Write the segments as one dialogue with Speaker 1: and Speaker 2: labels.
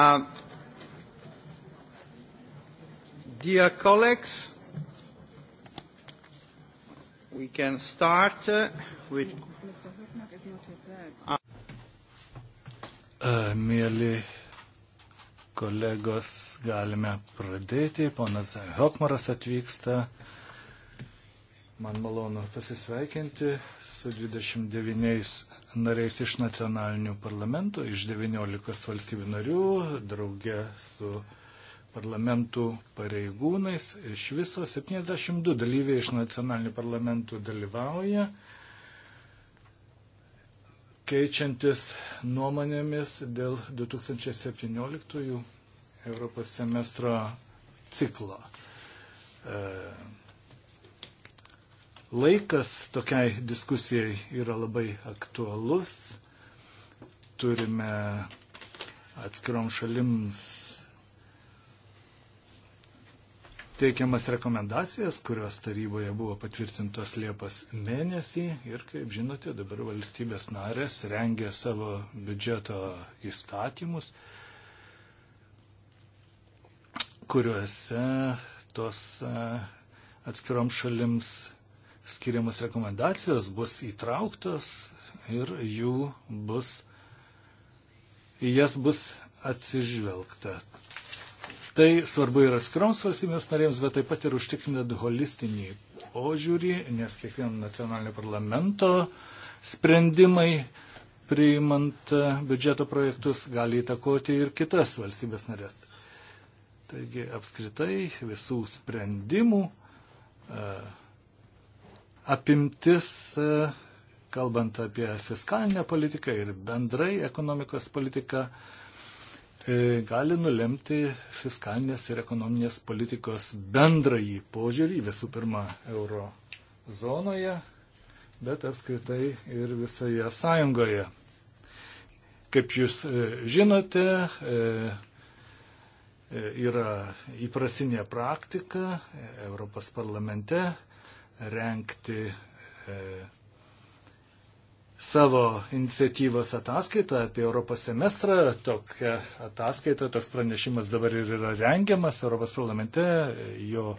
Speaker 1: Uh, dear colleagues, we can start uh, with. Uh, uh, Mėly kolegos, galime pradėti. Ponas Hokmaras atvyksta. Uh, Man malonu pasisveikinti su 29 nariais iš nacionalinių parlamentų, iš 19 valstybių narių, drauge su parlamentų pareigūnais. Iš viso 72 dalyviai iš nacionalinių parlamentų dalyvauja, keičiantis nuomonėmis dėl 2017 Europos semestro ciklo. E, Laikas tokiai diskusijai yra labai aktualus. Turime atskirom šalims teikiamas rekomendacijas, kurios taryboje buvo patvirtintos Liepos mėnesį ir, kaip žinote, dabar valstybės narės rengia savo biudžeto įstatymus, kuriuose tos e, atskirom šalims skiriamas rekomendacijos bus įtrauktos ir jų bus, į jas bus atsižvelgta. Tai svarbu ir atskiroms valstybėms narėms, bet taip pat ir užtikrinant holistinį požiūrį, nes kiekvieno nacionalinio parlamento sprendimai priimant biudžeto projektus gali įtakoti ir kitas valstybės narės. Taigi apskritai visų sprendimų e, apimtis, e, kalbant apie fiskalinę politiką ir bendrai ekonomikos politiką, e, gali nulemti fiskalinės ir ekonominės politikos bendrąjį požiūrį, visų pirma, euro zonoje, bet apskritai ir visoje sąjungoje. Kaip jūs e, žinote, yra įprasinė praktika Europos parlamente renkti e, savo iniciatyvos ataskaitą apie Europos semestrą. Tokia ataskaita, toks pranešimas dabar ir yra rengiamas Europos parlamente, jo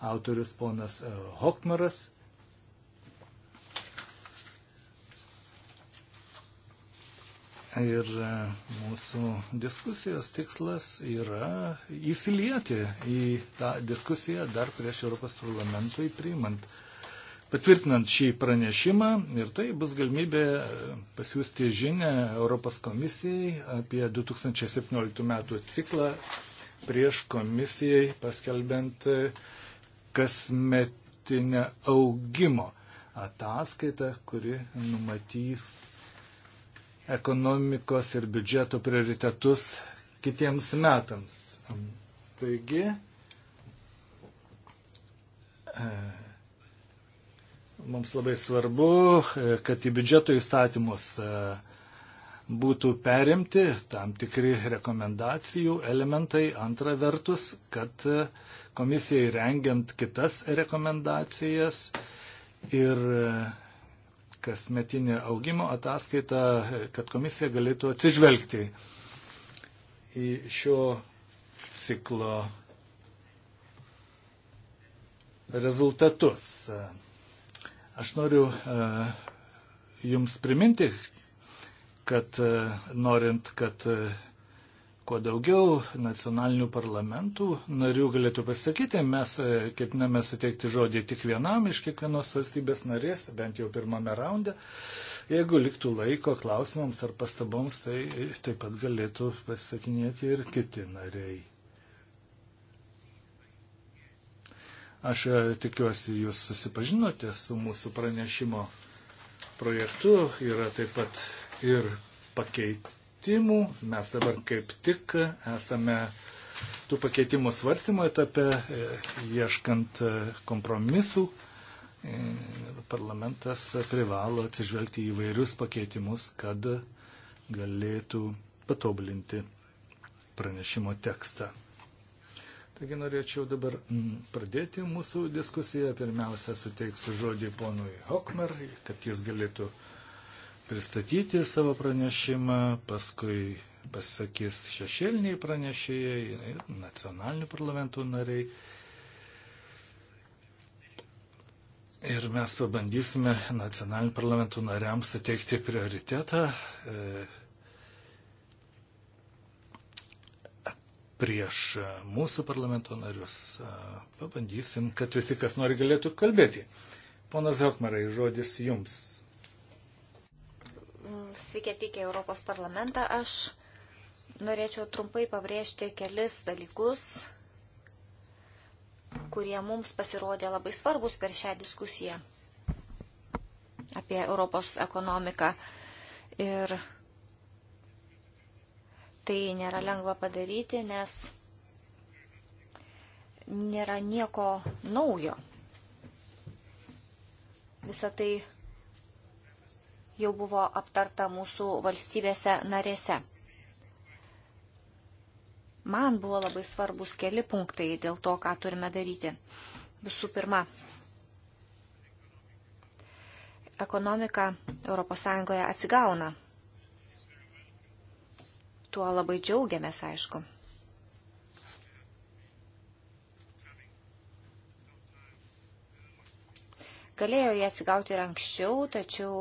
Speaker 1: autorius ponas Hokmaras. Ir e, mūsų diskusijos tikslas yra įsilieti į tą diskusiją dar prieš Europos parlamentui priimant, patvirtinant šį pranešimą ir tai bus galimybė e, pasiūsti žinę Europos komisijai apie 2017 metų ciklą prieš komisijai paskelbent e, kasmetinę augimo ataskaitą, kuri numatys ekonomikos ir biudžeto prioritetus kitiems metams. Taigi, e, mums labai svarbu, e, kad į biudžeto įstatymus e, būtų perimti tam tikri rekomendacijų elementai. Antra vertus, kad komisijai rengiant kitas rekomendacijas ir kasmetinę augimo ataskaitą, kad komisija galėtų atsižvelgti į šio ciklo rezultatus. Aš noriu e, Jums priminti, kad e, norint, kad e, kuo daugiau nacionalinių parlamentų narių galėtų pasakyti. Mes e, ketiname suteikti žodį tik vienam iš kiekvienos valstybės narės, bent jau pirmame raunde. Jeigu liktų laiko klausimams ar pastaboms, tai taip pat galėtų pasisakinėti ir kiti nariai. Aš e, tikiuosi, jūs susipažinote su mūsų pranešimo projektu. Yra taip pat ir pakeit pakeitimų. Mes dabar kaip tik esame tų pakeitimų svarstymo etape, e, ieškant e, kompromisų. E, parlamentas privalo atsižvelgti į vairius pakeitimus, kad galėtų patobulinti pranešimo tekstą. Taigi norėčiau dabar pradėti mūsų diskusiją. Pirmiausia, suteiksiu žodį ponui Hokmer, kad jis galėtų pristatyti savo pranešimą, paskui pasakys šešėliniai pranešėjai, nacionalinių parlamentų nariai. Ir mes pabandysime nacionalinių parlamentų nariams suteikti prioritetą e, prieš mūsų parlamento narius. E, pabandysim, kad visi, kas nori, galėtų kalbėti. Ponas Hokmarai, žodis jums.
Speaker 2: Sveiki atvykę Europos parlamentą. Aš norėčiau trumpai pabrėžti kelis dalykus, kurie mums pasirodė labai svarbus per šią diskusiją apie Europos ekonomiką. Ir tai nėra lengva padaryti, nes nėra nieko naujo. Visą tai jau buvo aptarta mūsų valstybėse narėse. Man buvo labai svarbus keli punktai dėl to, ką turime daryti. Visų pirma, ekonomika ES atsigauna. Tuo labai džiaugiamės, aišku. Galėjo jie atsigauti ir anksčiau, tačiau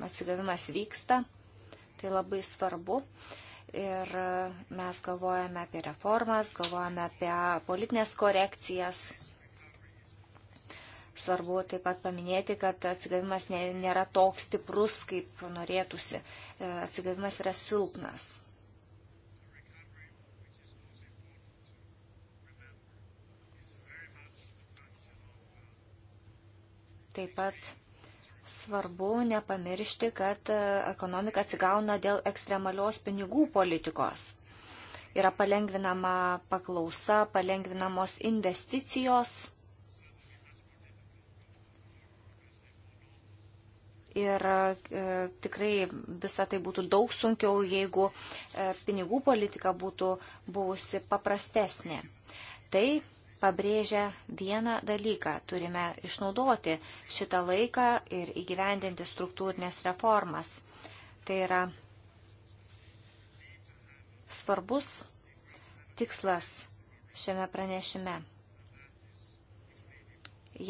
Speaker 2: atsigavimas vyksta, tai labai svarbu. Ir mes galvojame apie reformas, galvojame apie politinės korekcijas. Svarbu taip pat paminėti, kad atsigavimas nėra toks stiprus, kaip norėtųsi. E, atsigavimas yra silpnas. Taip pat Svarbu nepamiršti, kad e, ekonomika atsigauna dėl ekstremalios pinigų politikos. Yra palengvinama paklausa, palengvinamos investicijos. Ir e, tikrai visą tai būtų daug sunkiau, jeigu e, pinigų politika būtų buvusi paprastesnė. Tai pabrėžia vieną dalyką. Turime išnaudoti šitą laiką ir įgyvendinti struktūrinės reformas. Tai yra svarbus tikslas šiame pranešime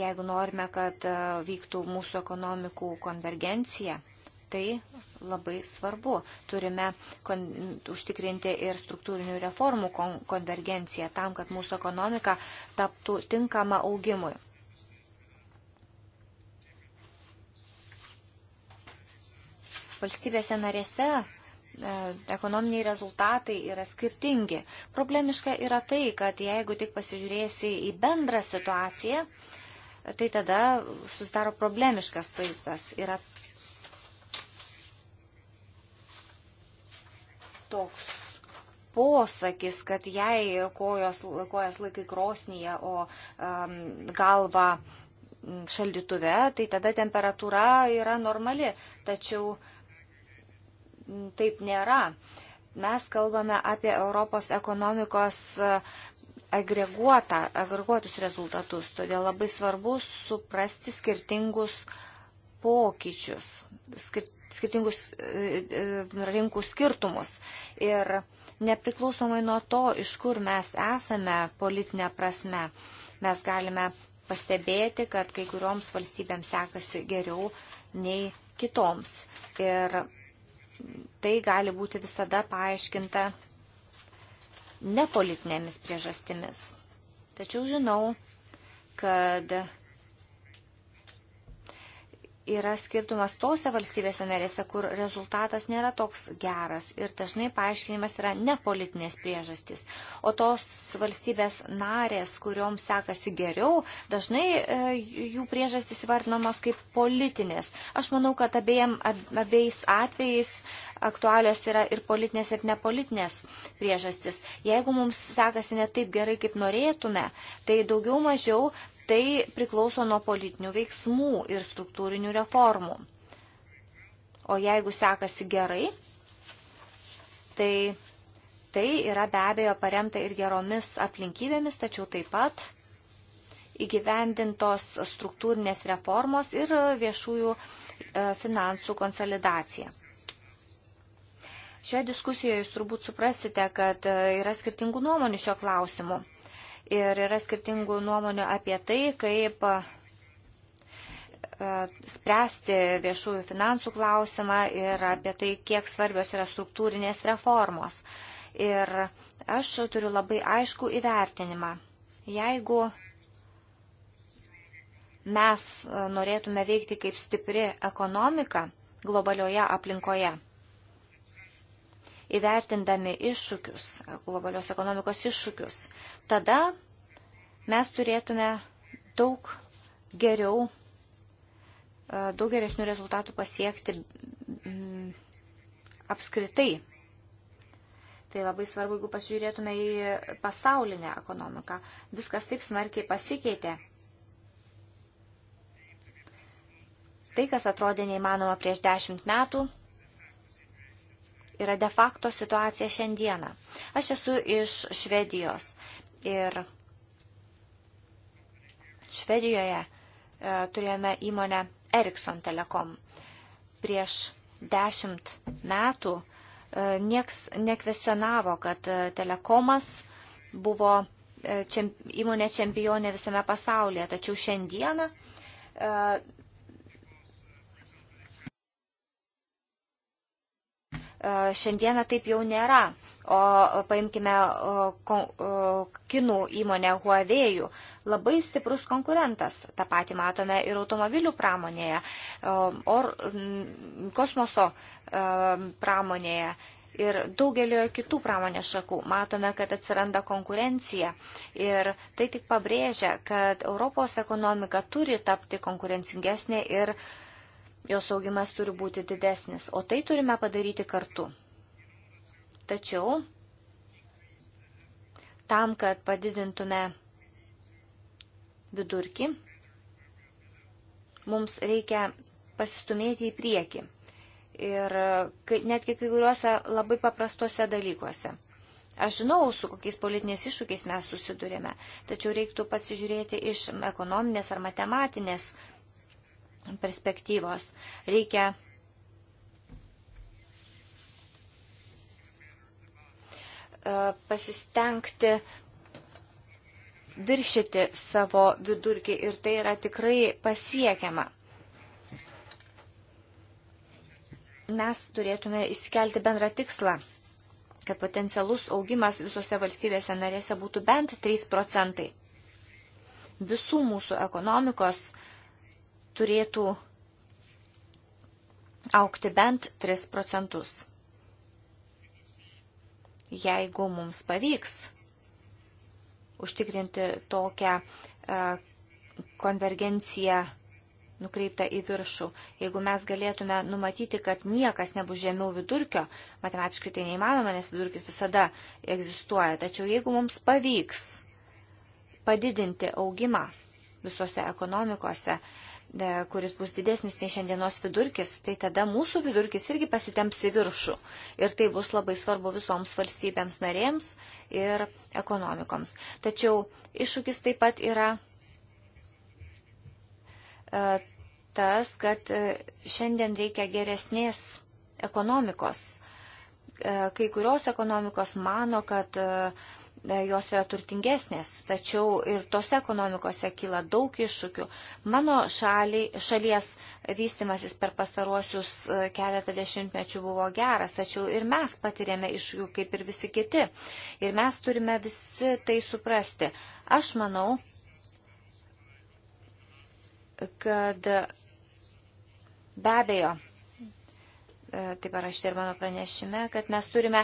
Speaker 2: jeigu norime, kad e, vyktų mūsų ekonomikų konvergencija, tai labai svarbu. Turime kon, užtikrinti ir struktūrinių reformų kon, konvergenciją tam, kad mūsų ekonomika taptų tinkama augimui. Valstybėse narėse e, ekonominiai rezultatai yra skirtingi. Problemiška yra tai, kad jeigu tik pasižiūrėsi į bendrą situaciją, tai tada susidaro problemiškas vaizdas. Yra toks posakis, kad jei kojos, kojas laikai krosnyje, o um, galva šaldytuve, tai tada temperatūra yra normali. Tačiau taip nėra. Mes kalbame apie Europos ekonomikos agreguotą, agreguotus rezultatus. Todėl labai svarbu suprasti skirtingus pokyčius, skirtingus skirtingus e, e, rinkų skirtumus. Ir nepriklausomai nuo to, iš kur mes esame politinė prasme, mes galime pastebėti, kad kai kurioms valstybėms sekasi geriau nei kitoms. Ir tai gali būti visada paaiškinta nepolitinėmis priežastimis. Tačiau žinau, kad yra skirtumas tose valstybėse narėse, kur rezultatas nėra toks geras ir dažnai paaiškinimas yra ne politinės priežastys. O tos valstybės narės, kurioms sekasi geriau, dažnai e, jų priežastys vardinamos kaip politinės. Aš manau, kad abiem, ab, abiejais atvejais aktualios yra ir politinės, ir nepolitinės priežastys. Jeigu mums sekasi ne taip gerai, kaip norėtume, tai daugiau mažiau tai priklauso nuo politinių veiksmų ir struktūrinių reformų. O jeigu sekasi gerai, tai tai yra be abejo paremta ir geromis aplinkybėmis, tačiau taip pat įgyvendintos struktūrinės reformos ir viešųjų e, finansų konsolidacija. Šioje diskusijoje jūs turbūt suprasite, kad e, yra skirtingų nuomonių šio klausimu ir yra skirtingų nuomonių apie tai, kaip e, spręsti viešųjų finansų klausimą ir apie tai, kiek svarbios yra struktūrinės reformos. Ir aš turiu labai aišku įvertinimą. Jeigu mes norėtume veikti kaip stipri ekonomika globalioje aplinkoje, įvertindami iššūkius, globalios ekonomikos iššūkius, tada mes turėtume daug geriau, e, daug geresnių rezultatų pasiekti apskritai. Tai labai svarbu, jeigu pasižiūrėtume į pasaulinę ekonomiką. Viskas taip smarkiai pasikeitė. Tai, kas atrodė neįmanoma prieš dešimt metų, yra de facto situacija šiandieną. Aš esu iš Švedijos ir Švedijoje e, turėjome įmonę Ericsson Telekom. Prieš dešimt metų e, nieks nekvesionavo, kad e, telekomas buvo e, čem, įmonė čempionė visame pasaulyje, tačiau šiandieną e, Šiandieną taip jau nėra. O paimkime kinų įmonę Huawei, labai stiprus konkurentas. Ta pati matome ir automobilių pramonėje, or, kosmoso e, pramonėje ir daugelio kitų pramonės šakų. Matome, kad atsiranda konkurencija ir tai tik pabrėžia, kad Europos ekonomika turi tapti konkurencingesnė ir uh, jos augimas turi būti didesnis, o tai turime padaryti kartu. Tačiau tam, kad padidintume vidurkį, mums reikia pasistumėti į priekį. Ir netgi kai kuriuose labai paprastuose dalykuose. Aš žinau, su kokiais politiniais iššūkiais mes susidurėme, tačiau reiktų pasižiūrėti iš ekonominės ar matematinės perspektyvos. Reikia e, pasistengti viršyti savo vidurkį ir tai yra tikrai pasiekiama. Mes turėtume išsikelti bendrą tikslą, kad potencialus augimas visose valstybėse narėse būtų bent 3 procentai. Visų mūsų ekonomikos uh, turėtų aukti bent 3 procentus. Jeigu mums pavyks užtikrinti tokią e, konvergenciją nukreipta į viršų. Jeigu mes galėtume numatyti, kad niekas nebus žemiau vidurkio, matematiškai tai neįmanoma, nes vidurkis visada egzistuoja. Tačiau jeigu mums pavyks padidinti augimą visose ekonomikose, uh, E, kuris bus didesnis nei šiandienos vidurkis, tai tada mūsų vidurkis irgi pasitemps į viršų. Ir tai bus labai svarbu visoms valstybėms narėms ir ekonomikoms. Tačiau iššūkis taip pat yra e, tas, kad e, šiandien reikia geresnės ekonomikos. Kai kurios ekonomikos mano, kad uh, E, jos yra turtingesnės, tačiau ir tose ekonomikose kyla daug iššūkių. Mano šaliai, šalies vystimasis per pastaruosius e, keletą dešimtmečių buvo geras, tačiau ir mes patirėme iššūkių kaip ir visi kiti. Ir mes turime visi tai suprasti. Aš manau, kad be abejo, E, taip parašyti ir mano pranešime, kad mes turime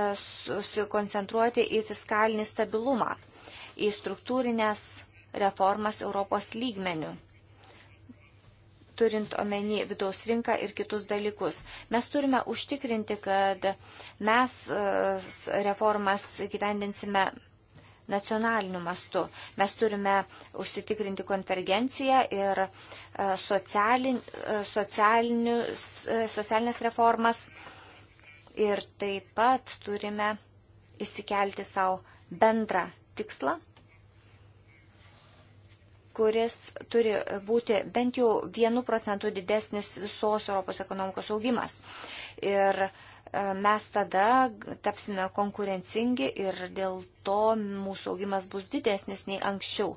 Speaker 2: e, susikoncentruoti į fiskalinį stabilumą, į struktūrinės reformas Europos lygmenių turint omeny vidaus rinką ir kitus dalykus. Mes turime užtikrinti, kad mes e, reformas gyvendinsime nacionaliniu mastu. Mes turime užsitikrinti konvergenciją ir e, socialin, e, e, socialinės reformas ir taip pat turime įsikelti savo bendrą tikslą kuris turi būti bent jau vienu procentu didesnis visos Europos ekonomikos augimas. Ir uh, mes tada tapsime konkurencingi ir dėl to mūsų augimas bus didesnis nei anksčiau.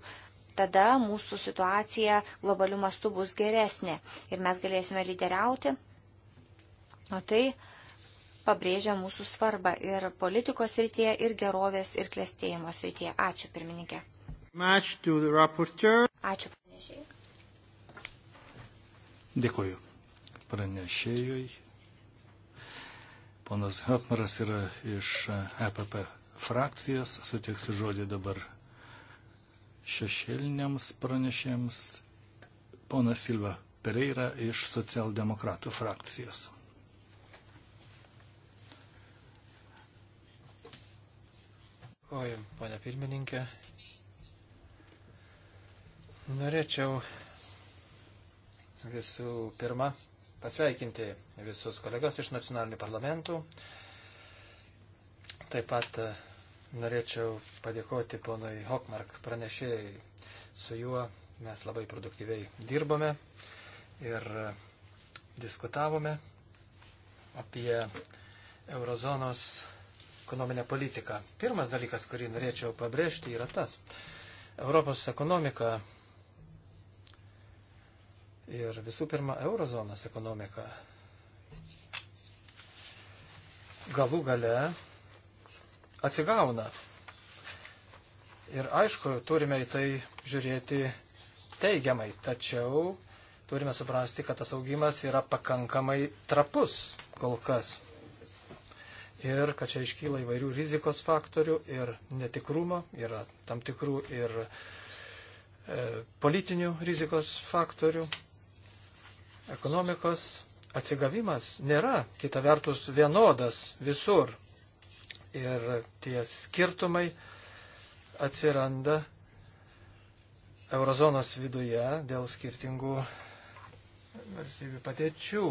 Speaker 2: Tada mūsų situacija globalių mastų bus geresnė ir mes galėsime lyderiauti. O tai pabrėžia mūsų svarbą ir politikos rytyje, ir gerovės, ir klėstėjimo rytyje. Ačiū,
Speaker 1: pirmininkė.
Speaker 3: Ačiū pranešėjai.
Speaker 1: Dėkuoju pranešėjui Ponas Hapmaras yra iš EPP e frakcijas, sutiksiu žodį dabar šešėliniams pranešėms. Ponas Silva Pereira iš socialdemokratų frakcijos.
Speaker 3: Oi, ponia pirmininkė. Norėčiau visų pirma pasveikinti visus kolegas iš nacionalinių parlamentų. Taip pat e, norėčiau padėkoti ponui Hokmark pranešėjai. Su juo mes labai produktyviai dirbome ir e, diskutavome apie eurozonos ekonominę politiką. Pirmas dalykas, kurį norėčiau pabrėžti, yra tas. Europos ekonomika ir visų pirma eurozonos ekonomika. Galų gale atsigauna. Ir aišku, turime į tai žiūrėti teigiamai, tačiau turime suprasti, kad tas augimas yra pakankamai trapus kol kas. Ir kad čia iškyla įvairių rizikos faktorių ir netikrumo, yra tam tikrų ir e, politinių rizikos faktorių, Ekonomikos atsigavimas nėra kita vertus vienodas visur. Ir tie skirtumai atsiranda eurozonos viduje dėl skirtingų valstybių patėčių.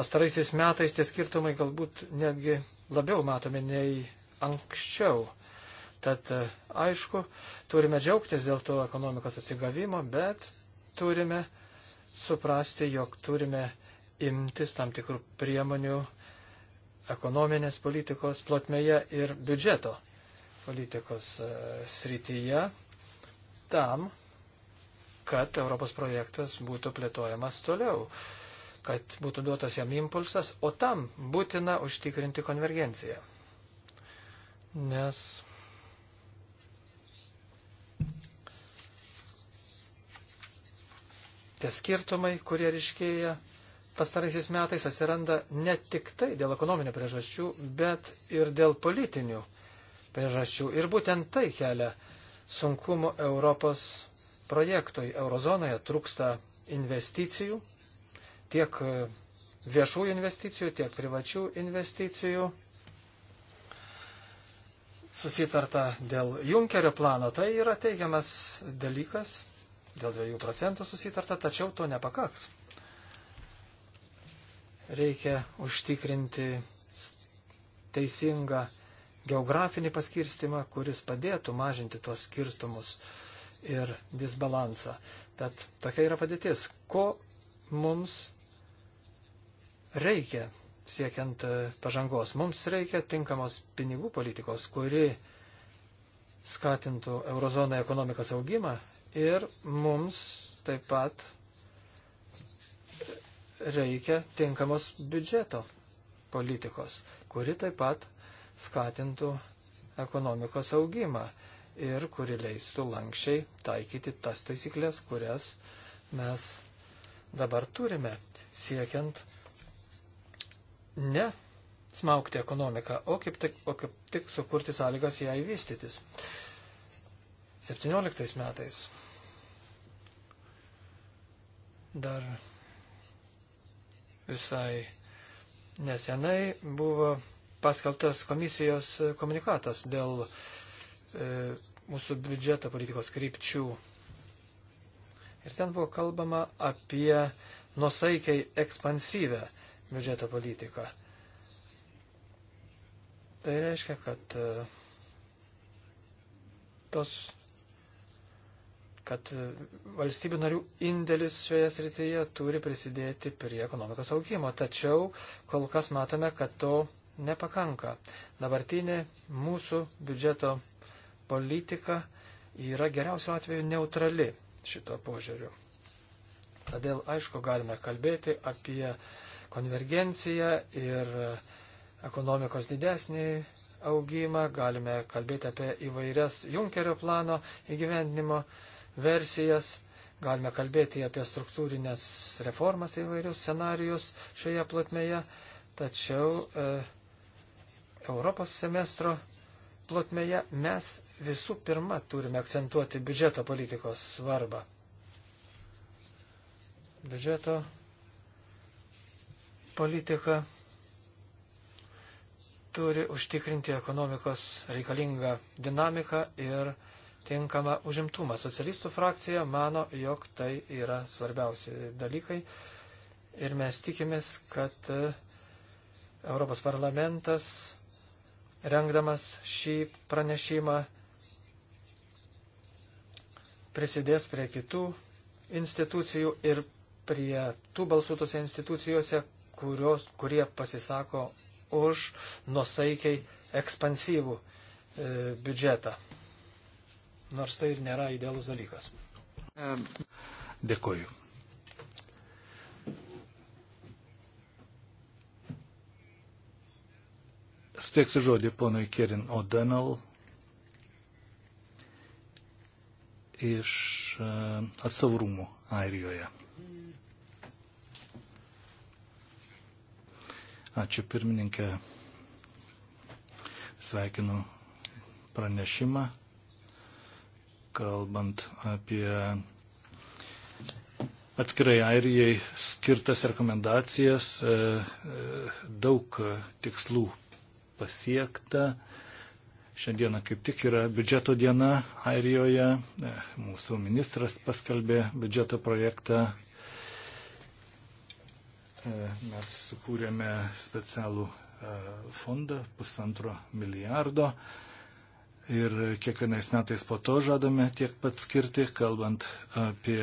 Speaker 3: Pastaraisiais metais tie skirtumai galbūt netgi labiau matomi nei anksčiau. Tad e, aišku, turime džiaugtis dėl to ekonomikos atsigavimo, bet turime suprasti, jog turime imtis tam tikrų priemonių ekonominės politikos plotmėje ir biudžeto politikos e, srityje tam, kad Europos projektas būtų plėtojamas toliau, kad būtų duotas jam impulsas, o tam būtina užtikrinti konvergenciją. Nes Tie skirtumai, kurie ryškėja pastaraisiais metais, atsiranda ne tik tai dėl ekonominių priežasčių, bet ir dėl politinių priežasčių. Ir būtent tai kelia sunkumų Europos projektui. Eurozonoje trūksta investicijų, tiek e, viešųjų investicijų, tiek privačių investicijų. Susitarta dėl Junkerio plano, tai yra teigiamas dalykas, dėl 2 procentų susitarta, tačiau to nepakaks. Reikia užtikrinti teisingą geografinį paskirstimą, kuris padėtų mažinti tuos skirtumus ir disbalansą. Tad tokia yra padėtis. Ko mums reikia siekiant e, pažangos? Mums reikia tinkamos pinigų politikos, kuri skatintų eurozoną ekonomikos augimą ir mums taip pat reikia tinkamos biudžeto politikos, kuri taip pat skatintų ekonomikos augimą ir kuri leistų lankščiai taikyti tas taisyklės, kurias mes dabar turime, siekiant ne smaukti ekonomiką, o kaip tik, o kaip tik sukurti sąlygas jai vystytis. 17 metais Dar visai nesenai buvo paskeltas komisijos komunikatas dėl e, mūsų biudžeto politikos krypčių. Ir ten buvo kalbama apie nusaikiai ekspansyvę biudžeto politiką. Tai reiškia, kad e, tos kad e, valstybių narių indėlis šioje srityje turi prisidėti prie ekonomikos augimo. Tačiau kol kas matome, kad to nepakanka. Dabartinė mūsų biudžeto politika yra geriausiu atveju neutrali šito požiūriu. Todėl, aišku, galime kalbėti apie konvergenciją ir ekonomikos didesnį augimą, galime kalbėti apie įvairias Junkerio plano įgyvendinimo uh, versijas, galime kalbėti apie struktūrinės reformas įvairius scenarius šioje plotmėje, tačiau e, Europos semestro plotmėje mes visų pirma turime akcentuoti biudžeto politikos svarbą. Biudžeto politika turi užtikrinti ekonomikos reikalingą dinamiką ir e, tinkamą užimtumą. Socialistų frakcija mano, jog tai yra svarbiausi dalykai ir mes tikimės, kad e, Europos parlamentas, rengdamas šį pranešimą, prisidės prie kitų institucijų ir prie tų balsų tose institucijose, kurios, kurie pasisako už nusaikiai ekspansyvų e, biudžetą nors tai ir nėra idealus dalykas.
Speaker 1: Dėkoju. Steiksiu žodį ponui Kerin O'Donnell iš e, atstovų rūmų Airijoje. Ačiū pirmininkė. Sveikinu pranešimą kalbant apie atskirai Airijai skirtas rekomendacijas, e, e, daug tikslų pasiekta. Šiandieną kaip tik yra biudžeto diena Airijoje. E, mūsų ministras paskelbė biudžeto projektą. Mes sukūrėme specialų fondą pusantro milijardo ir kiekvienais metais po to žadame tiek pat skirti, kalbant apie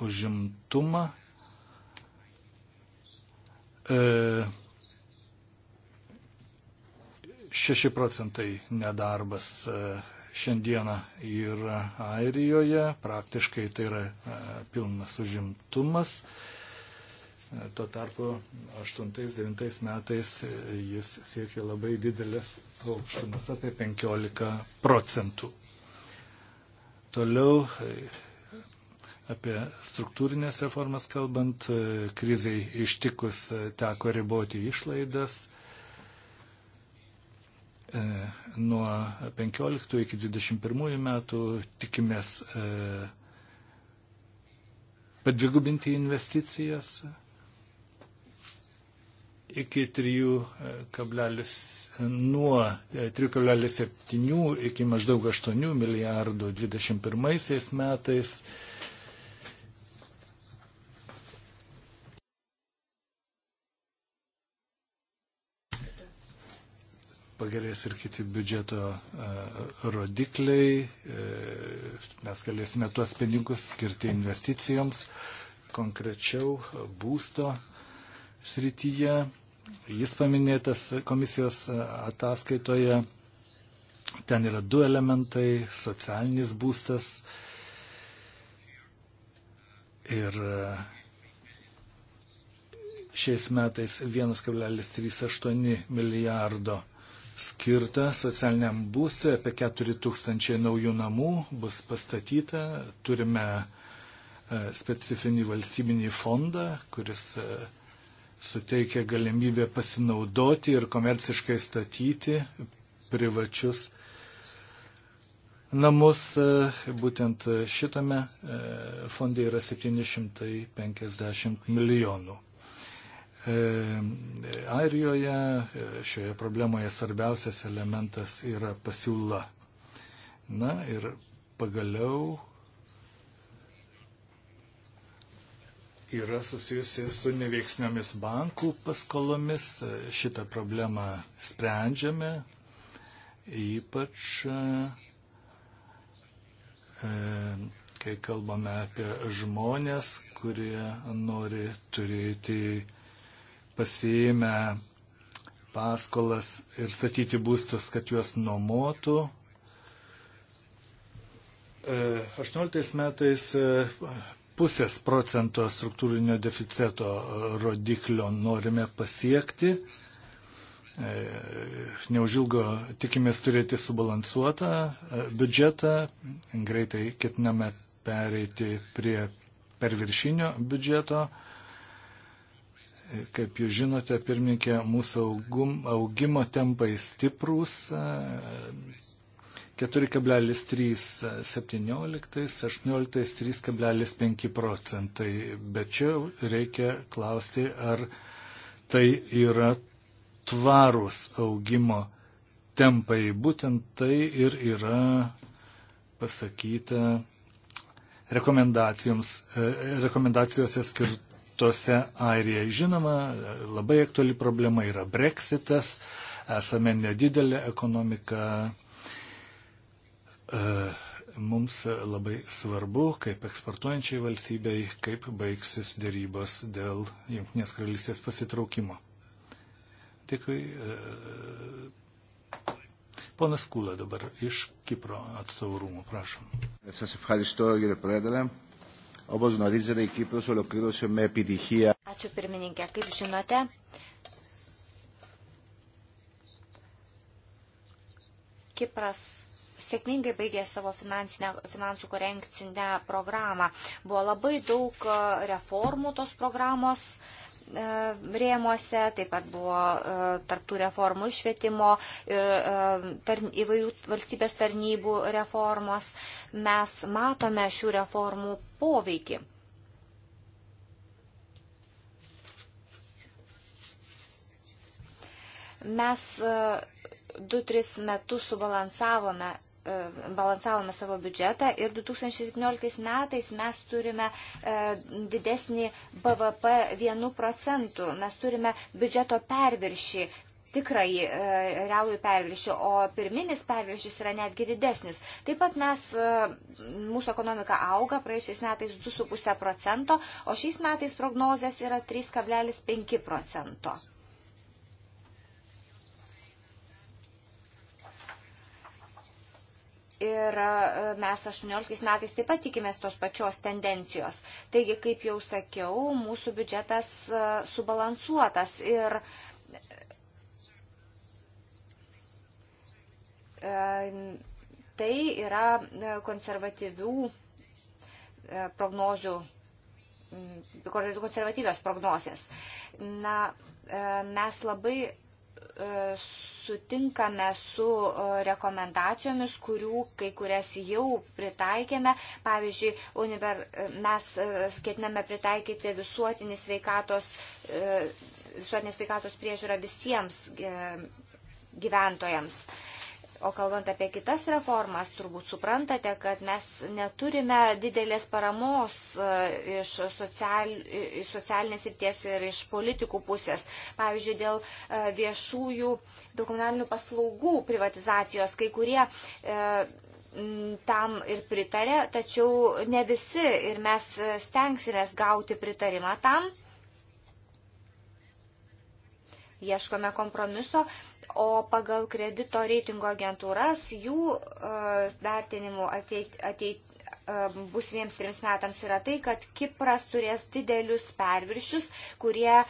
Speaker 1: užimtumą. E, 6 procentai nedarbas e, šiandieną yra Airijoje, praktiškai tai yra e, pilnas užimtumas. E, Tuo tarpu 8-9 metais jis siekė labai didelės aukštumas apie 15 procentų. Toliau apie struktūrinės reformas kalbant, kriziai ištikus teko riboti išlaidas nuo 15 iki 21 metų tikimės e, padvigubinti investicijas iki 3, e, nuo 3,7 e, iki maždaug 8 milijardų 21 metais. pagerės ir kiti biudžeto e, rodikliai, mes galėsime tuos pinigus skirti investicijoms, konkrečiau būsto srityje. Jis paminėtas komisijos e, ataskaitoje. Ten yra du elementai - socialinis būstas ir e, šiais metais 1,38 milijardo skirta socialiniam būstui, apie 4 tūkstančiai naujų namų bus pastatyta. Turime e, specifinį valstybinį fondą, kuris uh, suteikia galimybę pasinaudoti ir komerciškai statyti privačius namus. E, būtent šitame e, fonde yra 750 milijonų. E, Airijoje šioje problemoje svarbiausias elementas yra pasiūla. Na ir pagaliau yra susijusi su neveiksniomis bankų paskolomis. Šitą problemą sprendžiame, ypač e, kai kalbame apie žmonės, kurie nori turėti pasiėmę paskolas ir statyti būstus, kad juos nuomotų. 18 e, metais e, pusės procento struktūrinio deficito rodiklio norime pasiekti. E, neužilgo tikimės turėti subalansuotą e, biudžetą, greitai ketiname pereiti prie perviršinio biudžeto. E, kaip jūs žinote, pirmininkė, mūsų augimo tempai stiprūs, 4,317-18,3,5 procentai. Bet čia reikia klausti, ar tai yra tvarūs augimo tempai. Būtent tai ir yra pasakyta rekomendacijoms, e, rekomendacijose skirtose Airijai. Žinoma, labai aktuali problema yra breksitas, esame nedidelė ekonomika, E, mums labai svarbu, kaip eksportuojančiai valstybei, kaip baigsis dėrybos dėl Junktinės karalystės pasitraukimo. Dėkui. E, ponas Kūla dabar iš Kipro atstovų rūmų, prašom.
Speaker 3: Ačiū
Speaker 2: pirmininkė, kaip žinote, Kipras sėkmingai baigė savo finansų korekcinę programą. Buvo labai daug e, reformų tos programos e, rėmuose, taip pat buvo e, tarptų reformų švietimo ir tar, įvairių valstybės tarnybų reformos. Mes matome šių reformų poveikį. Mes 2-3 metus subalansavome E, balansavome savo biudžetą ir 2017 metais mes turime e, didesnį BVP 1 procentų. Mes turime biudžeto perviršį tikrai e, realųjų perviršį, o pirminis perviršis yra netgi didesnis. Taip pat mes, mūsų ekonomika auga, praėjusiais metais 2,5 procento, o šiais metais prognozijas yra 3,5 procento. Ir e, mes 18 metais taip pat tikimės tos pačios tendencijos. Taigi, kaip jau sakiau, mūsų biudžetas e, subalansuotas ir e, tai yra konservatyvių prognozių mm, konservatyvios prognozės. Na, mes labai sutinkame su e, rekomendacijomis, kurių kai kurias jau pritaikėme. Pavyzdžiui, univer, e, mes e, ketiname pritaikyti visuotinį sveikatos, visuotinį sveikatos priežiūrą visiems gyventojams. O kalbant apie kitas reformas, turbūt suprantate, kad mes neturime didelės paramos e, iš social, iš socialinės ir ties ir iš politikų pusės. Pavyzdžiui, dėl e, viešųjų, dėl komunalinių paslaugų privatizacijos, kai kurie e, tam ir pritarė, tačiau ne visi ir mes stengsimės gauti pritarimą tam. Ieškome kompromiso, o pagal kredito reitingo agentūras jų e, vertinimų ateit, ateit, e, busiems trims metams yra tai, kad Kipras turės didelius perviršius, kurie e,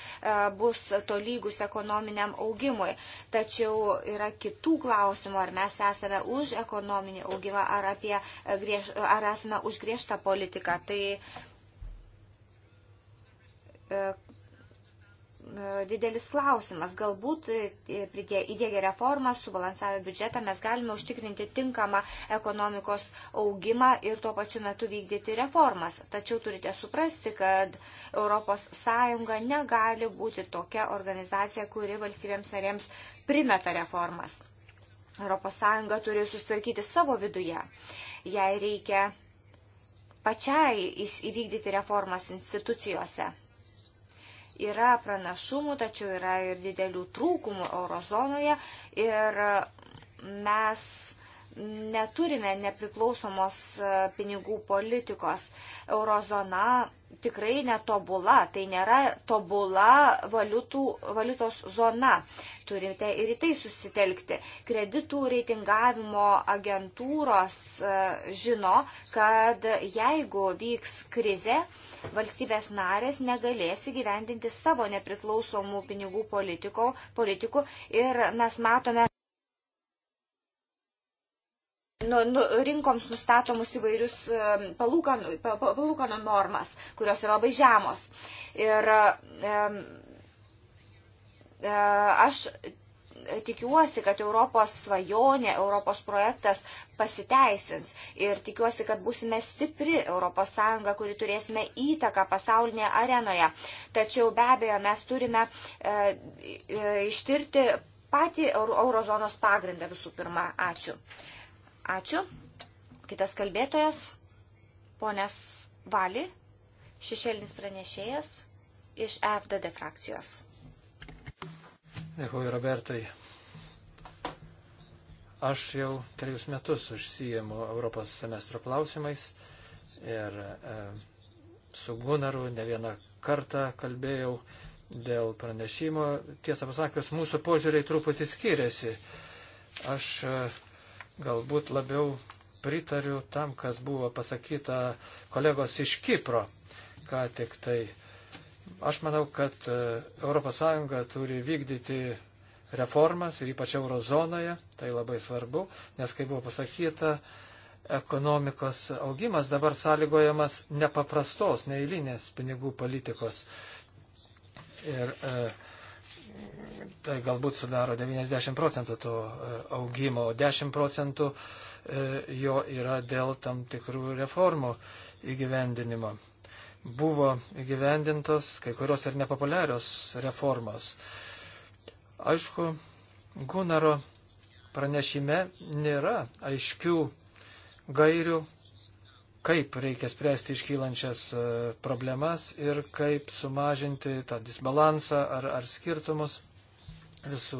Speaker 2: bus tolygus ekonominiam augimui. Tačiau yra kitų klausimų, ar mes esame už ekonominį augimą, ar, apie, ar esame už griežtą politiką. Tai E, didelis klausimas. Galbūt e, įdėgę reformą, subalansavę biudžetą, mes galime užtikrinti tinkamą ekonomikos augimą ir tuo pačiu metu vykdyti reformas. Tačiau turite suprasti, kad ES negali būti tokia organizacija, kuri valstybėms narėms primeta reformas. ES turi susitvarkyti savo viduje. Jei reikia pačiai įvykdyti reformas institucijose Yra pranašumų, tačiau yra ir didelių trūkumų eurozonoje ir mes neturime nepriklausomos e, pinigų politikos. Eurozona tikrai netobula, tai nėra tobula valiutų, valiutos zona. Turite ir į tai susitelkti. Kreditų reitingavimo agentūros e, žino, kad jeigu vyks krize, valstybės narės negalės įgyvendinti savo nepriklausomų pinigų politikų, politikų ir mes matome, nu, nu, rinkoms nustatomus įvairius palūkanų, palūkanų normas, kurios yra labai žemos. Ir e, e, aš tikiuosi, kad Europos svajonė, Europos projektas pasiteisins ir tikiuosi, kad būsime stipri ES, kuri turėsime įtaką pasaulinėje arenoje. Tačiau be abejo mes turime e, e, ištirti patį eurozonos pagrindą visų pirma. Ačiū. Ačiū. Kitas kalbėtojas, ponės Vali, šešėlinis pranešėjas iš FDD frakcijos.
Speaker 3: Dėkuoju, Robertai. Aš jau trejus metus užsijėmu Europos semestro klausimais ir e, su Gunaru ne vieną kartą kalbėjau dėl pranešimo. Tiesą pasakius, mūsų požiūriai truputį skiriasi. Aš e, galbūt labiau pritariu tam, kas buvo pasakyta kolegos iš Kipro, ką tik tai. Aš manau, kad ES turi vykdyti reformas ir ypač eurozonoje, tai labai svarbu, nes, kaip buvo pasakyta, ekonomikos augimas dabar sąlygojamas nepaprastos, neįlinės pinigų politikos. Ir e, tai galbūt sudaro 90 procentų to e, augimo, o 10 procentų e, jo yra dėl tam tikrų reformų įgyvendinimo. Buvo įgyvendintos kai kurios ir nepopuliarios reformos. Aišku, Gunaro pranešime nėra aiškių gairių, kaip reikia spręsti iškylančias e, problemas ir kaip sumažinti tą disbalansą ar, ar skirtumus. Visų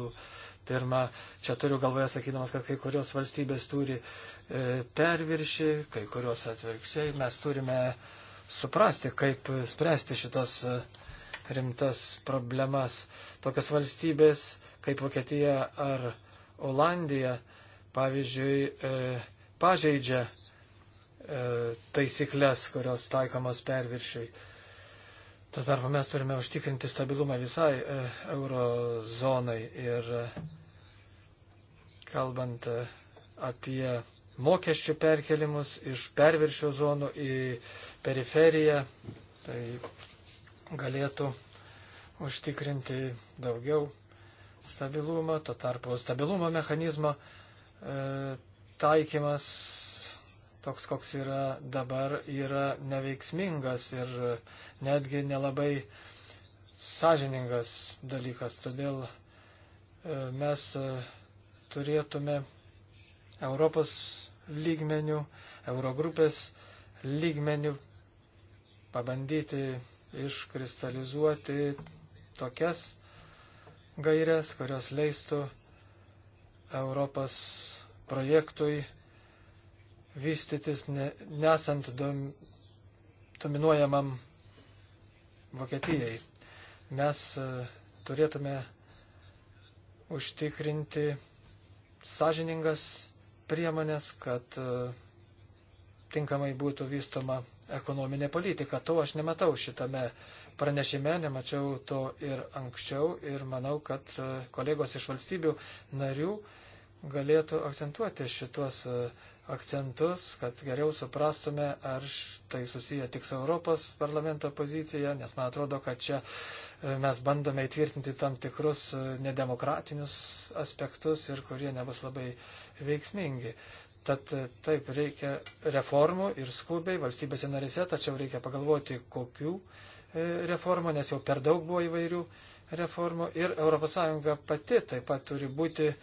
Speaker 3: pirma, čia turiu galvoje sakydamas, kad kai kurios valstybės turi e, perviršį, kai kurios atvirkščiai. Mes turime suprasti, kaip spręsti šitas e, rimtas problemas. Tokios valstybės kaip Vokietija ar Olandija, pavyzdžiui, e, pažeidžia taisyklės, kurios taikomas perviršiui. Tuo tarpu mes turime užtikrinti stabilumą visai e, eurozonai ir e, kalbant e, apie mokesčių perkelimus iš perviršio zonų į periferiją, tai galėtų užtikrinti daugiau stabilumą, tuo tarpu stabilumo mechanizmo e, taikymas toks, koks yra dabar, yra neveiksmingas ir netgi nelabai sąžiningas dalykas. Todėl e, mes e, turėtume Europos lygmenių, Eurogrupės lygmenių pabandyti iškristalizuoti tokias gairias, kurios leistų Europos projektui vystytis, ne, nesant dom, dominuojamam Vokietijai. Mes e, turėtume užtikrinti sąžiningas priemonės, kad e, tinkamai būtų vystoma ekonominė politika. To aš nematau šitame pranešime, nemačiau to ir anksčiau ir manau, kad e, kolegos iš valstybių narių galėtų akcentuoti šitos akcentus, kad geriau suprastume, ar tai susiję tik su Europos parlamento pozicija, nes man atrodo, kad čia e, mes bandome įtvirtinti tam tikrus e, nedemokratinius aspektus ir kurie nebus labai veiksmingi. Tad e, taip reikia reformų ir skubiai valstybėse narėse, tačiau reikia pagalvoti, kokių reformų, nes jau per daug buvo įvairių reformų ir ES pati taip pat turi būti uh,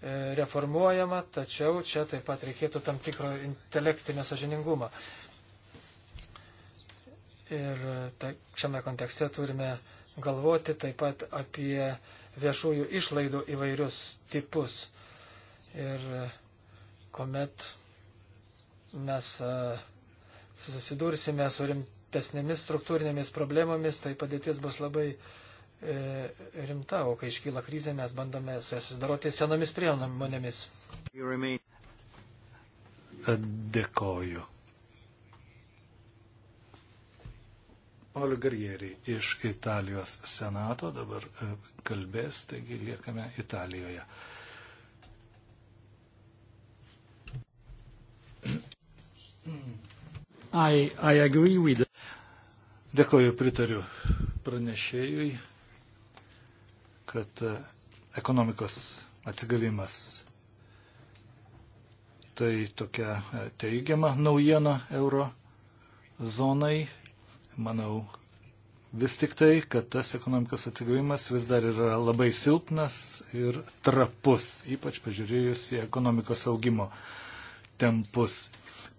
Speaker 3: E, reformuojama, tačiau čia taip pat reikėtų tam tikro intelektinio sažiningumo. Ir e, ta, šiame kontekste turime galvoti taip pat apie viešųjų išlaidų įvairius tipus. Ir e, kuomet mes susidursime su rimtesnėmis struktūrinėmis problemomis, tai padėtis bus labai uh, E, rimta, o kai iškyla krizė, mes bandome susidaroti senomis priemonėmis.
Speaker 1: Dėkoju. Paulio Garjeri iš Italijos senato dabar e, kalbės, taigi liekame Italijoje. I, I agree with. Dėkoju, pritariu pranešėjui kad e, ekonomikos atsigavimas tai tokia e, teigiama naujiena euro zonai. Manau vis tik tai, kad tas ekonomikos atsigavimas vis dar yra labai silpnas ir trapus, ypač pažiūrėjus į ekonomikos augimo tempus.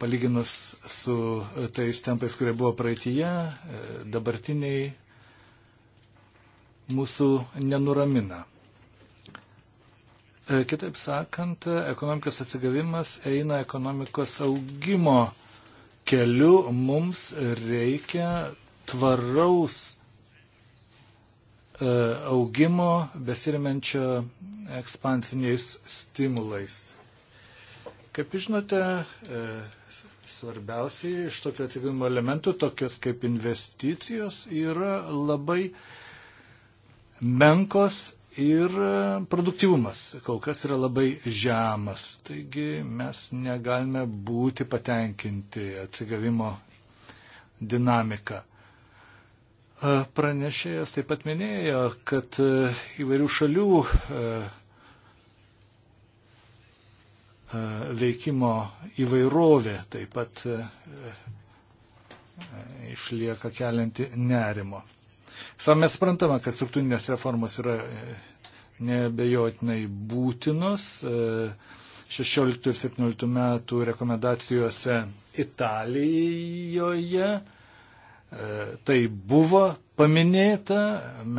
Speaker 1: Palyginus su e, tais tempais, kurie buvo praeitie, dabartiniai mūsų nenuramina. E, kitaip sakant, ekonomikos atsigavimas eina ekonomikos augimo keliu. Mums reikia tvaraus e, augimo besirimenčio ekspansiniais stimulais. Kaip žinote, e, svarbiausiai iš tokio atsigavimo elementų, tokios kaip investicijos, yra labai uh, menkos ir e, produktyvumas kol kas yra labai žemas. Taigi mes negalime būti patenkinti atsigavimo dinamika. E, pranešėjas taip pat minėjo, kad e, įvairių šalių veikimo įvairovė taip pat išlieka kelianti nerimo. Savame suprantama, kad struktūrinės reformos yra e, nebejotinai būtinos. 16 e, ir 17 metų rekomendacijose Italijoje e, tai buvo paminėta,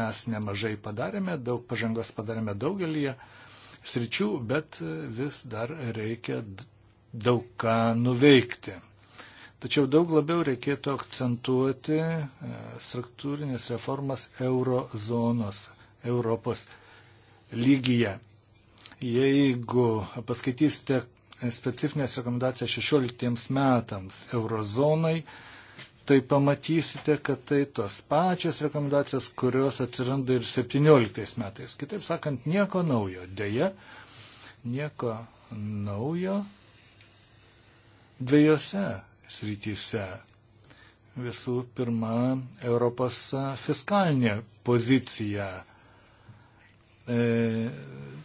Speaker 1: mes nemažai padarėme, daug pažangos padarėme daugelį sričių, bet vis dar reikia daug ką nuveikti. Tačiau daug labiau reikėtų akcentuoti e, struktūrinės reformas eurozonos, Europos lygyje. Jeigu paskaitysite specifines rekomendacijas 16 metams eurozonai, tai pamatysite, kad tai tos pačios rekomendacijos, kurios atsiranda ir 17 metais. Kitaip sakant, nieko naujo. Deja, nieko naujo dviejose srityse. Visų pirma, Europos e, fiskalinė pozicija. E,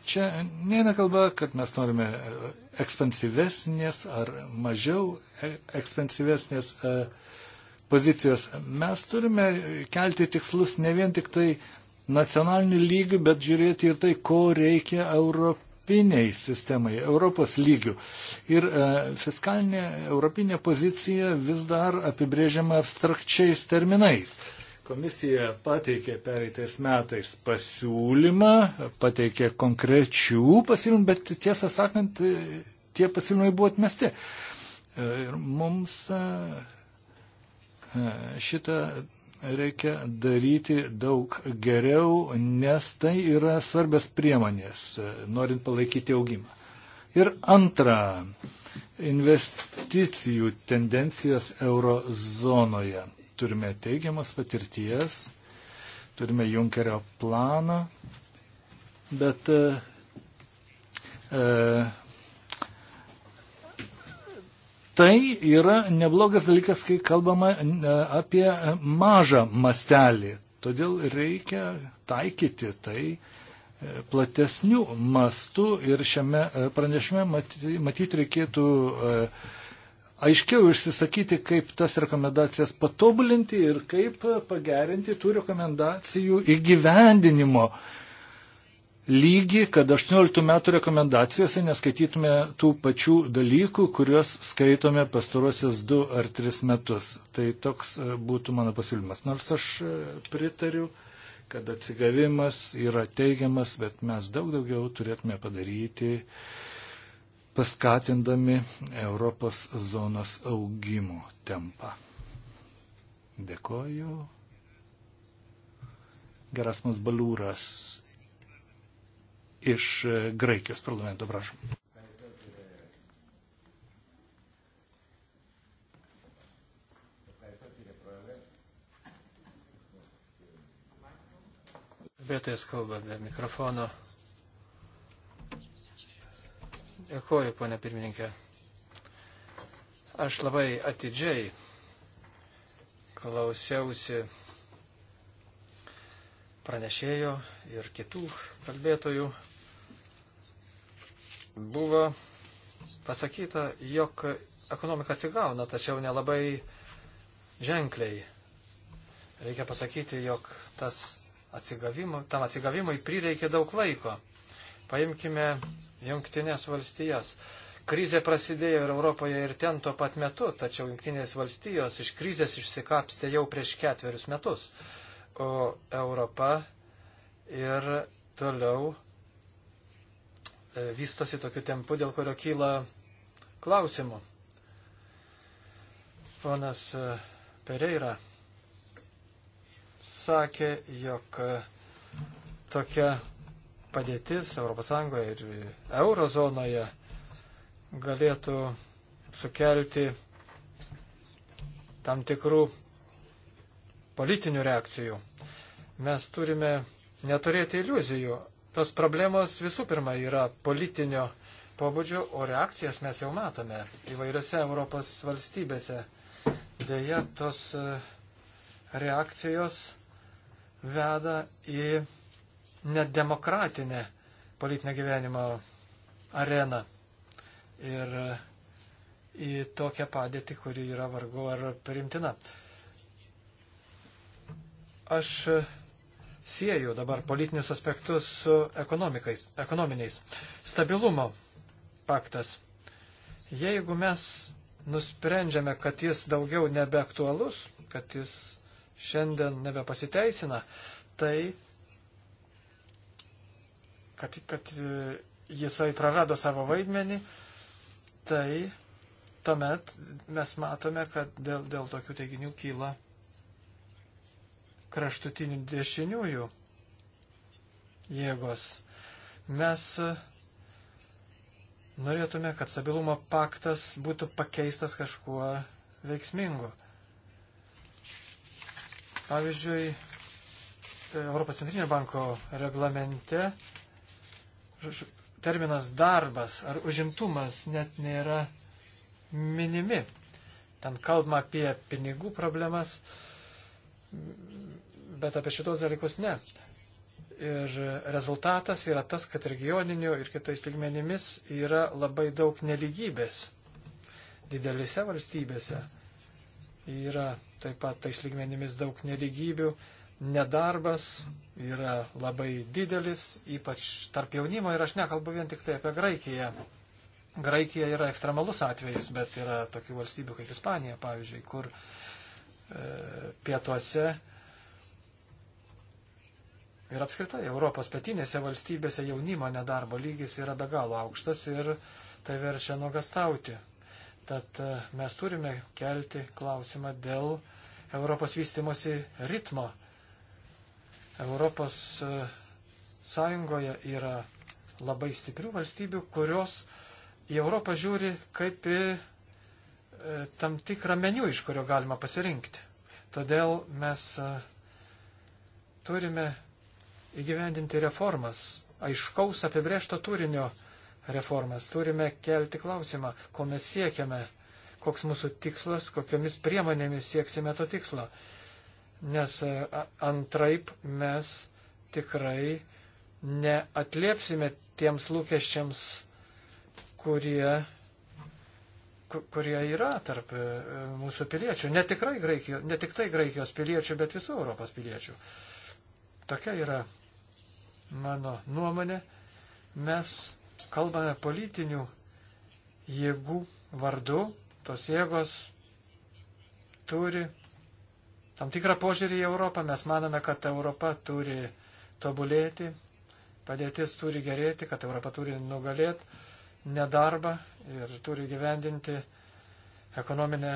Speaker 1: čia nėra kalba, kad mes norime e, ekspansyvesnės ar mažiau ekspansyvesnės pozicijos. Mes turime kelti tikslus ne vien tik tai nacionaliniu lygiu, bet žiūrėti ir tai, ko reikia europiečių europiniai sistemai, Europos lygių. Ir e, fiskalinė europinė pozicija vis dar apibrėžiama abstrakčiais terminais. Komisija pateikė pereitais metais pasiūlymą, pateikė konkrečių pasiūlymų, bet tiesą sakant, tie pasiūlymai buvo atmesti. E, ir mums e, e, šitą reikia daryti daug geriau, nes tai yra svarbios priemonės, norint palaikyti augimą. Ir antra, investicijų tendencijos eurozonoje. Turime teigiamas patirties, turime Junkerio planą, bet e, Tai yra neblogas dalykas, kai kalbama e, apie mažą mastelį. Todėl reikia taikyti tai e, platesnių mastų ir šiame e, pranešime matyti reikėtų aiškiau išsisakyti, kaip tas rekomendacijas patobulinti ir kaip pagerinti tų rekomendacijų įgyvendinimo uh, lygį, kad 18 metų rekomendacijose neskaitytume tų pačių dalykų, kuriuos skaitome pastarosius 2 ar 3 metus. Tai toks e, būtų mano pasiūlymas. Nors aš e, pritariu, kad atsigavimas yra teigiamas, bet mes daug daugiau turėtume padaryti paskatindami Europos zonos augimo tempą. Dėkoju. Gerasmas Balūras iš e, Graikijos parlamento, prašom.
Speaker 3: Vietojas kalba be mikrofono. Dėkuoju, ponia pirmininkė. Aš labai atidžiai klausiausi pranešėjo ir kitų kalbėtojų Buvo pasakyta, jog ekonomika atsigauna, tačiau nelabai ženkliai. Reikia pasakyti, jog tas atsigavimo, tam atsigavimui prireikė daug laiko. Paimkime Junktinės valstijas. Krizė prasidėjo ir Europoje ir ten tuo pat metu, tačiau Junktinės valstijos iš krizės išsikapstė jau prieš ketverius metus. O Europa ir toliau E, vystosi tokiu tempu, dėl kurio kyla klausimų. Ponas e, Pereira sakė, jog e, tokia padėtis ES ir eurozonoje galėtų sukelti tam tikrų politinių reakcijų. Mes turime neturėti iliuzijų Tos problemos visų pirma yra politinio pobūdžio, o reakcijas mes jau matome įvairiose Europos valstybėse. Deja, tos e, reakcijos veda į nedemokratinę politinio gyvenimo areną ir e, į tokią padėtį, kuri yra vargu ar primtina. Aš e, sieju dabar politinius aspektus su ekonominiais. Stabilumo paktas. Jeigu mes nusprendžiame, kad jis daugiau nebeaktualus, kad jis šiandien nebepasiteisina, tai kad, kad e, jisai prarado savo vaidmenį, tai tuomet mes matome, kad dėl, dėl tokių teiginių kyla kraštutinių dešiniųjų jėgos. Mes e, norėtume, kad stabilumo paktas būtų pakeistas kažkuo veiksmingu. Pavyzdžiui, e, Europos centrinio banko reglamente terminas darbas ar užimtumas net nėra minimi. Ten kalbama apie pinigų problemas, bet apie šitos dalykus ne. Ir rezultatas yra tas, kad regioniniu ir kitais lygmenimis yra labai daug neligybės. Didelėse valstybėse yra taip pat tais lygmenimis daug neligybių, nedarbas yra labai didelis, ypač tarp jaunimo ir aš nekalbu vien tik tai apie Graikiją. Graikija yra ekstremalus atvejis, bet yra tokių valstybių kaip Ispanija, pavyzdžiui, kur e, pietuose Ir apskritai Europos pietinėse valstybėse jaunimo nedarbo lygis yra be galo aukštas ir tai verčia nuogastauti. Tad e, mes turime kelti klausimą dėl Europos vystimosi ritmo. Europos e, Sąjungoje yra labai stiprių valstybių, kurios į Europą žiūri kaip į e, tam tikrą meniu, iš kurio galima pasirinkti. Todėl mes turime įgyvendinti reformas, aiškaus apibriešto turinio reformas. Turime kelti klausimą, ko mes siekiame, koks mūsų tikslas, kokiomis priemonėmis sieksime to tikslo. Nes e, antraip mes tikrai neatliepsime tiems lūkesčiams, kurie, kurie yra tarp e, mūsų piliečių. Ne, Graikijos, ne tik tai Graikijos piliečių, bet visų Europos piliečių. Tokia yra mano nuomonė, mes kalbame politinių jėgų vardu, tos jėgos turi tam tikrą požiūrį į Europą, mes manome, kad Europa turi tobulėti, padėtis turi gerėti, kad Europa turi nugalėti nedarbą ir turi gyvendinti ekonominę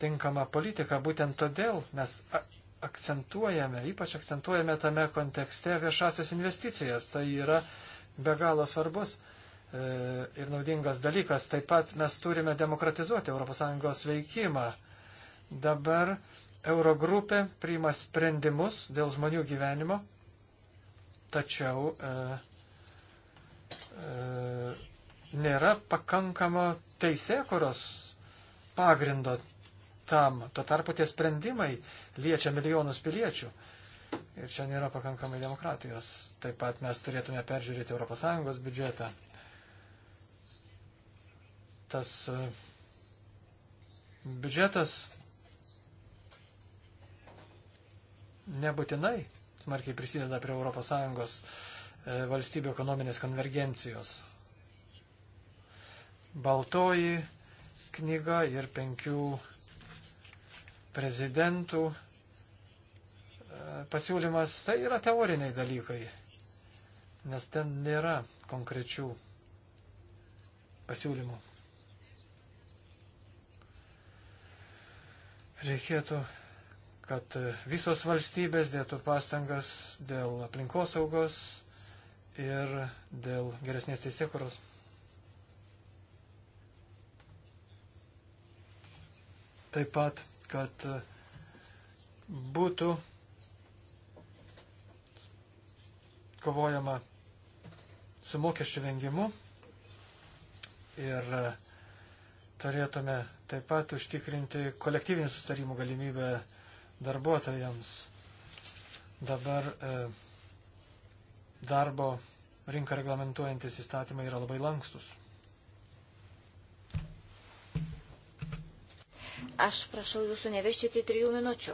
Speaker 3: tinkamą politiką. Būtent todėl mes akcentuojame, ypač akcentuojame tame kontekste viešasias investicijas. Tai yra be galo svarbus e, ir naudingas dalykas. Taip pat mes turime demokratizuoti ES veikimą. Dabar Eurogrupė priima sprendimus dėl žmonių gyvenimo, tačiau e, e, nėra pakankamo teisėkuros pagrindo tam. Tuo tarpu tie sprendimai liečia milijonus piliečių. Ir čia nėra pakankamai demokratijos. Taip pat mes turėtume peržiūrėti ES biudžetą. Tas e, biudžetas nebūtinai smarkiai prisideda prie ES e, valstybių ekonominės konvergencijos. Baltoji knyga ir penkių prezidentų e, pasiūlymas, tai yra teoriniai dalykai, nes ten nėra konkrečių pasiūlymų. Reikėtų, kad visos valstybės dėtų pastangas dėl aplinkosaugos ir dėl geresnės teisėkuros. Taip pat kad būtų kovojama su mokesčių vengimu ir turėtume taip pat užtikrinti kolektyvinių sustarimų galimybę darbuotojams. Dabar e, darbo rinką reglamentuojantis įstatymai yra labai lankstus.
Speaker 2: Aš prašau jūsų neviršyti trijų minučių.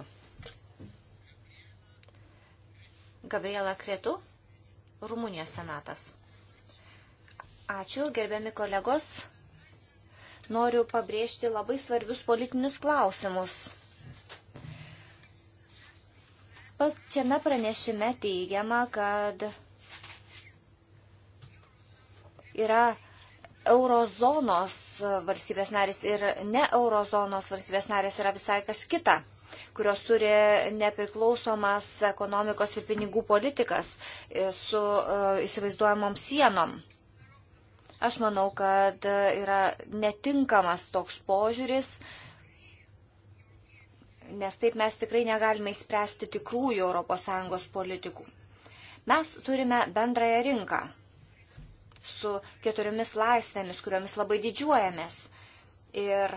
Speaker 2: Gabriela Kretu, Rumunijos senatas. Ačiū, gerbiami kolegos. Noriu pabrėžti labai svarbius politinius klausimus. Pačiame pranešime teigiama, kad yra eurozonos valstybės narės ir ne eurozonos valstybės narės yra visai kas kita kurios turi nepriklausomas ekonomikos ir pinigų politikas e, su e, įsivaizduojamom sienom. Aš manau, kad yra netinkamas toks požiūris, nes taip mes tikrai negalime įspręsti tikrųjų ES politikų. Mes turime bendrąją rinką, su keturiomis laisvėmis, kuriomis labai didžiuojamės. Ir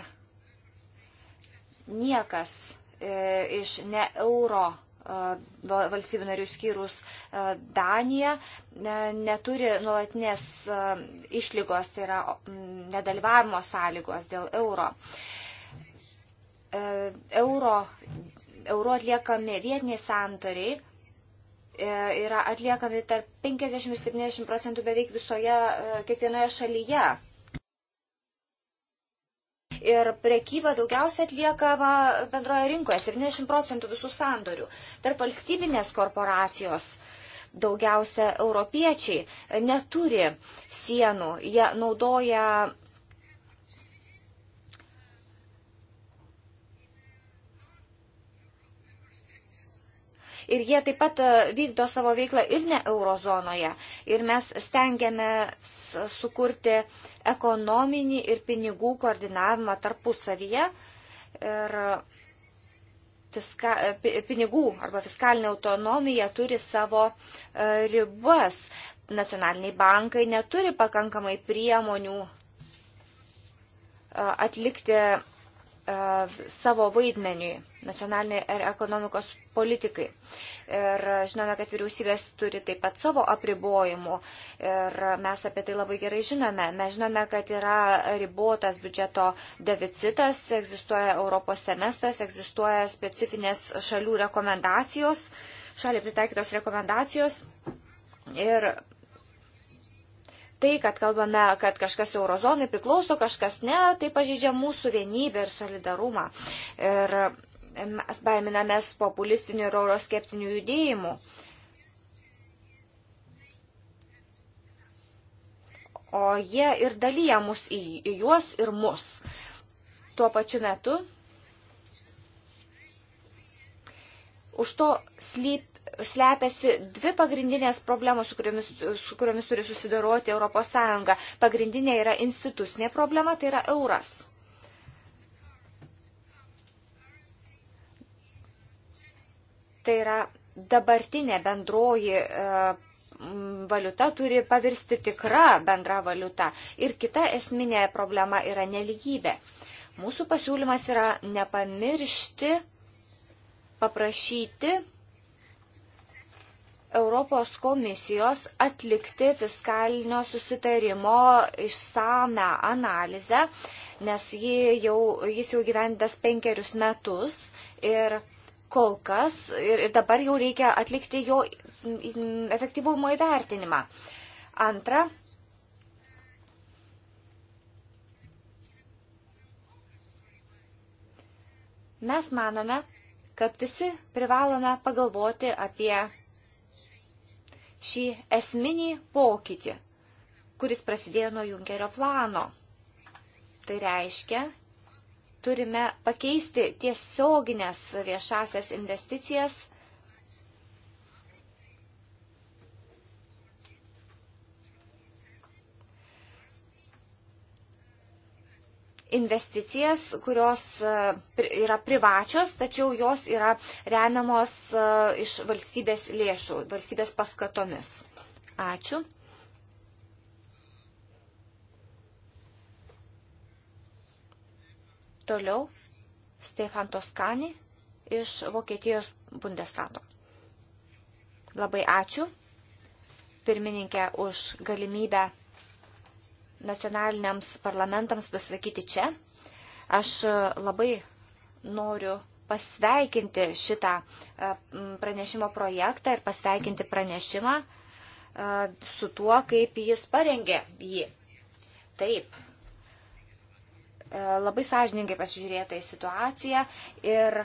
Speaker 2: niekas e, iš ne euro e, valstybių narių skyrus e, Danija neturi nuolatinės e, išlygos, tai yra nedalyvavimo sąlygos dėl euro. Euro, euro atliekami vietiniai santoriai E, yra atliekami tarp 50 ir 70 procentų beveik visoje e, kiekvienoje šalyje. Ir prekyba daugiausia atliekama bendroje rinkoje, 70 procentų visų sandorių. Tarp valstybinės korporacijos daugiausia europiečiai neturi sienų, jie naudoja ir jie taip pat e, vykdo savo veiklą ir ne eurozonoje. Ir mes stengiamės sukurti ekonominį ir pinigų koordinavimą tarpusavyje. Ir fiska, e, pinigų arba fiskalinė autonomija turi savo e, ribas. Nacionaliniai bankai neturi pakankamai priemonių atlikti savo vaidmeniui nacionaliniai ir ekonomikos politikai. Ir žinome, kad vyriausybės turi taip pat savo apribojimų ir mes apie tai labai gerai žinome. Mes žinome, kad yra ribotas biudžeto deficitas, egzistuoja Europos semestras, egzistuoja specifinės šalių rekomendacijos, šaliai pritaikytos rekomendacijos. Ir tai, kad kalbame, kad kažkas eurozonai priklauso, kažkas ne, tai pažydžia mūsų vienybę ir solidarumą. Ir mes baiminamės populistinių ir euroskeptinių judėjimų. O jie ir dalyja mus į, į juos ir mus. Tuo pačiu metu už to slyp, slepiasi dvi pagrindinės problemos, su kuriomis, su kuriomis turi susidaroti ES. Pagrindinė yra institucinė problema, tai yra euras. Tai yra dabartinė bendroji e, valiuta turi pavirsti tikra bendra valiuta. Ir kita esminė problema yra neligybė. Mūsų pasiūlymas yra nepamiršti, paprašyti Europos komisijos atlikti fiskalinio susitarimo išsame analizę, nes jis jau, jis jau gyventas penkerius metus ir kol kas ir, ir dabar jau reikia atlikti jo mm, mm, efektyvumo įvertinimą. Antra, mes manome, kad visi privalome pagalvoti apie šį esminį pokytį, kuris prasidėjo nuo Junkerio plano. Tai reiškia, turime pakeisti tiesioginės viešasias investicijas investicijas, kurios e, yra privačios, tačiau jos yra remiamos e, iš valstybės lėšų, valstybės paskatomis. Ačiū. Toliau Stefan Toskani iš Vokietijos Bundesrato. Labai ačiū pirmininkė už galimybę nacionaliniams parlamentams pasakyti čia. Aš e, labai noriu pasveikinti šitą e, pranešimo projektą ir pasveikinti pranešimą e, su tuo, kaip jis parengė jį. Taip, E, labai sąžiningai pasižiūrėta į situaciją ir e,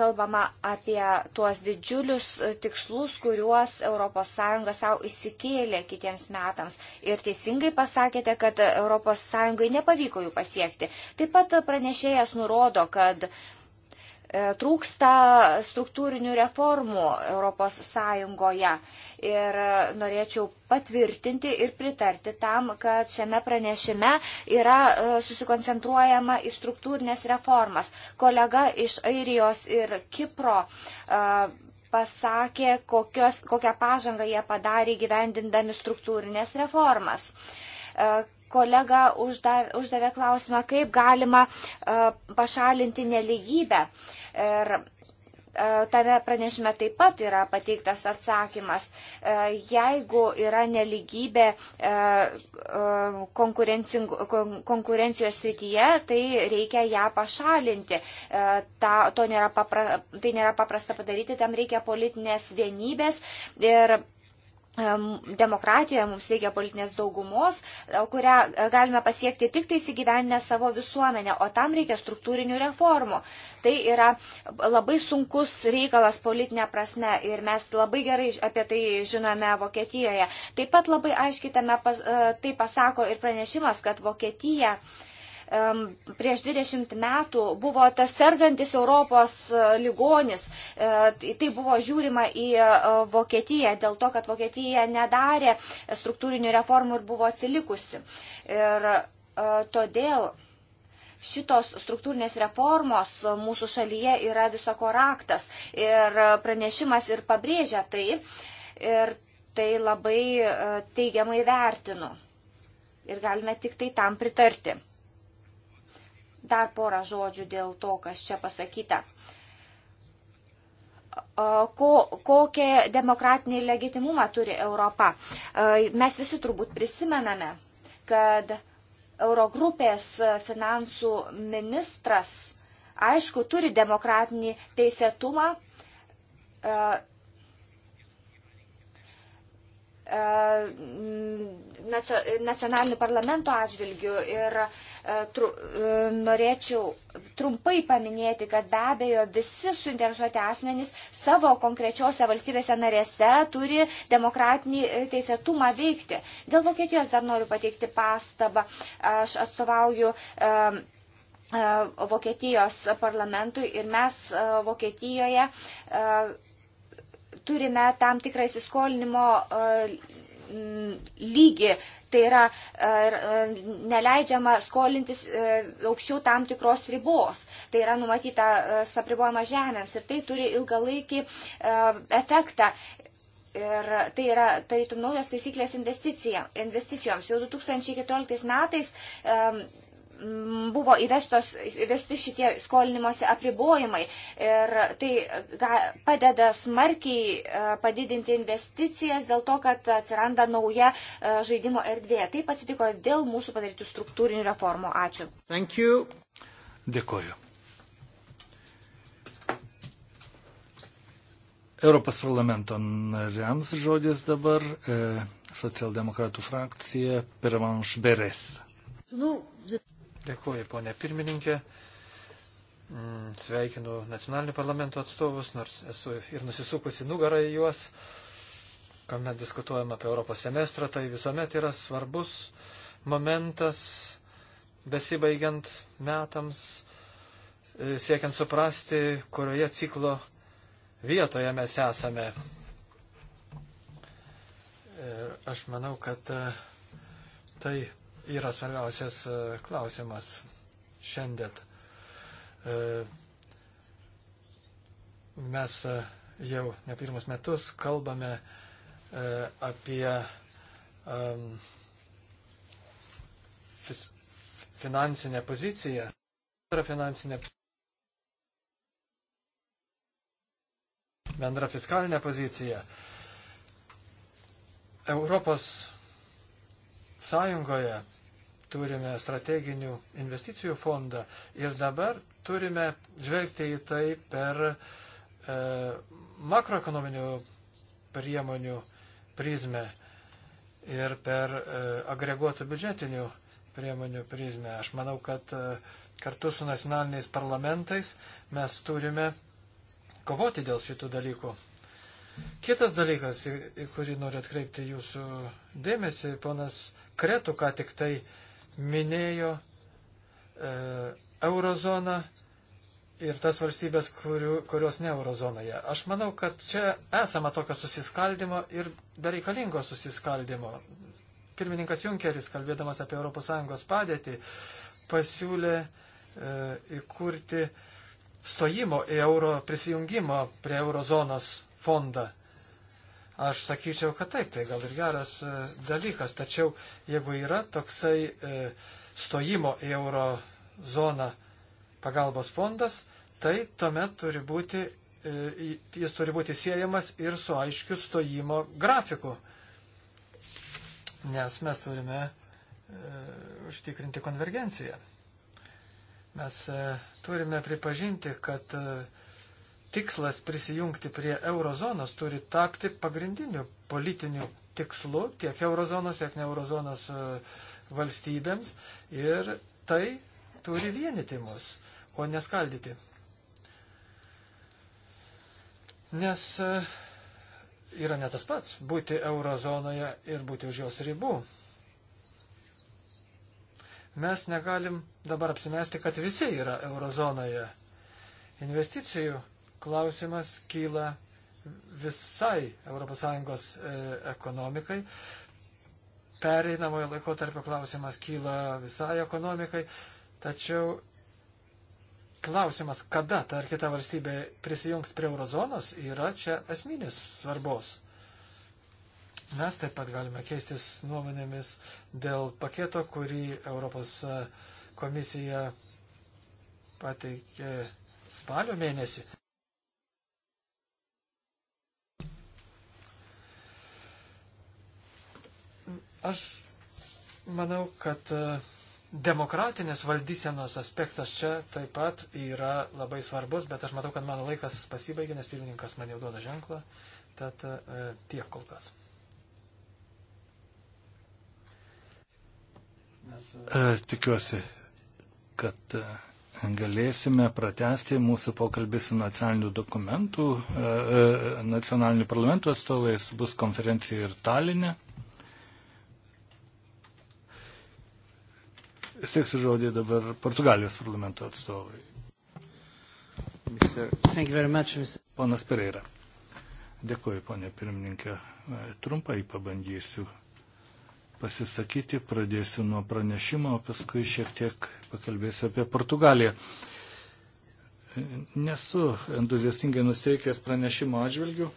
Speaker 2: kalbama apie tuos didžiulius e, tikslus, kuriuos ES savo įsikėlė kitiems metams. Ir teisingai pasakėte, kad ES nepavyko jų pasiekti. Taip pat pranešėjas nurodo, kad uh, E, trūksta struktūrinių reformų Europos Sąjungoje. Ir norėčiau patvirtinti ir pritarti tam, kad šiame pranešime yra e, susikoncentruojama į struktūrinės reformas. Kolega iš Airijos ir Kipro e, pasakė, kokios, kokią pažangą jie padarė gyvendindami struktūrinės reformas kolega uždavė klausimą, kaip galima e, pašalinti neligybę. Ir e, tame pranešime taip pat yra pateiktas atsakymas. E, jeigu yra neligybė konkurencijos srityje, tai reikia ją pašalinti. Ta, nėra papra, tai nėra paprasta padaryti, tam reikia politinės vienybės ir demokratijoje mums reikia politinės daugumos, e, kurią e, galime pasiekti tik tai įsigyvenę savo visuomenę, o tam reikia struktūrinių reformų. Tai yra labai sunkus reikalas politinė prasme ir mes labai gerai apie tai žinome Vokietijoje. Taip pat labai aiškiai tame pas, e, tai pasako ir pranešimas, kad Vokietija uh, prieš 20 metų buvo tas sergantis Europos e, ligonis. E, tai, tai buvo žiūrima į e, Vokietiją dėl to, kad Vokietija nedarė struktūrinių reformų ir buvo atsilikusi. Ir todėl šitos struktūrinės reformos mūsų šalyje yra visoko raktas. Ir pranešimas ir pabrėžia tai. Ir tai labai teigiamai vertinu. Ir galime tik tai tam pritarti dar porą žodžių dėl to, kas čia pasakyta. Ko, kokią demokratinį legitimumą turi Europa. Mes visi turbūt prisimename, kad Eurogrupės finansų ministras, aišku, turi demokratinį teisėtumą. nacionalinių parlamento atžvilgių ir uh, E, tru, e, norėčiau trumpai paminėti, kad be abejo visi suinteresuoti asmenys savo konkrečiose valstybėse narėse turi demokratinį e, teisėtumą veikti. Dėl Vokietijos dar noriu pateikti pastabą. Aš atstovauju. Um, Vokietijos parlamentui ir mes Vokietijoje turime tam tikrą įsiskolinimo Mm, lygį. Tai yra e, e, neleidžiama skolintis e, aukščiau tam tikros ribos. Tai yra numatyta apribojama žemės ir tai turi ilgalaikį efektą. Ir tai yra tarytum naujos taisyklės investicijoms. Jau 2014 metais buvo įvestos, įvesti šitie skolinimuose apribojimai ir tai padeda smarkiai e, padidinti investicijas dėl to, kad atsiranda nauja e, žaidimo erdvė. Taip atsitiko dėl mūsų padarytų struktūrinių reformų. Ačiū.
Speaker 1: Thank you. Dėkoju. Europos parlamento nariams žodis dabar, e, socialdemokratų frakcija, Pervanš Beres.
Speaker 3: Nu, Dėkuoju, ponė pirmininkė. Mm, sveikinu nacionalinių parlamento atstovus, nors esu ir nusisukusi nugarą į juos. Kuomet diskutuojam apie Europos semestrą, tai visuomet yra svarbus momentas, besibaigiant metams, e, siekiant suprasti, kurioje ciklo vietoje mes esame. Ir aš manau, kad e, tai yra svarbiausias e, klausimas šiandien. E, mes e, jau ne pirmus metus kalbame apie finansinę poziciją. Finansinė bendra fiskalinė pozicija. Europos Sąjungoje turime strateginių investicijų fondą ir dabar turime žvelgti į tai per e, makroekonominių priemonių prizmę ir per e, agreguotų biudžetinių priemonių prizmę. Aš manau, kad e, kartu su nacionaliniais parlamentais mes turime kovoti dėl šitų dalykų. Kitas dalykas, į, į kurį noriu atkreipti jūsų dėmesį, ponas Kretų ką tik tai minėjo e, eurozoną ir tas valstybės, kurių, kurios ne eurozonoje. Aš manau, kad čia esama tokio susiskaldimo ir bereikalingo susiskaldimo. Pirmininkas Junkeris, kalbėdamas apie ES padėtį, pasiūlė e, įkurti stojimo į euro prisijungimo prie eurozonos fondą. Aš sakyčiau, kad taip, tai gal ir geras e, dalykas, tačiau jeigu yra toksai e, stojimo į euro zoną pagalbos fondas, tai tuomet turi būti, e, jis turi būti siejamas ir su aiškiu stojimo grafiku. Nes mes turime užtikrinti konvergenciją. Mes turime pripažinti, kad tikslas prisijungti prie eurozonos turi tapti pagrindiniu politiniu tikslu tiek eurozonos, tiek ne eurozonos e, valstybėms ir tai turi vienyti mus, o neskaldyti. Nes e, yra ne tas pats būti eurozonoje ir būti už jos ribų. Mes negalim dabar apsimesti, kad visi yra eurozonoje. Investicijų klausimas kyla visai ES e, ekonomikai. Pereinamojo laiko tarp klausimas kyla visai ekonomikai, tačiau klausimas, kada ta ar kita valstybė prisijungs prie eurozonos, yra čia esminis svarbos. Mes taip pat galime keistis nuomonėmis dėl paketo, kurį Europos e, komisija pateikė spalio mėnesį. Aš manau, kad e, demokratinės valdysenos aspektas čia taip pat yra labai svarbus, bet aš matau, kad mano laikas pasibaigė, nes pirmininkas man jau duoda ženklą. Tad e, tiek kol kas.
Speaker 1: Mes... E, e tikiuosi, kad e, galėsime pratesti mūsų pokalbį su nacionalinių dokumentų, e, e, nacionalinių parlamentų atstovais. Bus konferencija ir Talinė. Steiksiu žodį dabar Portugalijos parlamento atstovai. Ponas Pereira. Dėkuoju, ponė pirmininkė. E, trumpai pabandysiu pasisakyti, pradėsiu nuo pranešimo, o paskui šiek tiek pakalbėsiu apie Portugaliją. E, nesu entuziastingai nusteikęs pranešimo atžvilgių,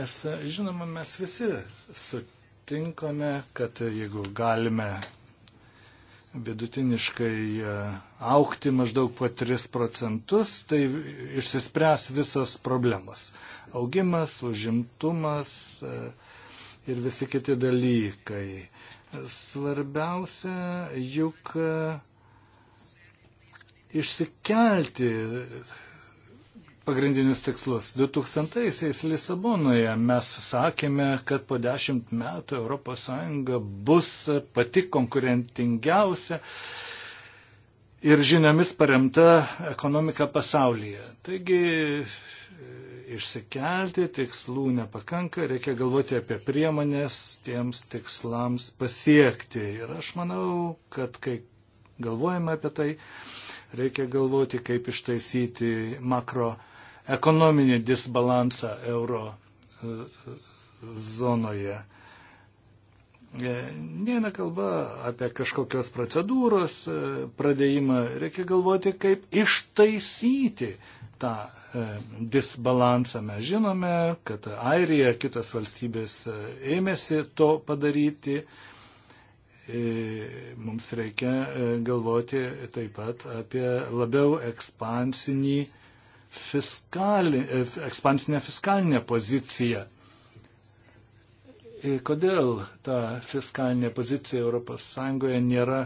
Speaker 1: nes, e, žinoma, mes visi sutinkame, kad jeigu galime vidutiniškai e, aukti maždaug po 3 procentus, tai išsispręs visas problemas. Augimas, užimtumas e, ir visi kiti dalykai. Svarbiausia juk e, išsikelti pagrindinius tikslus. 2000-aisiais Lisabonoje mes sakėme, kad po dešimt metų ES bus pati konkurentingiausia ir žiniomis paremta ekonomika pasaulyje. Taigi išsikelti tikslų nepakanka, reikia galvoti apie priemonės tiems tikslams pasiekti. Ir aš manau, kad kai galvojame apie tai, reikia galvoti, kaip ištaisyti makro ekonominį disbalansą euro e, zonoje. E, neina kalba apie kažkokios procedūros e, pradėjimą, reikia galvoti, kaip ištaisyti tą disbalansą. Mes žinome, kad Airija, kitos valstybės ėmėsi to padaryti. Mums reikia galvoti taip pat apie labiau ekspansinį fiskali, e, ekspansinę fiskalinę poziciją. E, kodėl ta fiskalinė pozicija ES nėra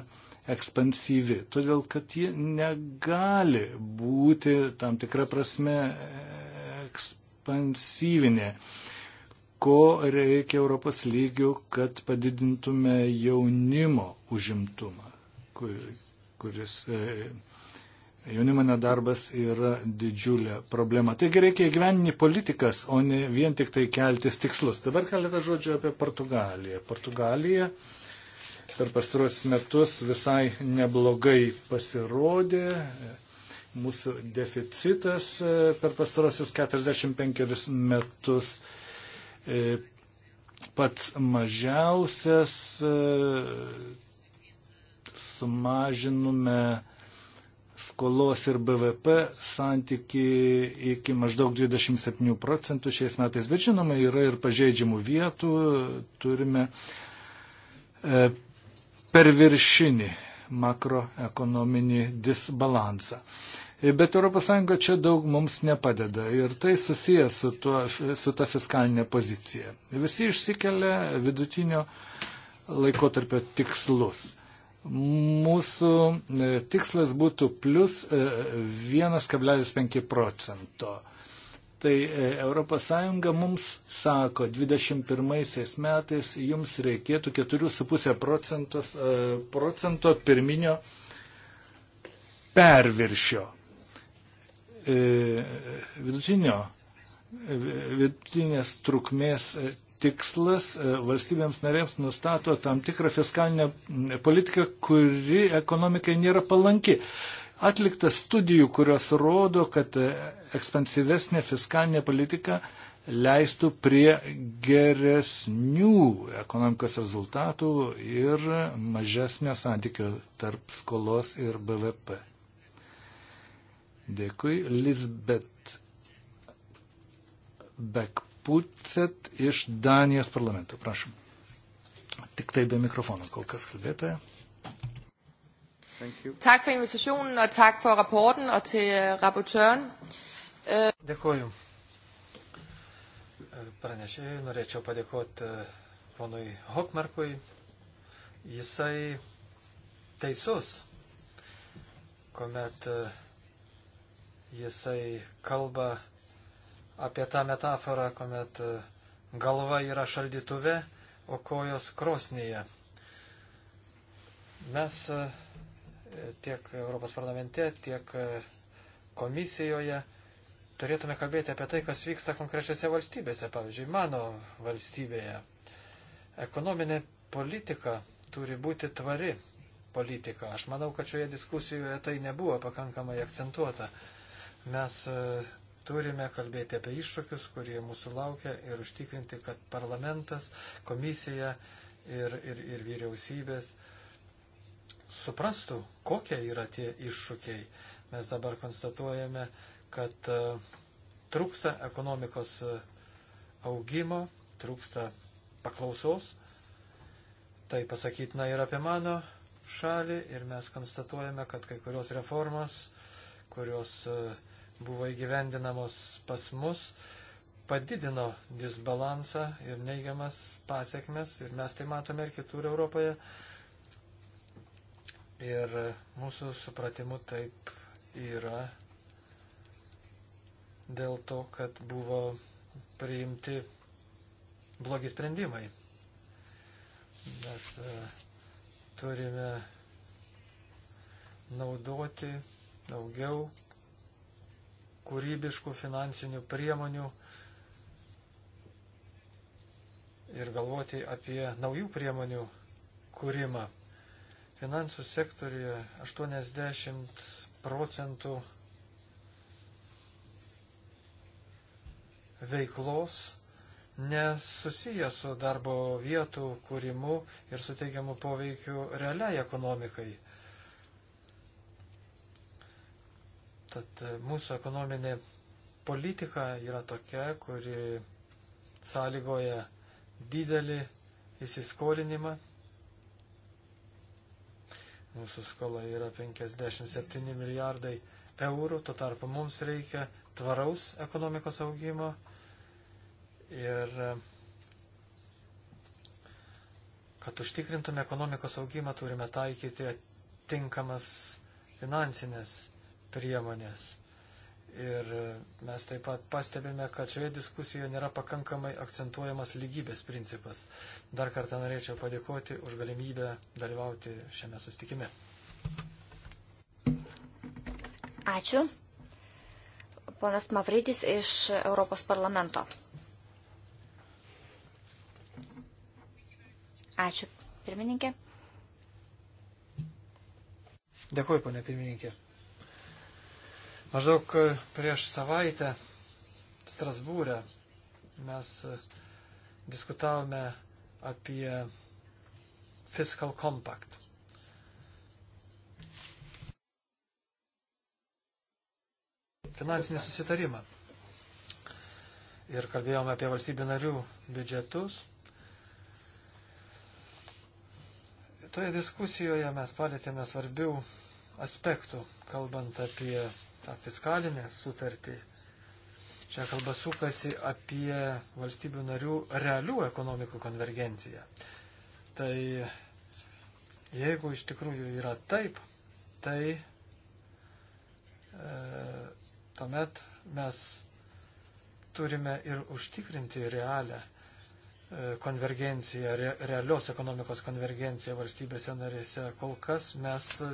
Speaker 1: ekspansyvi? Todėl, kad ji negali būti tam tikrą prasme e, ekspansyvinė ko reikia Europos lygių, kad padidintume jaunimo užimtumą, kuris Jaunimo nedarbas yra didžiulė problema. Taigi reikia įgyveninti politikas, o ne vien tik tai keltis tikslus. Dabar keletą žodžių apie Portugaliją. Portugalija per pastarosius metus visai neblogai pasirodė. Mūsų deficitas e, per pastarosius 45 metus e, pats mažiausias e, sumažinome skolos ir BVP santyki iki maždaug 27 procentų šiais metais, bet žinoma, yra ir pažeidžiamų vietų, turime e, per viršinį makroekonominį disbalansą. Bet ES čia daug mums nepadeda ir tai susijęs su, tuo, su ta fiskalinė pozicija. Visi išsikelia vidutinio laikotarpio tikslus. Mūsų e, tikslas būtų plus 1,5 e, procento. Tai ES mums sako, 21 metais jums reikėtų 4,5 e, procento pirminio perviršio vidutinio, vidutinės trukmės tikslas e, valstybėms narėms nustato tam tikrą fiskalinę politiką, kuri ekonomikai nėra palanki. Atliktas studijų, kurios rodo, kad e, ekspansyvesnė fiskalinė politika leistų prie geresnių ekonomikos rezultatų ir mažesnio santykio tarp skolos ir BVP. Dėkui, Lisbet Beck Putset iš Danijos parlamento. Prašom. Tik tai be mikrofono kol kas kalbėtoja. Tak
Speaker 3: for invitationen og tak for rapporten og til øh, rapportøren. Øh, Dėkuoju. Pranešėjai norėčiau padėkoti e, ponui Hokmarkui. Jisai teisus, kuomet e, jisai kalba apie tą metaforą, kuomet e, galva yra šaldytuve, o kojos krosnyje. Mes e, tiek Europos parlamente, tiek e, komisijoje turėtume kalbėti apie tai, kas vyksta konkrečiose valstybėse, pavyzdžiui, mano valstybėje. Ekonominė politika turi būti tvari politika. Aš manau, kad šioje diskusijoje tai nebuvo pakankamai akcentuota. Mes Turime kalbėti apie iššūkius, kurie mūsų laukia ir užtikrinti, kad parlamentas, komisija ir, ir, ir vyriausybės suprastų, kokie yra tie iššūkiai. Mes dabar konstatuojame, kad e, trūksta ekonomikos e, augimo, trūksta paklausos. Tai pasakytina ir apie mano šalį ir mes konstatuojame, kad kai kurios reformas, kurios uh, buvo įgyvendinamos pas mus, padidino disbalansą ir neigiamas pasiekmes ir mes tai matome ir kitur Europoje. Ir mūsų supratimu taip yra dėl to, kad buvo priimti blogi sprendimai. Mes e, turime naudoti daugiau kūrybiškų finansinių priemonių ir galvoti apie naujų priemonių kūrimą. Finansų sektorija 80 procentų veiklos nesusiję su darbo vietų kūrimu ir suteikiamu poveikiu realiai ekonomikai. Tad e, mūsų ekonominė politika yra tokia, kuri sąlygoja didelį įsiskolinimą. Mūsų skola yra 57 milijardai eurų, tuo tarpu mums reikia tvaraus ekonomikos augimo ir e, kad užtikrintume ekonomikos augimą, turime taikyti tinkamas finansinės priemonės. Ir mes taip pat pastebime, kad šioje diskusijoje nėra pakankamai akcentuojamas lygybės principas. Dar kartą norėčiau padėkoti už galimybę dalyvauti šiame sustikime.
Speaker 2: Ačiū. Ponas Mavridis iš Europos parlamento. Ačiū, pirmininkė.
Speaker 3: Dėkuoju, ponė pirmininkė. Maždaug e, prieš savaitę Strasbūrę mes e, diskutavome apie Fiscal Compact. Finansinį susitarimą. Ir kalbėjome apie valstybių narių biudžetus. Toje diskusijoje mes palėtėme svarbių aspektų, kalbant apie tą fiskalinę sutartį. Čia kalba sukasi apie valstybių narių realių ekonomikų konvergenciją. Tai jeigu iš tikrųjų yra taip, tai e, tuomet mes turime ir užtikrinti realią e, konvergencija, re, realios ekonomikos konvergencija valstybėse narėse. Kol kas mes e,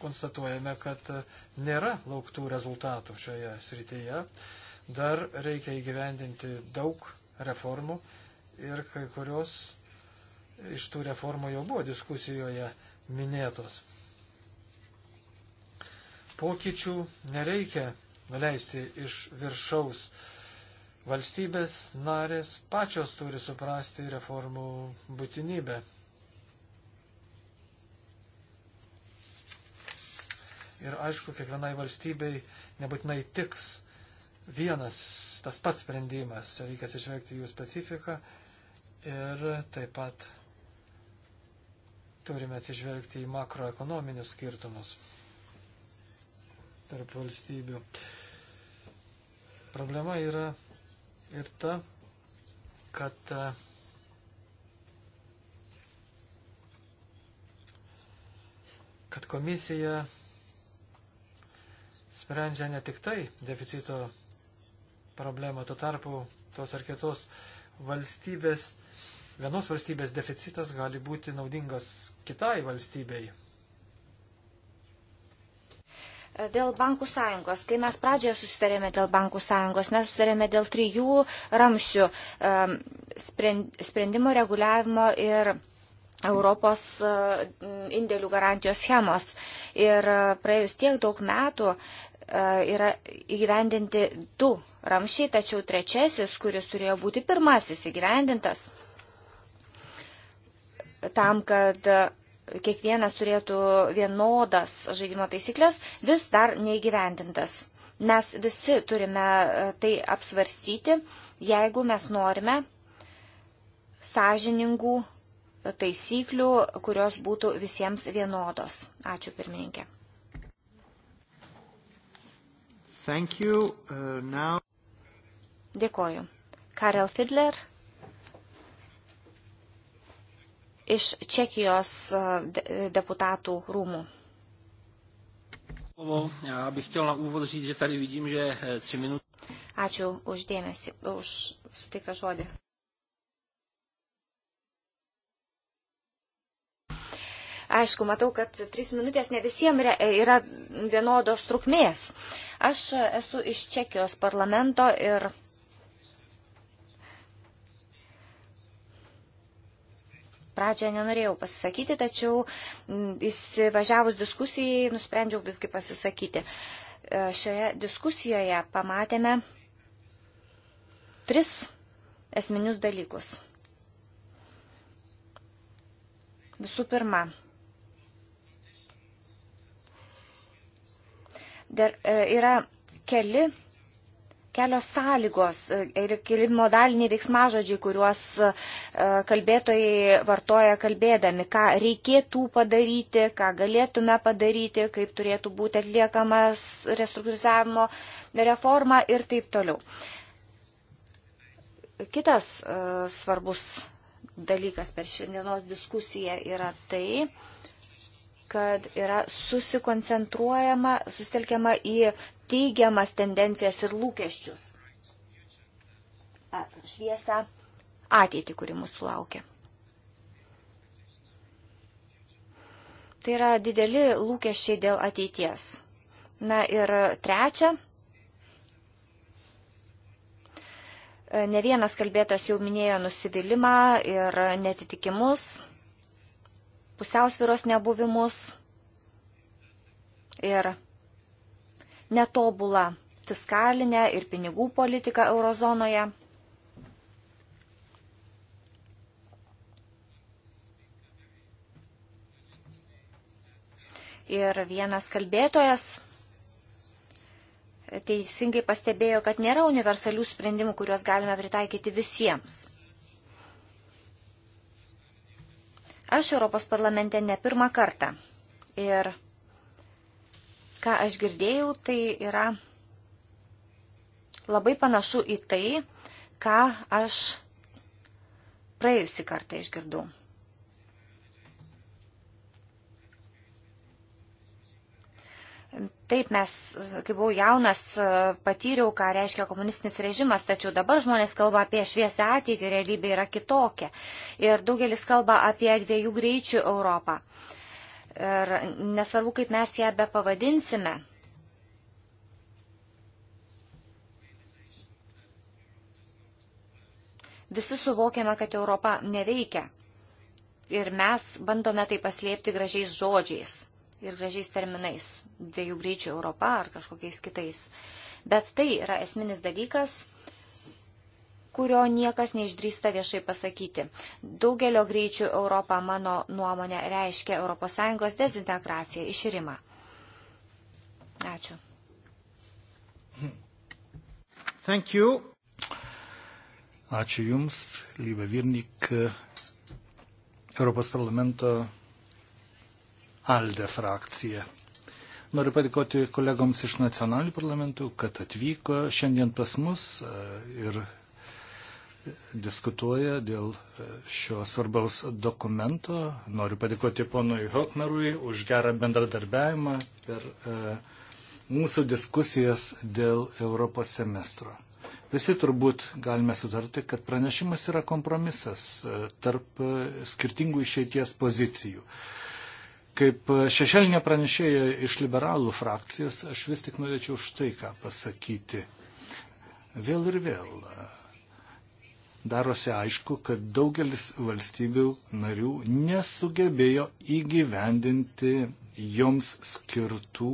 Speaker 3: konstatuojame, kad e, nėra lauktų rezultatų šioje srityje. Dar reikia įgyvendinti daug reformų ir kai kurios iš tų reformų jau buvo diskusijoje minėtos. Pokyčių nereikia nuleisti iš viršaus. Valstybės narės pačios turi suprasti reformų būtinybę. ir aišku, kiekvienai valstybei nebūtinai tiks vienas tas pats sprendimas, reikia atsižvelgti jų specifiką ir taip pat turime atsižvelgti į makroekonominius skirtumus tarp valstybių. Problema yra ir ta, kad e, kad komisija sprendžia ne tik tai deficito problemą. Tuo tarpu tos ar kitos valstybės, vienos valstybės deficitas gali būti naudingas kitai valstybei.
Speaker 2: Dėl bankų sąjungos. Kai mes pradžioje susitarėme dėl bankų sąjungos, mes susitarėme dėl trijų ramšių ehm, sprendimo reguliavimo ir Europos ehm, indėlių garantijos schemos. Ir praėjus tiek daug metų E, yra įgyvendinti du ramšiai, tačiau trečiasis, kuris turėjo būti pirmasis įgyvendintas, tam, kad kiekvienas turėtų vienodas žaidimo taisyklės, vis dar neįgyvendintas. Mes visi turime e, tai apsvarstyti, jeigu mes norime sąžiningų taisyklių, kurios būtų visiems vienodos. Ačiū pirmininkė.
Speaker 1: Thank you. Uh, now...
Speaker 2: Dėkoju. Karel Fidler iš Čekijos uh, deputatų rūmų. Eh, Ačiū už dėmesį, už suteiktą žodį. Aišku, matau, kad trys minutės ne visiems yra, yra vienodos trukmės. Aš esu iš Čekijos parlamento ir. Pradžioje nenorėjau pasisakyti, tačiau įsivažiavus diskusijai nusprendžiau visgi pasisakyti. E, šioje diskusijoje pamatėme tris esminius dalykus. Visų pirma, Der, yra keli, kelios sąlygos e, ir keli modaliniai veiksmažodžiai, kuriuos e, kalbėtojai vartoja kalbėdami, ką reikėtų padaryti, ką galėtume padaryti, kaip turėtų būti atliekamas restruktūrizavimo reforma ir taip toliau. Kitas e, svarbus dalykas per šiandienos diskusiją yra tai, kad yra susikoncentruojama, susitelkiama į teigiamas tendencijas ir lūkesčius. Šviesą ateitį, kuri mūsų laukia. Tai yra dideli lūkesčiai dėl ateities. Na ir trečia. Ne vienas kalbėtas jau minėjo nusivylimą ir netitikimus pusiausviros nebuvimus ir netobulą fiskalinę ir pinigų politiką eurozonoje. Ir vienas kalbėtojas teisingai pastebėjo, kad nėra universalių sprendimų, kuriuos galime pritaikyti visiems. Aš Europos parlamente ne pirmą kartą. Ir ką aš girdėjau, tai yra labai panašu į tai, ką aš praėjusį kartą išgirdau. Taip, mes, kai buvau jaunas, patyriau, ką reiškia komunistinis režimas, tačiau dabar žmonės kalba apie šviesę ateitį, realybė yra kitokia. Ir daugelis kalba apie dviejų greičių Europą. Ir nesvarbu, kaip mes ją be pavadinsime, visi suvokiame, kad Europa neveikia. Ir mes bandome tai paslėpti gražiais žodžiais ir gražiais terminais, dviejų greičių Europa ar kažkokiais kitais. Bet tai yra esminis dalykas, kurio niekas neišdrįsta viešai pasakyti. Daugelio greičių Europą, mano nuomonė, reiškia ES dezintegraciją, iširimą. Ačiū.
Speaker 1: Thank you. Ačiū Jums, Lyva Virnik, Europos parlamento ALDE frakcija. Noriu padėkoti kolegoms iš nacionalinių parlamentų, kad atvyko šiandien pas mus e, ir diskutuoja dėl e, šio svarbaus dokumento. Noriu padėkoti ponui Hokmerui už gerą bendradarbiavimą per e, mūsų diskusijas dėl Europos semestro. Visi turbūt galime sutarti, kad pranešimas yra kompromisas tarp skirtingų išeities pozicijų. Kaip šešelinė pranešėja iš liberalų frakcijas, aš vis tik norėčiau štai ką pasakyti. Vėl ir vėl darosi aišku, kad daugelis valstybių narių nesugebėjo įgyvendinti joms skirtų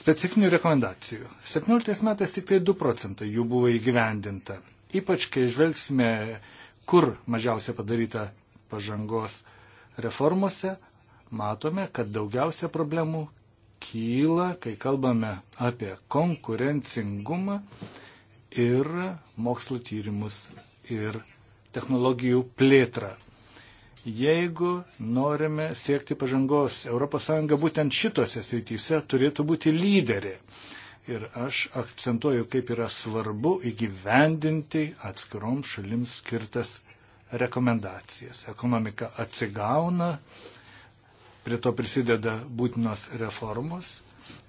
Speaker 1: specifinių rekomendacijų. 17 metais tik tai 2 procentai jų buvo įgyvendinta. Ypač kai žvelgsime, kur mažiausia padaryta pažangos reformose, matome, kad daugiausia problemų kyla, kai kalbame apie konkurencingumą ir mokslo tyrimus ir technologijų plėtrą. Jeigu norime siekti pažangos, ES būtent šitose srityse turėtų būti lyderė. Ir aš akcentuoju, kaip yra svarbu įgyvendinti atskirom šalims skirtas rekomendacijas. Ekonomika atsigauna, Prie to prisideda būtinos reformos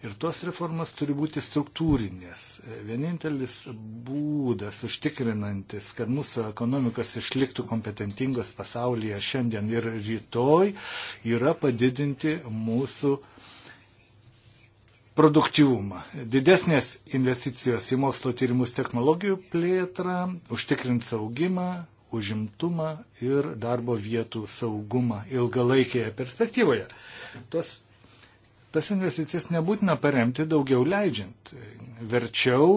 Speaker 1: ir tos reformas turi būti struktūrinės. Vienintelis būdas užtikrinantis, kad mūsų ekonomikas išliktų kompetentingos pasaulyje šiandien ir rytoj, yra padidinti mūsų produktyvumą. Didesnės investicijos į mokslo tyrimus technologijų plėtrą, užtikrins augimą, užimtumą ir darbo vietų saugumą ilgalaikėje perspektyvoje. Tos, tas investicijas nebūtina paremti daugiau leidžiant. Verčiau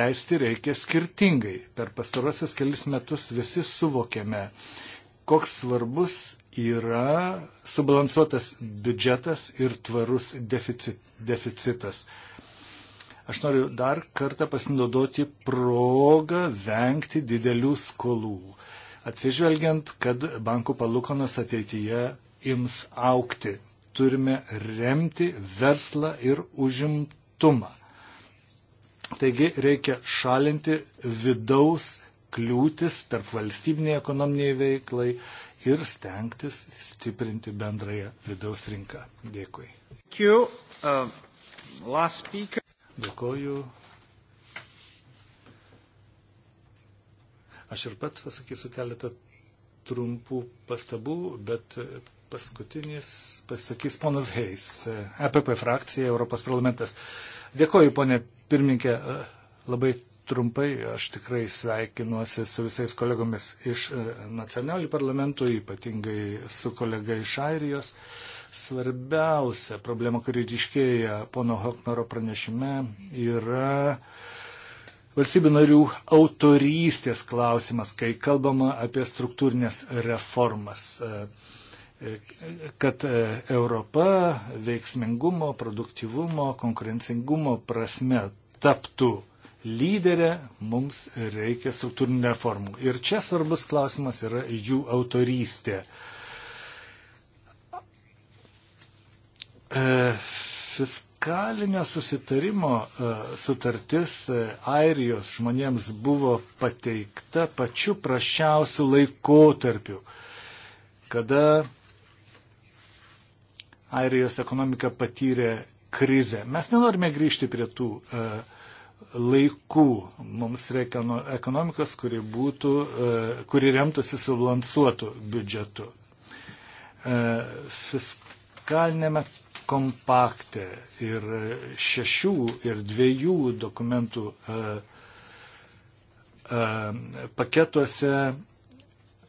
Speaker 1: leisti reikia skirtingai. Per pastarosius kelis metus visi suvokėme, koks svarbus yra subalansuotas biudžetas ir tvarus deficit, deficitas. Aš noriu dar kartą pasinaudoti progą vengti didelių skolų, atsižvelgiant, kad bankų palūkonas ateityje ims aukti. Turime remti verslą ir užimtumą. Taigi reikia šalinti vidaus kliūtis tarp valstybiniai ekonominiai veiklai ir stengtis stiprinti bendrąją vidaus rinką. Dėkui. Thank you. Uh, last speaker. Dėkoju. Aš ir pats pasakysiu keletą trumpų pastabų, bet paskutinis pasakys ponas Heis, EPP frakcija, Europos parlamentas. Dėkoju, ponė pirmininkė, labai trumpai, aš tikrai sveikinuosi su visais kolegomis iš nacionalinių parlamentų, ypatingai su kolega iš Airijos. Uh, Svarbiausia problema, kuri ryškėja pono Hoknaro pranešime, yra valstybių narių autorystės klausimas, kai kalbama apie struktūrinės reformas e, e, kad e, Europa veiksmingumo, produktivumo, konkurencingumo prasme taptų lyderė, mums reikia struktūrinių reformų. Ir čia svarbus klausimas yra jų autorystė. Uh, E, fiskalinio susitarimo e, sutartis e, Airijos žmonėms buvo pateikta pačiu prašiausiu laikotarpiu, kada Airijos ekonomika patyrė krizę. Mes nenorime grįžti prie tų laikų. Mums reikia ekonomikos, kuri, būtų, kuri remtųsi subalansuotų biudžetu. Fiskalinėme kompakte ir šešių ir dviejų dokumentų e, e, paketuose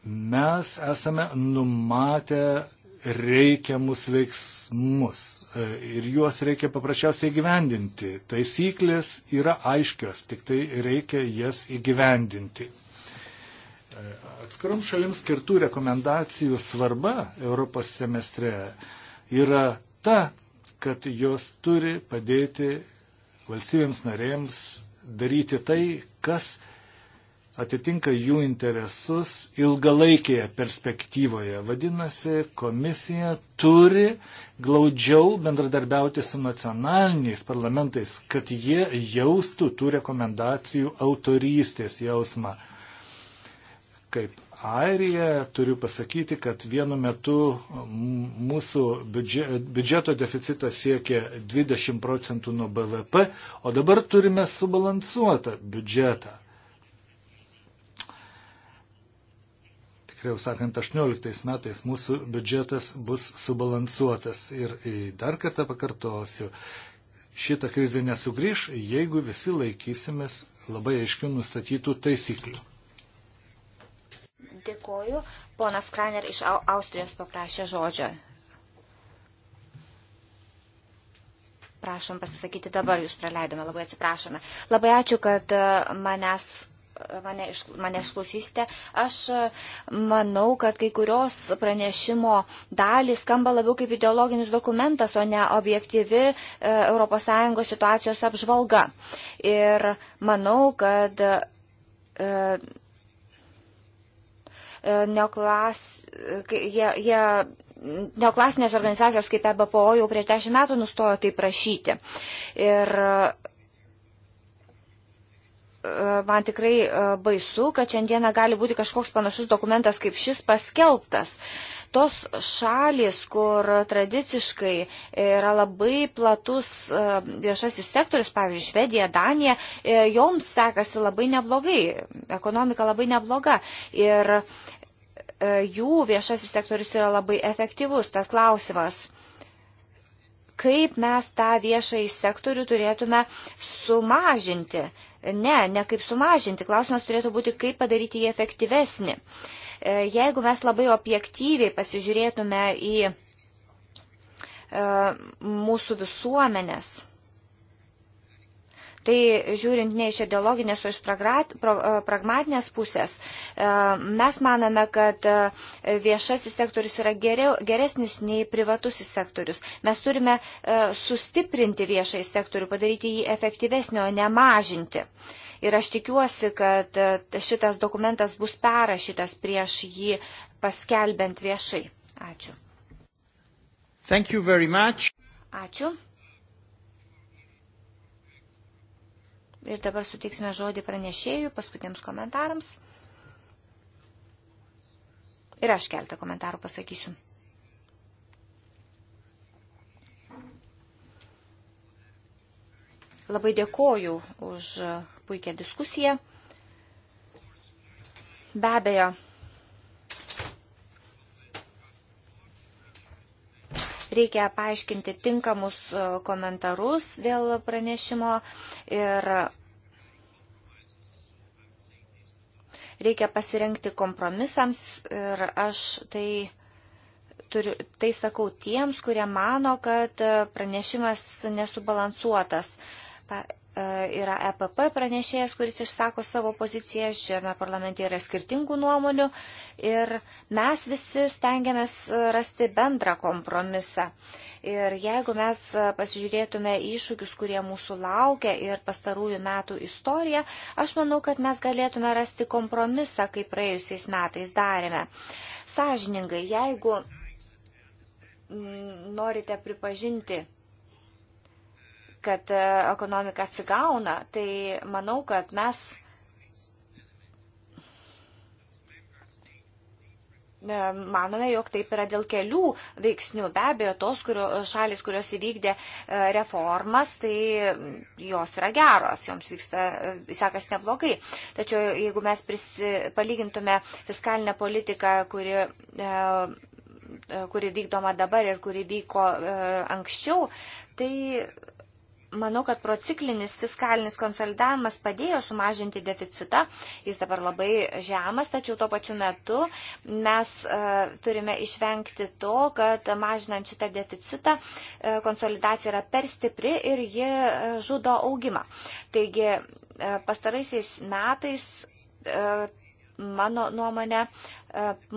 Speaker 1: mes esame numatę reikiamus veiksmus e, ir juos reikia paprasčiausiai gyvendinti. Taisyklės yra aiškios, tik tai reikia jas įgyvendinti. Atskirom šalims skirtų rekomendacijų svarba Europos semestre yra ta, kad jos turi padėti valstybėms narėms daryti tai, kas atitinka jų interesus ilgalaikėje perspektyvoje. Vadinasi, komisija turi glaudžiau bendradarbiauti su nacionaliniais parlamentais, kad jie jaustų tų rekomendacijų autorystės jausmą. Kaip Airiją, turiu pasakyti, kad vienu metu mūsų biudžeto deficitas siekia 20 procentų nuo BVP, o dabar turime subalansuotą biudžetą. Tikriau sakant, 18 metais mūsų biudžetas bus subalansuotas. Ir dar kartą pakartosiu, šita krizė nesugrįž, jeigu visi laikysimės labai aiškių nustatytų taisyklių.
Speaker 2: Dėkoju. Ponas Kraner iš Austrijos paprašė žodžio. Prašom pasisakyti dabar, jūs praleidome, labai atsiprašome. Labai ačiū, kad e, manęs e, mane, iš, mane išklausysite. Aš e, manau, kad kai kurios pranešimo dalys skamba labiau kaip ideologinis dokumentas, o ne objektyvi ES situacijos apžvalga. Ir manau, kad E, neoklas, e, jie, jie, neoklasinės organizacijos kaip EBPO jau prieš dešimt metų nustojo tai prašyti. Ir e, man tikrai baisu, kad šiandieną gali būti kažkoks panašus dokumentas kaip šis paskelbtas. Tos šalis, kur tradiciškai yra labai platus viešasis sektorius, pavyzdžiui, Švedija, Danija, joms sekasi labai neblogai, ekonomika labai nebloga. Ir E, jų viešasis sektorius yra labai efektyvus. Tad klausimas, kaip mes tą viešąjį sektorių turėtume sumažinti. Ne, ne kaip sumažinti. Klausimas turėtų būti, kaip padaryti jį efektyvesnį. E, jeigu mes labai objektyviai pasižiūrėtume į e, mūsų visuomenės tai žiūrint ne iš ideologinės, o iš e, pragmatinės pusės, e, mes manome, kad e, viešasis sektorius yra geriau, geresnis nei privatusis sektorius. Mes turime sustiprinti viešai sektorių, padaryti jį efektyvesnio, o ne mažinti. Ir aš tikiuosi, kad šitas dokumentas bus perrašytas prieš jį paskelbent viešai. Ačiū. Ačiū. Ir dabar suteiksime žodį pranešėjų paskutiniams komentarams. Ir aš keltą komentarų pasakysiu. Labai dėkoju už puikią diskusiją. Be abejo, reikia paaiškinti tinkamus komentarus dėl pranešimo ir reikia pasirengti kompromisams ir aš tai turiu, tai sakau tiems, kurie mano, kad e, pranešimas nesubalansuotas. Pa, e, yra EPP pranešėjas, kuris išsako savo poziciją, šiame parlamente yra skirtingų nuomonių ir mes visi stengiamės e, rasti bendrą kompromisą. Uh, Ir jeigu mes e, pasižiūrėtume iššūkius, kurie mūsų laukia ir pastarųjų metų istoriją, aš manau, kad mes galėtume rasti kompromisą, kaip praėjusiais metais darėme. Sažiningai, jeigu mm, norite pripažinti kad e, ekonomika atsigauna, tai manau, kad mes E, manome, jog taip yra dėl kelių veiksnių. Be abejo, tos kurio, šalis, kurios įvykdė e, reformas, tai jos yra geros, joms vyksta, e, sekas neblogai. Tačiau jeigu mes prisi, palygintume fiskalinę politiką, kuri, kuri vykdoma dabar ir kuri vyko anksčiau, tai Manau, kad prociklinis fiskalinis konsolidavimas padėjo sumažinti deficitą, jis dabar labai žemas, tačiau tuo pačiu metu mes uh, turime išvengti to, kad mažinant šitą deficitą uh, konsolidacija yra per stipri ir ji uh, žudo augimą. Taigi uh, pastaraisiais metais. Uh, mano nuomonė,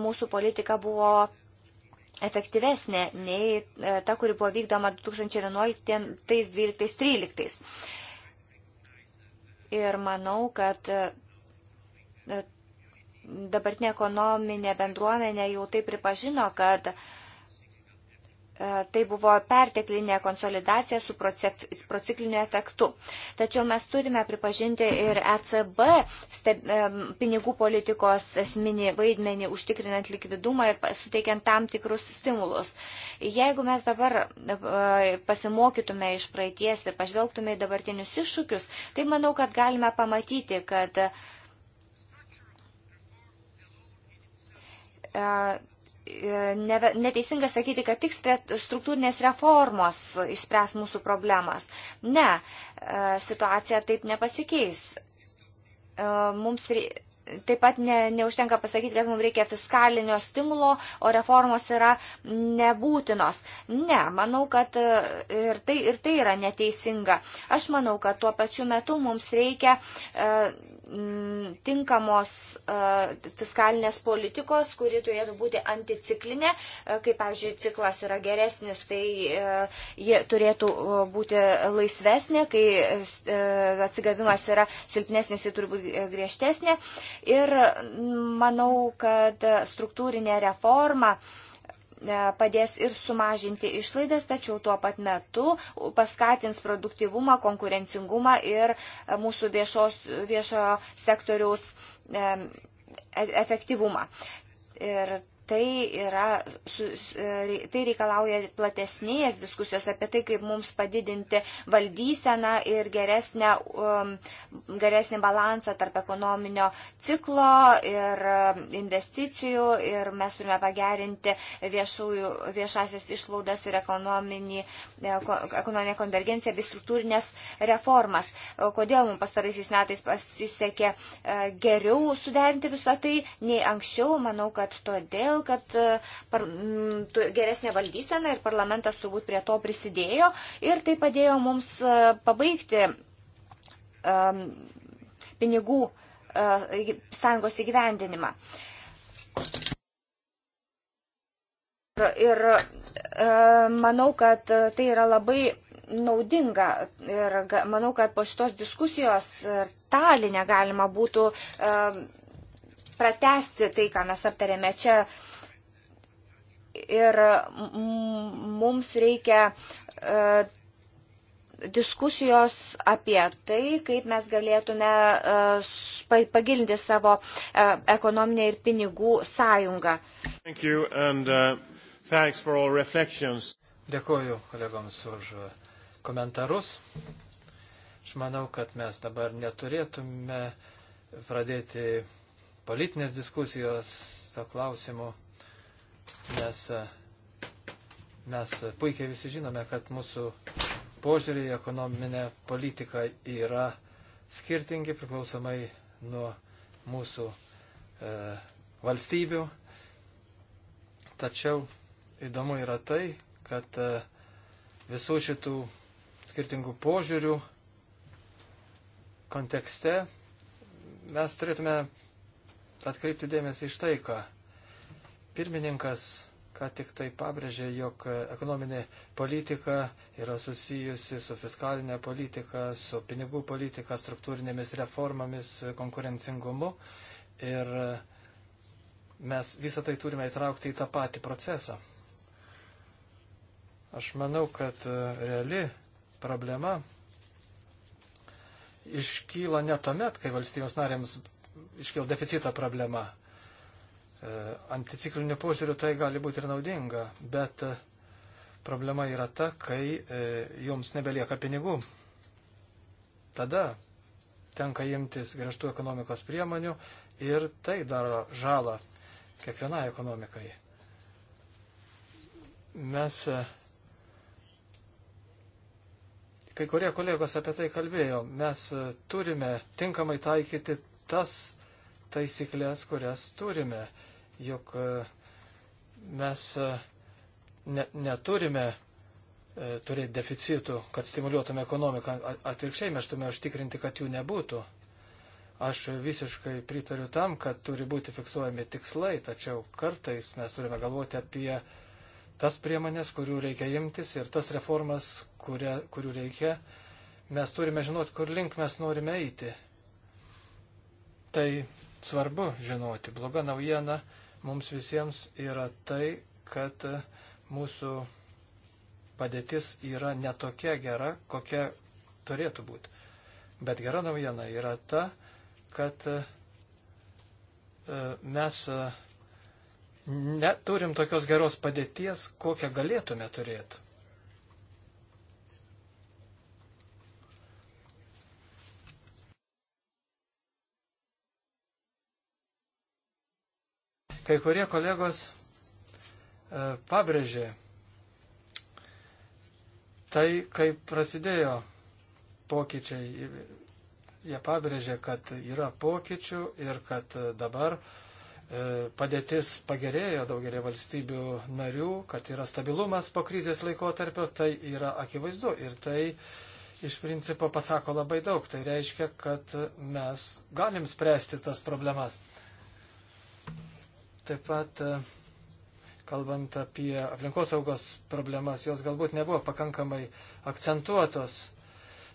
Speaker 2: mūsų politika buvo efektyvesnė nei e, ta, kuri buvo vykdoma 2011-2012-2013. Ir manau, kad e, dabartinė ekonominė bendruomenė jau tai pripažino, kad uh, E, tai buvo perteklinė konsolidacija su procikliniu efektu. Tačiau mes turime pripažinti ir ECB steb, e, pinigų politikos esminį vaidmenį užtikrinant likvidumą ir suteikiant tam tikrus stimulus. Jeigu mes dabar e, pasimokytume iš praeities ir pažvelgtume į dabartinius iššūkius, tai manau, kad galime pamatyti, kad E, neteisinga sakyti, kad tik struktūrinės reformos išspręs mūsų problemas. Ne, e, situacija taip nepasikeis. E, mums taip pat ne, neužtenka pasakyti, kad mums reikia fiskalinio stimulo, o reformos yra nebūtinos. Ne, manau, kad ir tai, ir tai yra neteisinga. Aš manau, kad tuo pačiu metu mums reikia Mm, tinkamos e, fiskalinės politikos, kuri turėtų būti anticiklinė, e, kaip pavyzdžiui ciklas yra geresnis, tai e, ji turėtų būti laisvesnė, kai atsigavimas yra silpnesnis, ji turi būti griežtesnė. Ir manau, kad struktūrinė reforma, E, padės ir sumažinti išlaidas, tačiau tuo pat metu paskatins produktivumą, konkurencingumą ir e, mūsų viešos, viešojo sektoriaus e, efektyvumą. Ir tai, yra, e, tai reikalauja platesnės diskusijos apie tai, kaip mums padidinti valdyseną ir geresnę, um, geresnį balansą tarp ekonominio ciklo ir um, investicijų. Ir mes turime pagerinti viešųjų, viešasias išlaudas ir ekonominį, e, ekonominę konvergenciją bei struktūrinės reformas. Kodėl mums pastaraisiais metais pasisekė e, geriau suderinti visą tai nei anksčiau? Manau, kad todėl, todėl kad e, par, m, geresnė valdysena ir parlamentas turbūt prie to prisidėjo ir tai padėjo mums e, pabaigti um, pinigų uh, sąjungos įgyvendinimą. Ir, ir uh, manau, kad tai yra labai naudinga ir manau, kad po šitos diskusijos talinę galima būtų pratesti tai, ką mes aptarėme čia Ir mums reikia e, diskusijos apie tai, kaip mes galėtume e, pagilinti savo e, ekonominę ir pinigų sąjungą.
Speaker 1: And,
Speaker 3: uh, Dėkuoju kolegoms už komentarus. Aš manau, kad mes dabar neturėtume pradėti politinės diskusijos to klausimu nes e, mes puikiai visi žinome, kad mūsų požiūrį į ekonominę politiką yra skirtingi priklausomai nuo mūsų e, valstybių. Tačiau įdomu yra tai, kad e, visų šitų skirtingų požiūrių kontekste mes turėtume atkreipti dėmesį iš tai, ką Pirmininkas ką tik tai pabrėžė, jog ekonominė politika yra susijusi su fiskalinė politika, su pinigų politika, struktūrinėmis reformomis, konkurencingumu. Ir mes visą tai turime įtraukti į tą patį procesą. Aš manau, kad reali problema iškyla ne tuomet, kai valstybės narėms iškyla deficito problema, E, Anticikliniu požiūriu tai gali būti ir naudinga, bet e, problema yra ta, kai e, jums nebelieka pinigų. Tada tenka imtis griežtų ekonomikos priemonių ir tai daro žalą kiekvienai ekonomikai. Mes, kai kurie kolegos apie tai kalbėjo, mes turime tinkamai taikyti tas taisyklės, kurias turime jog e, mes e, ne, neturime e, turėti deficitų, kad stimuliuotume ekonomiką. Atvirkščiai mes turime užtikrinti, kad jų nebūtų. Aš visiškai pritariu tam, kad turi būti fiksuojami tikslai, tačiau kartais mes turime galvoti apie tas priemonės, kurių reikia imtis ir tas reformas, kuria, kurių reikia. Mes turime žinoti, kur link mes norime eiti. Tai svarbu žinoti. Bloga naujiena mums visiems yra tai, kad mūsų padėtis yra netokia gera, kokia turėtų būti. Bet gera naujiena yra ta, kad e, mes e, neturim tokios geros padėties, kokią galėtume turėti. Kai kurie kolegos e, pabrėžė tai, kaip prasidėjo pokyčiai. Jie pabrėžė, kad yra pokyčių ir kad dabar e, padėtis pagerėjo daugelį valstybių narių, kad yra stabilumas po krizės laikotarpio, tai yra akivaizdu ir tai iš principo pasako labai daug. Tai reiškia, kad mes galim spręsti tas problemas. Taip pat, e, kalbant apie aplinkosaugos problemas, jos galbūt nebuvo pakankamai akcentuotos.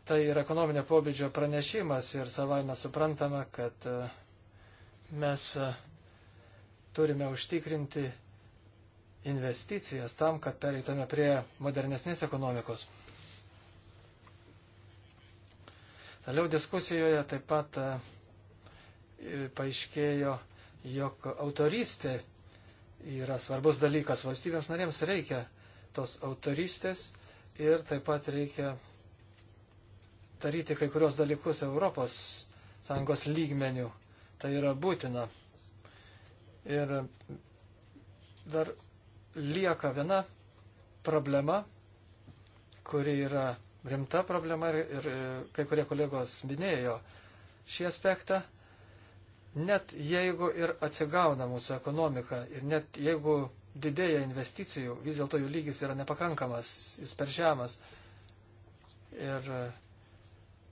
Speaker 3: Tai yra ekonominio pobėdžio pranešimas ir savai e, mes suprantame, kad mes turime užtikrinti investicijas tam, kad pereitume prie modernesnės ekonomikos. Toliau diskusijoje taip pat e, paaiškėjo jog autoristė yra svarbus dalykas. Valstybėms narėms reikia tos autoristės ir taip pat reikia daryti kai kurios dalykus Europos Sąjungos lygmenių. Tai yra būtina. Ir dar lieka viena problema, kuri yra rimta problema ir, ir kai kurie kolegos minėjo šį aspektą. Net jeigu ir atsigauna mūsų ekonomika ir net jeigu didėja investicijų, vis dėlto jų lygis yra nepakankamas, jis per žemas. Ir e,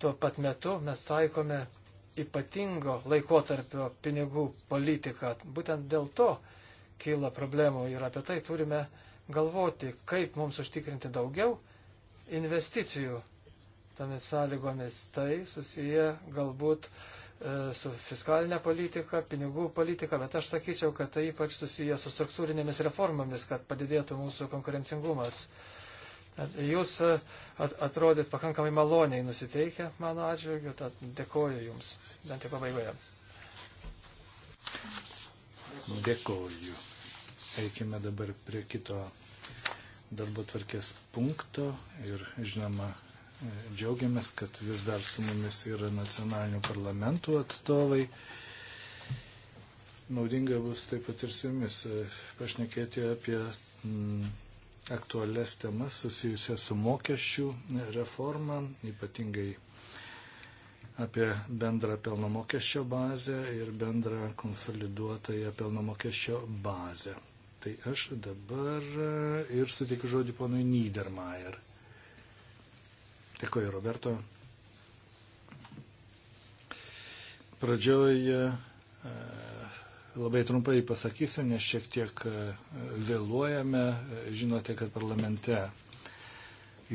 Speaker 3: tuo pat metu mes taikome ypatingo laikotarpio pinigų politiką. Būtent dėl to kyla problemų ir apie tai turime galvoti, kaip mums užtikrinti daugiau investicijų tomis sąlygomis. Tai susiję galbūt uh, E, su fiskalinė politika, pinigų politika, bet aš sakyčiau, kad tai ypač susiję su struktūrinėmis reformomis, kad padidėtų mūsų konkurencingumas. E, jūs e, atrodyt pakankamai maloniai nusiteikę mano atžvilgiu, tad dėkoju Jums, bent jau pabaigoje.
Speaker 1: Dėkoju. Eikime dabar prie kito darbo tvarkės punkto ir, žinoma, Džiaugiamės, kad vis dar su mumis yra nacionalinių parlamentų atstovai. Naudinga bus taip pat ir su jumis e, pašnekėti apie aktualias temas susijusias su mokesčių reforma, ypatingai apie bendrą pelno mokesčio bazę ir bendrą konsoliduotąją pelno mokesčio bazę. Tai aš dabar e, ir sutikiu žodį ponui Niedermayer. Dėkuoju, Roberto. Pradžioje labai trumpai pasakysiu, nes šiek tiek e, vėluojame. Žinote, kad parlamente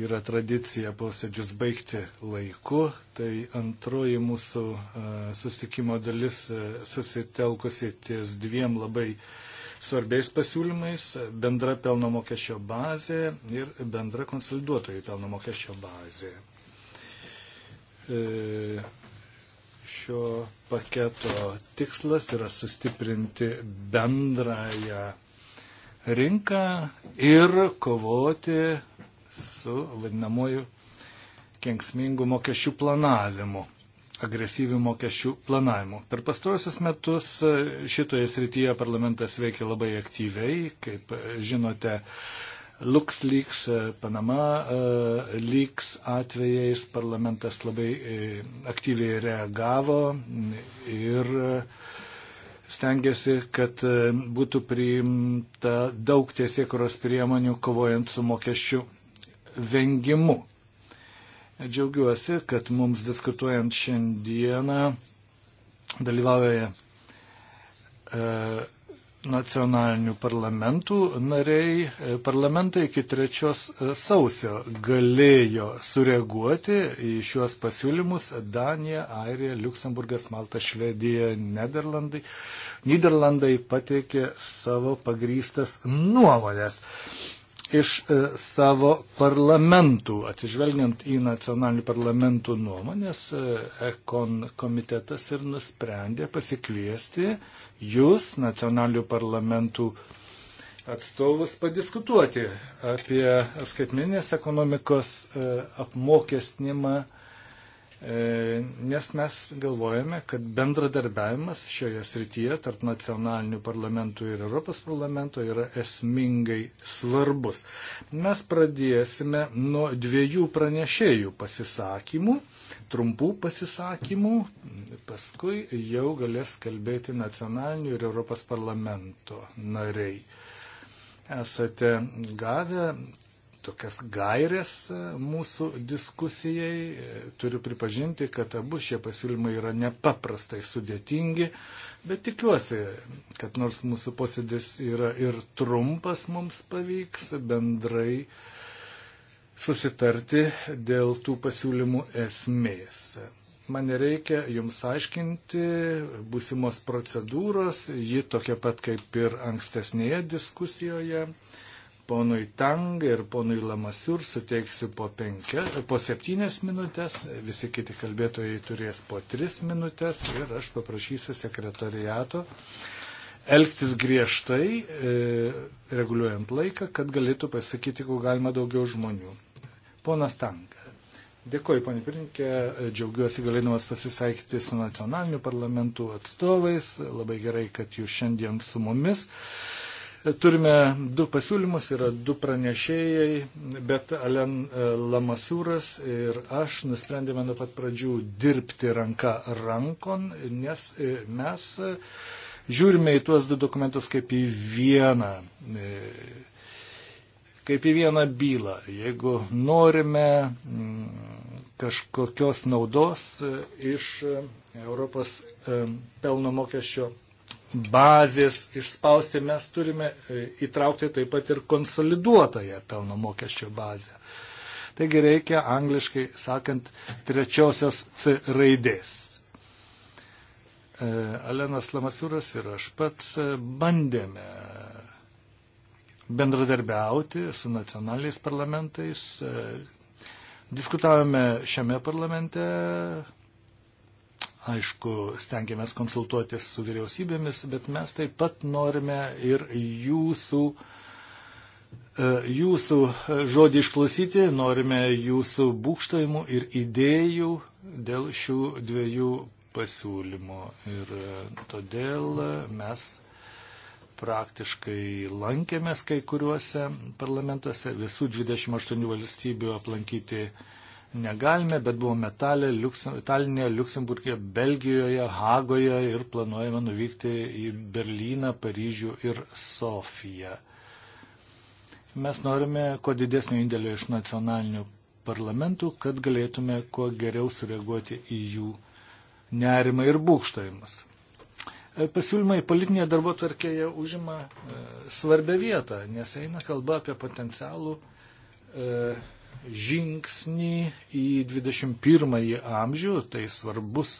Speaker 1: yra tradicija posėdžius baigti laiku. Tai antroji mūsų e, sustikimo dalis e, susitelkusi ties dviem labai svarbiais pasiūlymais - bendra pelno mokesčio bazė ir bendra konsoliduotojų pelno mokesčio bazė. E, šio paketo tikslas yra sustiprinti bendrąją rinką ir kovoti su vadinamoju kenksmingu mokesčių planavimu agresyvių mokesčių planavimu. Per pastarosius metus e, šitoje srityje parlamentas veikia labai aktyviai, kaip e, žinote, LuxLeaks, e, Panama Leaks atvejais parlamentas labai aktyviai reagavo ir stengiasi, kad būtų priimta daug tiesiekuros priemonių kovojant su mokesčių vengimu. Džiaugiuosi, kad mums diskutuojant šiandieną dalyvauja e, nacionalinių parlamentų nariai. E, parlamentai iki trečios e, sausio galėjo sureaguoti į šiuos pasiūlymus Danija, Airija, Luksemburgas, Malta, Švedija, Nederlandai. Niderlandai pateikė savo pagrystas nuomonės. E, iš e, savo parlamentų. Atsižvelgiant į nacionalinių parlamentų nuomonės, e, Ekon komitetas ir nusprendė pasikviesti jūs, nacionalinių parlamentų atstovus, padiskutuoti apie skaitmeninės ekonomikos e, apmokestinimą E, nes mes galvojame, kad bendradarbiavimas šioje srityje tarp nacionalinių parlamentų ir Europos parlamento yra esmingai svarbus. Mes pradėsime nuo dviejų pranešėjų pasisakymų, trumpų pasisakymų, paskui jau galės kalbėti nacionalinių ir Europos parlamento nariai. Esate gavę tokias gairės e, mūsų diskusijai. E, turiu pripažinti, kad abu šie pasiūlymai yra nepaprastai sudėtingi, bet tikiuosi, kad nors mūsų posėdis yra ir trumpas, mums pavyks bendrai susitarti dėl tų pasiūlymų esmės. Man nereikia jums aiškinti būsimos procedūros, ji tokia pat kaip ir ankstesnėje diskusijoje. Ponui Tang ir ponui Lamasiur suteiksiu po, penkia, po septynias minutės, visi kiti kalbėtojai turės po tris minutės ir aš paprašysiu sekretariato elgtis griežtai, e, reguliuojant laiką, kad galėtų pasakyti, kuo galima daugiau žmonių. Ponas Tang. Dėkoju, panė Pirinkė, džiaugiuosi galėdamas pasisaikyti su nacionaliniu parlamentu atstovais. Labai gerai, kad jūs šiandien su mumis. E, Turime du pasiūlymus, yra du pranešėjai, bet Alen e, Lamasūras ir aš nusprendėme nuo pat pradžių dirbti ranka rankon, nes e, mes e, žiūrime į tuos du dokumentus kaip į vieną, kaip į vieną bylą. Jeigu norime mm, kažkokios naudos iš Europos pelno mokesčio bazės išspausti, mes turime e, įtraukti taip pat ir konsoliduotąją pelno mokesčio bazę. Taigi reikia angliškai sakant trečiosios C raidės. E, Alenas Lamasiūras ir aš pats e, bandėme bendradarbiauti su nacionaliais parlamentais. Diskutavome šiame parlamente Aišku, stengiamės konsultuotis su vyriausybėmis, bet mes taip pat norime ir jūsų, e, jūsų žodį išklausyti, norime jūsų būkštojimų ir idėjų dėl šių dviejų pasiūlymų. Ir e, todėl mes praktiškai lankėmės kai kuriuose parlamentuose, visų 28 valstybių aplankyti negalime, bet buvome Talinėje, Luksemburgė, Belgijoje, Hagoje ir planuojame nuvykti į Berliną, Paryžių ir Sofiją. Mes norime kuo didesnio indėlio iš nacionalinių parlamentų, kad galėtume kuo geriau sureaguoti į jų nerimą ir būkštavimus. E, pasiūlymai politinėje darbo tvarkėje užima e, svarbę vietą, nes eina kalba apie potencialų e, žingsnį į 21 amžių, tai svarbus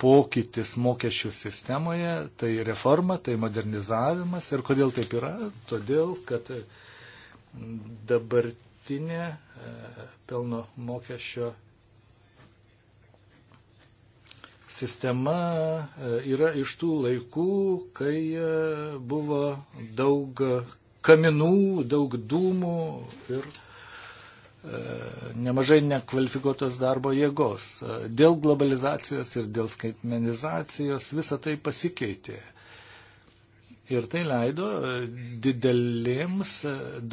Speaker 1: pokytis mokesčių sistemoje, tai reforma, tai modernizavimas. Ir kodėl taip yra? Todėl, kad dabartinė e, pelno mokesčio sistema e, yra iš tų laikų, kai e, buvo daug kaminų, daug dūmų ir E, nemažai nekvalifikuotos darbo jėgos. E, dėl globalizacijos ir dėl skaitmenizacijos visa tai pasikeitė. Ir tai leido e, didelėms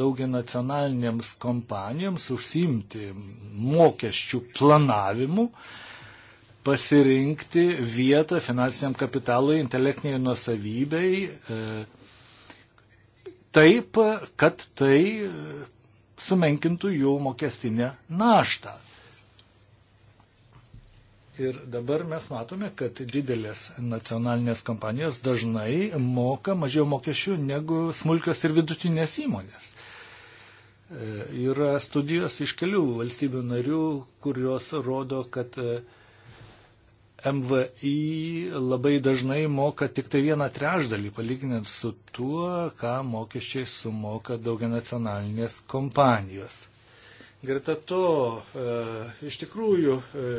Speaker 1: daugia nacionalinėms kompanijoms užsimti mokesčių planavimu, pasirinkti vietą finansiniam kapitalui, intelektiniai nusavybei, taip, kad tai sumenkintų jų mokestinę naštą. Ir dabar mes matome, kad didelės nacionalinės kompanijos dažnai moka mažiau mokesčių negu smulkios ir vidutinės įmonės. E, yra studijos iš kelių valstybių narių, kurios rodo, kad e, MVI labai dažnai moka tik tai vieną trešdalį, palyginant su tuo, ką mokesčiai sumoka daugia nacionalinės kompanijos. Greta to, e, iš tikrųjų, e,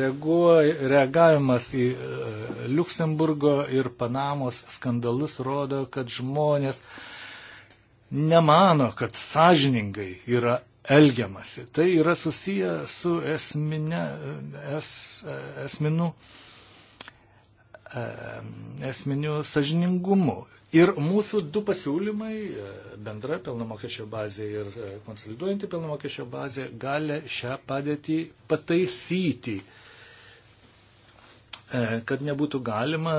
Speaker 1: reaguoj, reagavimas į e, Luksemburgo ir Panamos skandalus rodo, kad žmonės nemano, kad sąžiningai yra elgiamasi. Tai yra susiję su esminė, es, esminu, esminiu sažiningumu. Ir mūsų du pasiūlymai e, - bendra pelno mokesčio bazė ir e, konsoliduojanti pelno mokesčio bazė - gali šią padėtį pataisyti, e, kad nebūtų galima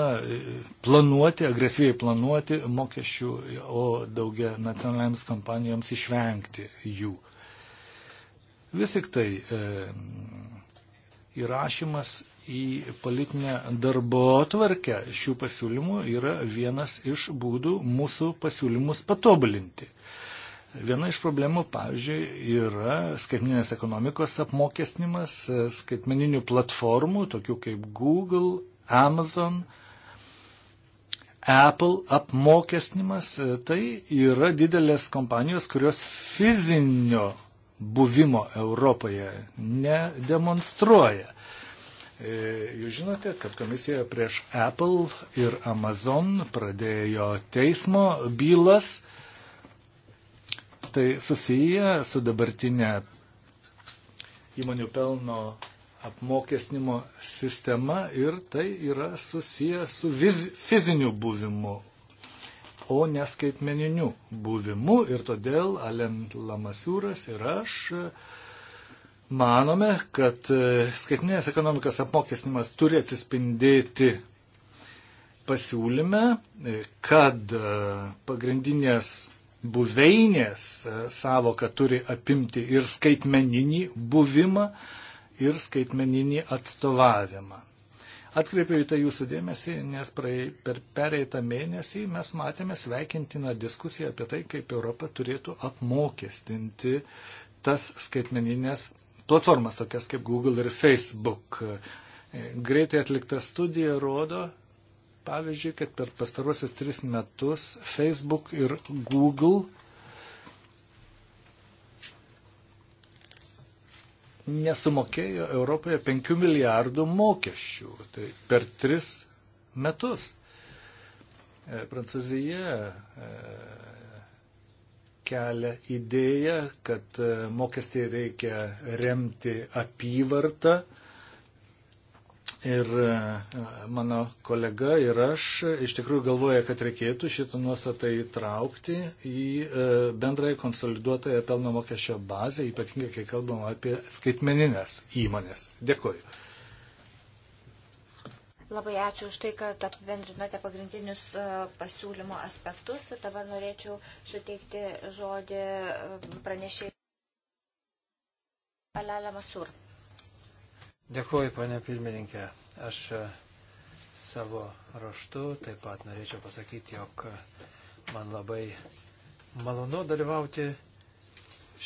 Speaker 1: planuoti, agresyviai planuoti mokesčių, o daugia nacionalinėms kompanijoms išvengti jų. Vis tik tai e, įrašymas į politinę darbo tvarkę šių pasiūlymų yra vienas iš būdų mūsų pasiūlymus patobulinti. Viena iš problemų, pavyzdžiui, yra skaitmeninės ekonomikos apmokestinimas e, skaitmeninių platformų, tokių kaip Google, Amazon, Apple apmokestinimas. E, tai yra didelės kompanijos, kurios fizinio buvimo Europoje nedemonstruoja. E, jūs žinote, kad komisija prieš Apple ir Amazon pradėjo teismo bylas. Tai susiję su dabartinė įmonių pelno apmokesnimo sistema ir tai yra susiję su fiz, fiziniu buvimu o neskaitmeniniu buvimu. Ir todėl Alen Lamasiūras ir aš e, manome, kad e, skaitminės ekonomikos apmokestinimas turi atsispindėti pasiūlyme, e, kad pagrindinės buveinės savoka turi apimti ir skaitmeninį buvimą, ir skaitmeninį atstovavimą. Atkreipiu į tai jūsų dėmesį, nes praei, per pereitą mėnesį mes matėme sveikintiną diskusiją apie tai, kaip Europa turėtų apmokestinti tas skaitmeninės platformas, tokias kaip Google ir Facebook. E, greitai atlikta studija rodo, pavyzdžiui, kad per pastarosius tris metus Facebook ir Google nesumokėjo Europoje 5 milijardų mokesčių. Tai per 3 metus. E, Prancūzija e, kelia idėją, kad e, mokestį reikia remti apyvartą Ir e, mano kolega ir aš iš tikrųjų galvoja, kad reikėtų šitą nuostatą įtraukti į e, bendrąją konsoliduotąją pelno mokesčio bazę, ypatingai kai kalbam apie skaitmeninės įmonės. Dėkuoju.
Speaker 2: Labai ačiū už tai, kad apibendrinote pagrindinius e, pasiūlymo aspektus. Dabar norėčiau suteikti žodį pranešėjai. Alelė Masur.
Speaker 3: Dėkuoju, ponė pirmininkė. Aš e, savo raštu taip pat norėčiau pasakyti, jog e, man labai malonu dalyvauti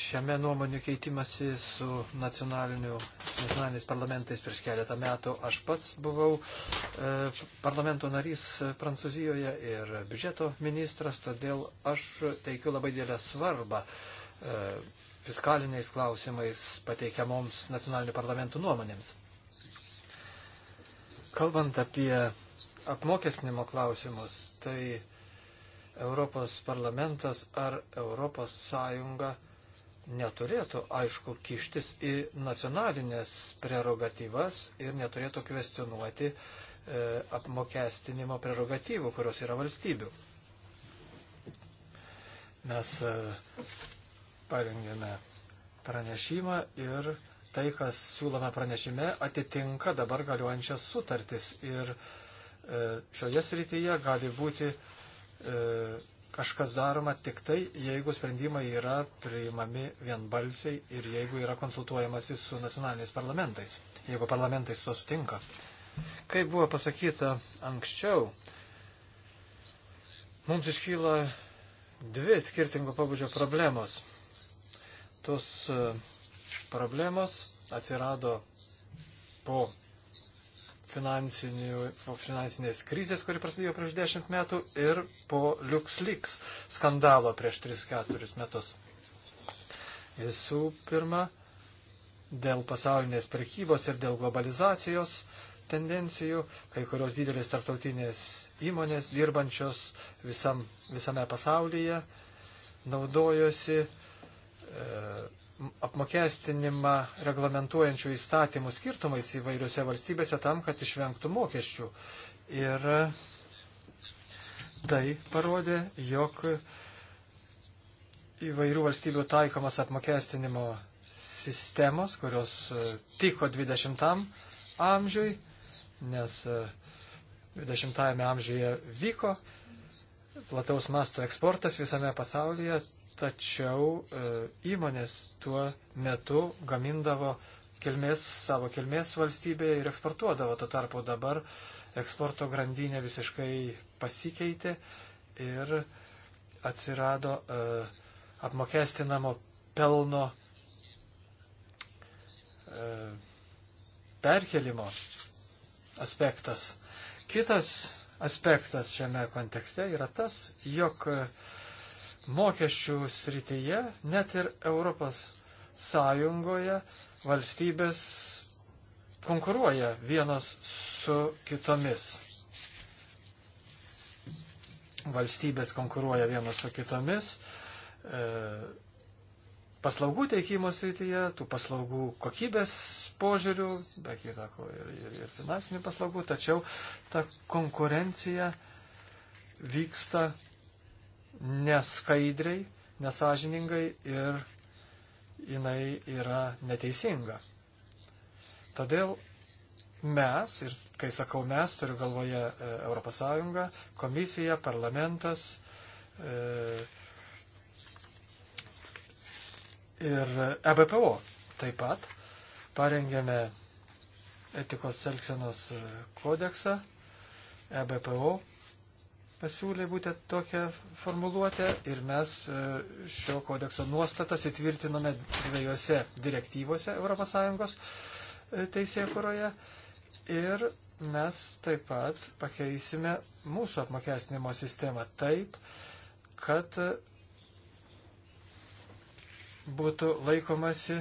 Speaker 3: šiame nuomonių keitimasi su nacionaliniais parlamentais prieš keletą metų. Aš pats buvau e, parlamento narys Prancūzijoje ir biudžeto ministras, todėl aš teikiu labai didelę svarbą e, fiskaliniais klausimais pateikiamoms nacionalinių parlamentų nuomonėms. Kalbant apie apmokestinimo klausimus, tai Europos parlamentas ar Europos sąjunga neturėtų, aišku, kištis į nacionalinės prerogatyvas ir neturėtų kvestionuoti e, apmokestinimo prerogatyvų, kurios yra valstybių. Mes e, parengėme pranešimą ir tai, kas siūlome pranešime, atitinka dabar galiojančias sutartis. Ir e, šioje srityje gali būti e, kažkas daroma tik tai, jeigu sprendimai yra priimami vienbalsiai ir jeigu yra konsultuojamasi su nacionaliniais parlamentais, jeigu parlamentai su to sutinka. Kaip buvo pasakyta anksčiau, mums iškyla dvi skirtingo pabudžio problemos tos e, problemos atsirado po finansinės krizės, kuri prasidėjo prieš 10 metų ir po LuxLeaks skandalo prieš 3-4 metus. Visų pirma, dėl pasaulinės prekybos ir dėl globalizacijos tendencijų, kai kurios didelės tarptautinės įmonės dirbančios visam, visame pasaulyje naudojosi uh, E, apmokestinimą reglamentuojančių įstatymų skirtumais įvairiose valstybėse tam, kad išvengtų mokesčių. Ir tai parodė, jog įvairių valstybių taikomas apmokestinimo sistemos, kurios e, tiko 20 amžiui, nes 20 e, amžiuje vyko plataus masto eksportas visame pasaulyje, tačiau e, įmonės tuo metu gamindavo kilmės, savo kilmės valstybėje ir eksportuodavo. Tuo tarpu dabar eksporto grandinė visiškai pasikeitė ir atsirado e, apmokestinamo pelno e, perkelimo aspektas. Kitas aspektas šiame kontekste yra tas, jog mokesčių srityje, net ir Europos Sąjungoje valstybės konkuruoja vienos su kitomis. Valstybės konkuruoja vienos su kitomis. E, paslaugų teikimo srityje, tų paslaugų kokybės požiūrių, be kitako ir, ir, ir finansinių paslaugų, tačiau ta konkurencija vyksta neskaidriai, nesažiningai ir jinai yra neteisinga. Todėl mes, ir kai sakau mes, turiu galvoje ES, komisija, parlamentas e, ir EBPO taip pat parengėme etikos elgsenos e, kodeksą EBPO pasiūlė būtent tokią formuluotę ir mes e, šio kodekso nuostatas įtvirtinome dviejose direktyvose ES e, teisėkuroje ir mes taip pat pakeisime mūsų apmokestinimo sistemą taip, kad būtų laikomasi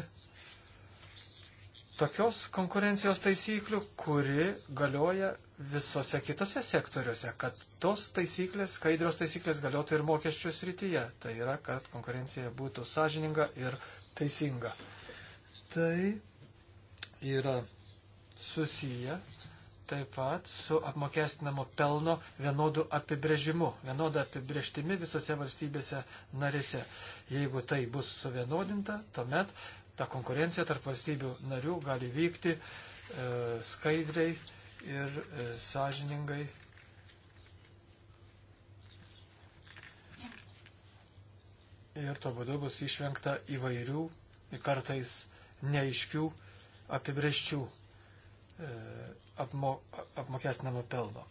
Speaker 3: tokios konkurencijos taisyklių, kuri galioja visose kitose sektoriuose, kad tos taisyklės, skaidrios taisyklės galiotų ir mokesčių srityje. Tai yra, kad konkurencija būtų sąžininga ir teisinga. Tai yra susiję taip pat su apmokestinamo pelno vienodu apibrėžimu, vienoda apibrėžtimi visose valstybėse narėse. Jeigu tai bus suvienodinta, tuomet ta konkurencija tarp valstybių narių gali vykti e, skaidriai ir e, sąžiningai ir to būdu bus išvengta įvairių ir kartais neaiškių apibrėžčių e, apmo, apmokestinamo pelno.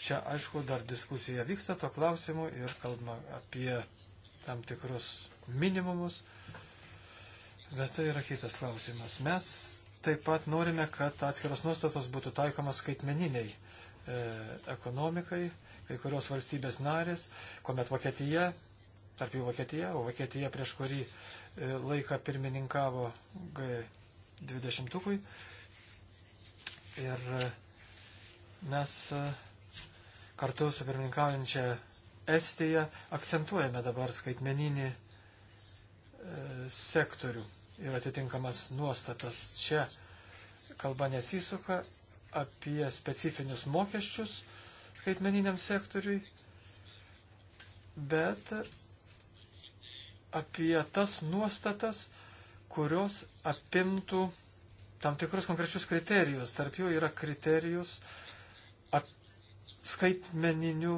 Speaker 3: Čia, aišku, dar diskusija vyksta to klausimu ir kalbama apie tam tikrus minimumus, bet tai yra kitas klausimas. Mes Taip pat norime, kad atskiros nuostatos būtų taikomas skaitmeniniai e, ekonomikai, kai kurios valstybės narės, kuomet Vokietija, tarp jų Vokietija, o Vokietija prieš kurį e, laiką pirmininkavo G20. -tukui. Ir e, mes e, kartu su pirmininkaujančia Estija akcentuojame dabar skaitmeninį e, sektorių ir atitinkamas nuostatas. Čia kalba nesisuka apie specifinius mokesčius skaitmeniniam sektoriui, bet apie tas nuostatas, kurios apimtų tam tikrus konkrečius kriterijus. Tarp jų yra kriterijus skaitmeninių,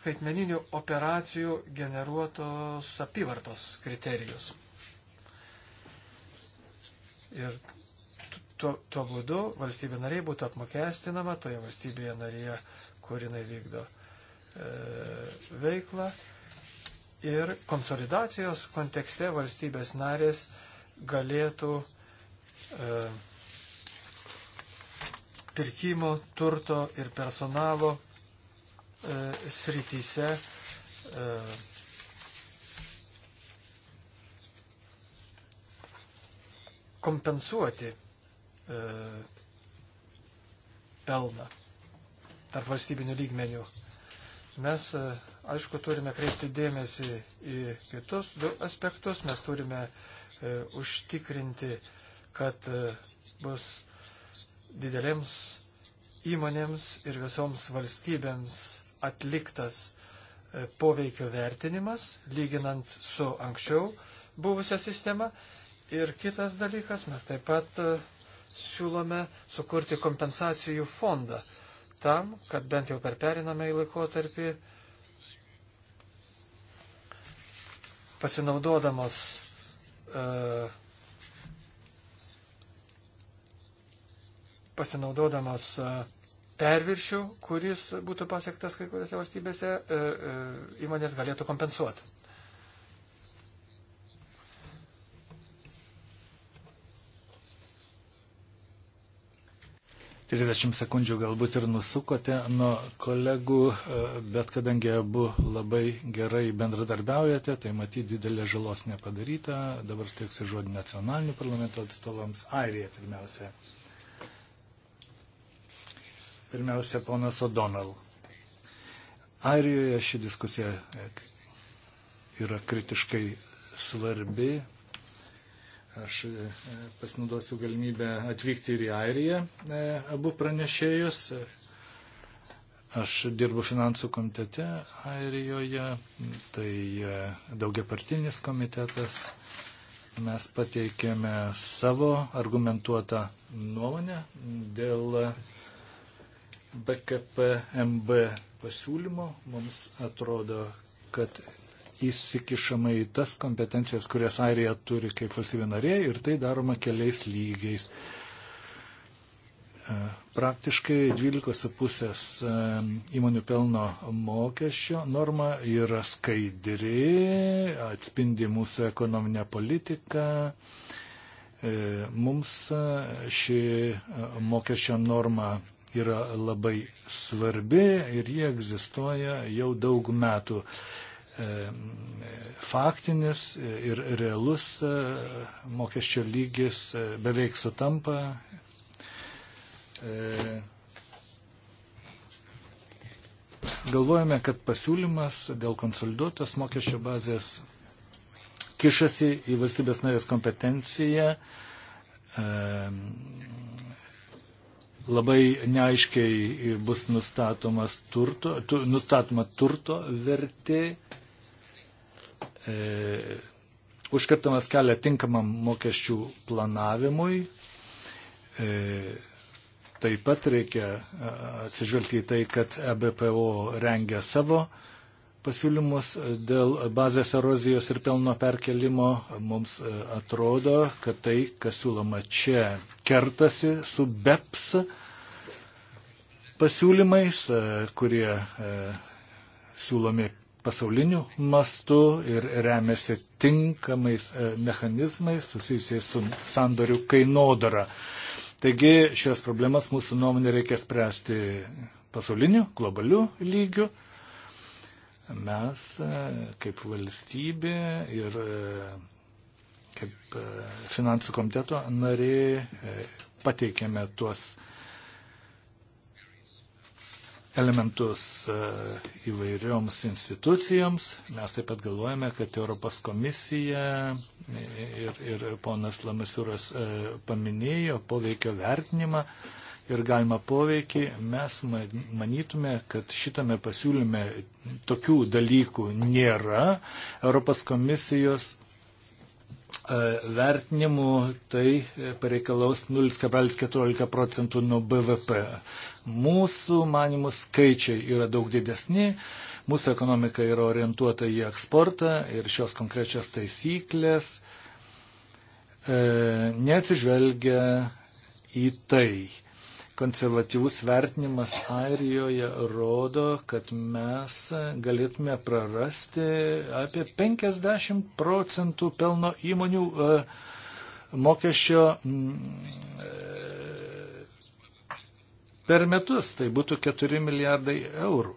Speaker 3: skaitmeninių operacijų generuotos apyvartos kriterijus. Ir tuo, tuo būdu valstybė nariai būtų apmokestinama toje valstybėje narėje, kur jinai vykdo e, veiklą. Ir konsolidacijos kontekste valstybės narės galėtų e, pirkimo, turto ir personalo e, srityse e, kompensuoti e, pelną tarp valstybinių lygmenių. Mes, e, aišku, turime kreipti dėmesį į kitus du aspektus. Mes turime e, užtikrinti, kad e, bus didelėms įmonėms ir visoms valstybėms atliktas e, poveikio vertinimas, lyginant su anksčiau buvusią sistemą. Ir kitas dalykas, mes taip pat e, siūlome sukurti kompensacijų fondą tam, kad bent jau per perinamą į laikotarpį pasinaudodamos e, pasinaudodamos e, perviršių, kuris būtų pasiektas kai kuriuose valstybėse, e, e, įmonės galėtų kompensuoti.
Speaker 1: 30 sekundžių galbūt ir nusukote nuo kolegų, e, bet kadangi abu labai gerai bendradarbiaujate, tai matyti didelė žalos nepadaryta. Dabar steiksiu žodį nacionalinių parlamento atstovams. Airija pirmiausia. Pirmiausia, ponas O'Donnell. Airijoje ši diskusija e, yra kritiškai svarbi, Aš e, pasinaudosiu galimybę atvykti ir į Airiją e, abu pranešėjus. Aš dirbu finansų komitete Airijoje, tai e, daugiapartinis komitetas. Mes pateikėme savo argumentuotą nuomonę dėl BKPMB pasiūlymo. Mums atrodo, kad įsikišama į tas kompetencijas, kurias Airija turi kaip valstybė narė ir tai daroma keliais lygiais. E, praktiškai 12,5 e, įmonių pelno mokesčio norma yra skaidri, atspindi mūsų ekonominę politiką. E, mums ši mokesčio norma yra labai svarbi ir jie egzistuoja jau daug metų faktinis ir realus e, mokesčio lygis e, beveik sutampa. E, galvojame, kad pasiūlymas dėl konsoliduotos mokesčio bazės kišasi į valstybės narės kompetenciją labai neaiškiai bus nustatomas turto, tu, nustatoma turto vertė e, užkirtamas kelią tinkamam mokesčių planavimui. E, taip pat reikia e, atsižvelgti į tai, kad EBPO rengia savo pasiūlymus dėl bazės erozijos ir pelno perkelimo. Mums e, atrodo, kad tai, kas siūloma čia, kertasi su BEPS pasiūlymais, e, kurie siūlomi pasauliniu mastu ir remiasi tinkamais e, mechanizmais susijusiais su sandorių kainodara. Taigi šias problemas mūsų nuomonė reikia spręsti pasauliniu, globaliu lygiu. Mes e, kaip valstybė ir e, kaip finansų komiteto nariai pateikėme tuos elementus e, įvairioms institucijoms. Mes taip pat galvojame, kad Europos komisija ir, ir ponas Lamasiūras e, paminėjo poveikio vertinimą ir galima poveikį. Mes manytume, kad šitame pasiūlyme tokių dalykų nėra. Europos komisijos E, vertinimų tai e, pareikalaus 0,14 procentų nuo BVP. Mūsų manimų skaičiai yra daug didesni, mūsų ekonomika yra orientuota į eksportą ir šios konkrečios taisyklės e, neatsižvelgia į tai konservatyvus vertinimas Airijoje rodo, kad mes galėtume prarasti apie 50 procentų pelno įmonių e, mokesčio mm, e, per metus. Tai būtų 4 milijardai eurų.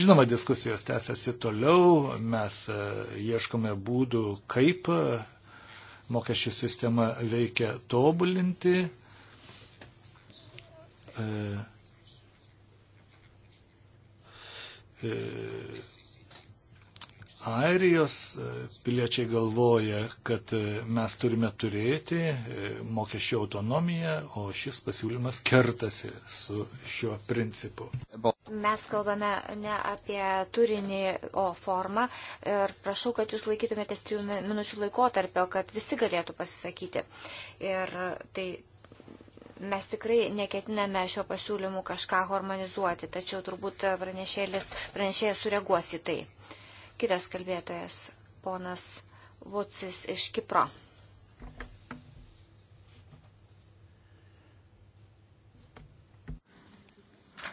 Speaker 1: Žinoma, diskusijos tęsiasi toliau, mes e, ieškome būdų, kaip mokesčių sistema veikia tobulinti. E, e, Airijos e, piliečiai galvoja, kad mes turime turėti mokesčio autonomiją, o šis pasiūlymas kertasi su šiuo principu.
Speaker 2: Mes kalbame ne apie turinį, o formą. Ir prašau, kad jūs laikytumėtės trijų minučių laikotarpio, kad visi galėtų pasisakyti. Ir tai Mes tikrai neketiname šio pasiūlymu kažką harmonizuoti, tačiau turbūt pranešėjas sureaguos į tai. Kitas kalbėtojas, ponas Vucis iš Kipro.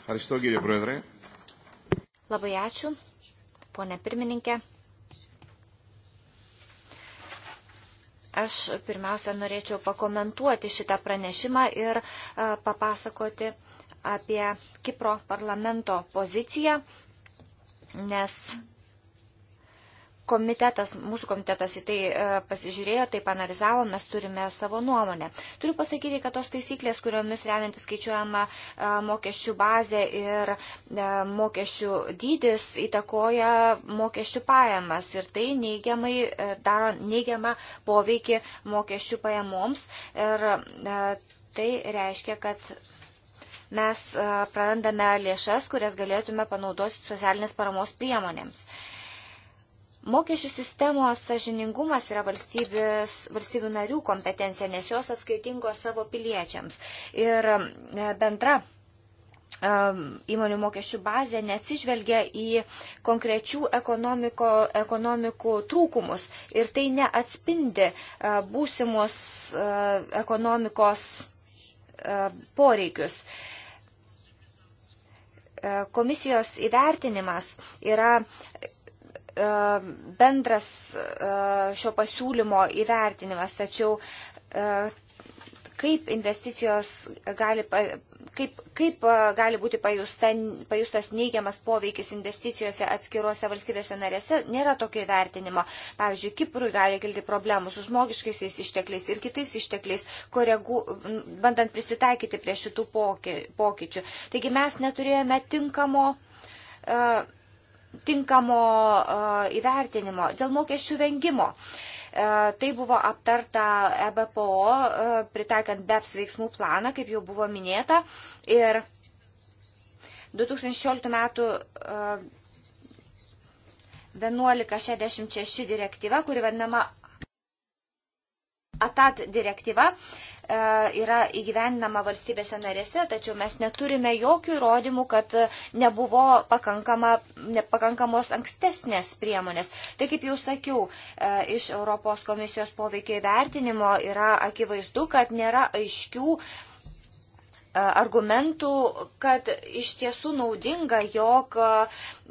Speaker 1: Ar iš to gyrė, brother?
Speaker 2: Labai ačiū, ponė pirmininkė. Aš pirmiausia norėčiau pakomentuoti šitą pranešimą ir e, papasakoti apie Kipro parlamento poziciją, nes komitetas, mūsų komitetas į tai e, pasižiūrėjo, tai panalizavo, mes turime savo nuomonę. Turiu pasakyti, kad tos taisyklės, kuriomis remiantis skaičiuojama e, mokesčių bazė ir e, mokesčių dydis, įtakoja mokesčių pajamas ir tai neigiamai daro neigiamą poveikį mokesčių pajamoms. Ir tai reiškia, kad mes prarandame lėšas, kurias galėtume panaudoti socialinės paramos priemonėms. Mokesčių sistemos sažiningumas yra valstybių narių kompetencija, nes jos atskaitingos savo piliečiams. Ir e, bendra e, įmonių mokesčių bazė neatsižvelgia į konkrečių ekonomikų trūkumus ir tai neatspindi e, būsimus ekonomikos poreikius. Komisijos įvertinimas yra E, bendras e, šio pasiūlymo įvertinimas, tačiau e, kaip investicijos gali, kaip, kaip gali būti pajusta, pajustas neigiamas poveikis investicijose atskiruose valstybėse narėse, nėra tokio įvertinimo. Pavyzdžiui, Kiprui gali kilti problemų su žmogiškaisiais ištekliais ir kitais ištekliais, koregu, bandant prisitaikyti prie šitų pokyčių. Taigi mes neturėjome tinkamo. Uh, tinkamo e, įvertinimo, dėl mokesčių vengimo. E, tai buvo aptarta EBPO, e, pritaikant BEPS veiksmų planą, kaip jau buvo minėta. Ir 2016 metų 1166 direktyva, kuri vadinama ATAT direktyva, E, yra įgyvendinama valstybėse narėse, tačiau mes neturime jokių įrodymų, kad nebuvo pakankamos ankstesnės priemonės. Tai kaip jau sakiau, e, iš Europos komisijos poveikio įvertinimo yra akivaizdu, kad nėra aiškių argumentų, kad iš tiesų naudinga, jog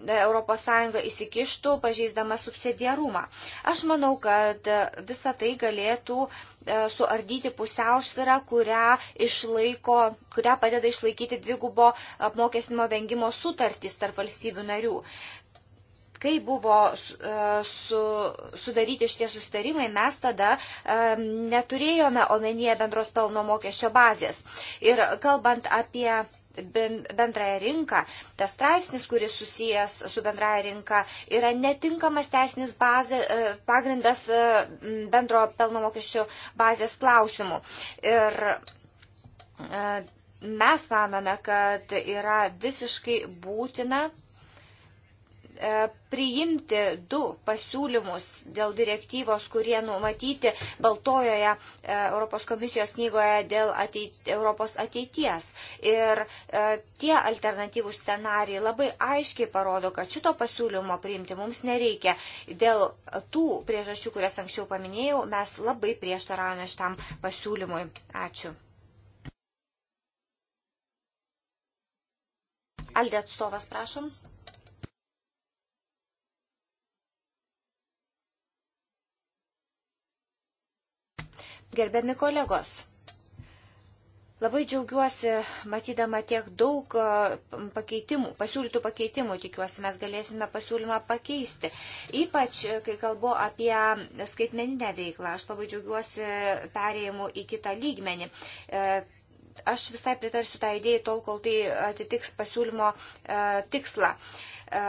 Speaker 2: ES įsikištų pažeisdama subsidiarumą. Aš manau, kad visa tai galėtų e, suardyti pusiausvirą, kurią, išlaiko, kurią padeda išlaikyti dvigubo apmokestinimo vengimo sutartys tarp valstybių narių kai buvo e, su, sudaryti šitie susitarimai, mes tada e, neturėjome omenyje bendros pelno mokesčio bazės. Ir kalbant apie bendrąją rinką, tas straipsnis, kuris susijęs su bendrąją rinką, yra netinkamas teisinis bazė, e, pagrindas bendro pelno mokesčio bazės klausimų. Ir mes manome, kad yra visiškai būtina E, priimti du pasiūlymus dėl direktyvos, kurie numatyti Baltojoje e, Europos komisijos knygoje dėl ateit, Europos ateities. Ir e, tie alternatyvūs scenarijai labai aiškiai parodo, kad šito pasiūlymo priimti mums nereikia. Dėl tų priežasčių, kurias anksčiau paminėjau, mes labai prieštaravome šitam pasiūlymui. Ačiū. Aldė atstovas, prašom. Gerbiami kolegos, labai džiaugiuosi, matydama tiek daug pakeitimų, pasiūlytų pakeitimų, tikiuosi mes galėsime pasiūlymą pakeisti. Ypač, kai kalbu apie skaitmeninę veiklą, aš labai džiaugiuosi perėjimu į kitą lygmenį e, aš visai pritarsiu tą idėją tol, kol tai atitiks pasiūlymo e, tikslą. E,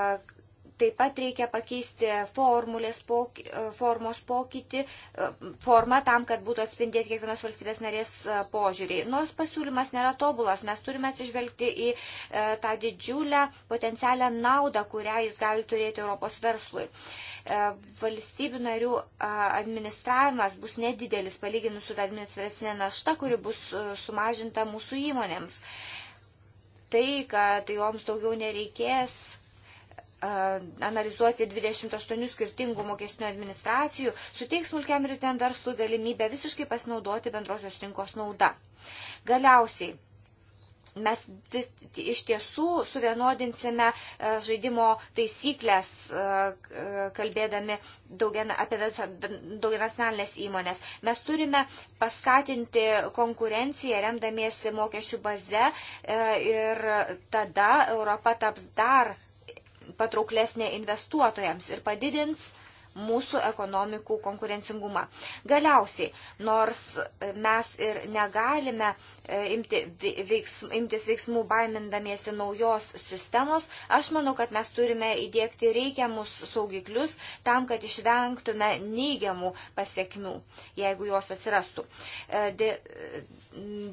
Speaker 2: Taip pat reikia pakeisti formulės poky, formos pokytį, e, formą tam, kad būtų atspindėti kiekvienos valstybės narės e, požiūriai. Nors pasiūlymas nėra tobulas, mes turime atsižvelgti į e, tą didžiulę potencialią naudą, kurią jis gali turėti Europos verslui. Valstybių narių administravimas bus nedidelis palyginus su administracinė našta, kuri bus sumažinta mūsų įmonėms. Tai, kad joms daugiau nereikės analizuoti 28 skirtingų mokesnių administracijų, suteiks smulkiam ir ten verslui galimybę visiškai pasinaudoti bendrosios rinkos nauda. Galiausiai, mes iš tiesų suvienodinsime žaidimo taisyklės, kalbėdami daugia, apie daugianacionalinės įmonės. Mes turime paskatinti konkurenciją, remdamiesi mokesčių baze ir tada Europa taps dar patrauklesnė investuotojams ir padidins mūsų ekonomikų konkurencingumą. Galiausiai, nors mes ir negalime e, imti veiksm, imtis veiksmų baimindamiesi naujos sistemos, aš manau, kad mes turime įdėkti reikiamus saugiklius tam, kad išvengtume neigiamų pasiekmių, jeigu jos atsirastų. E, de,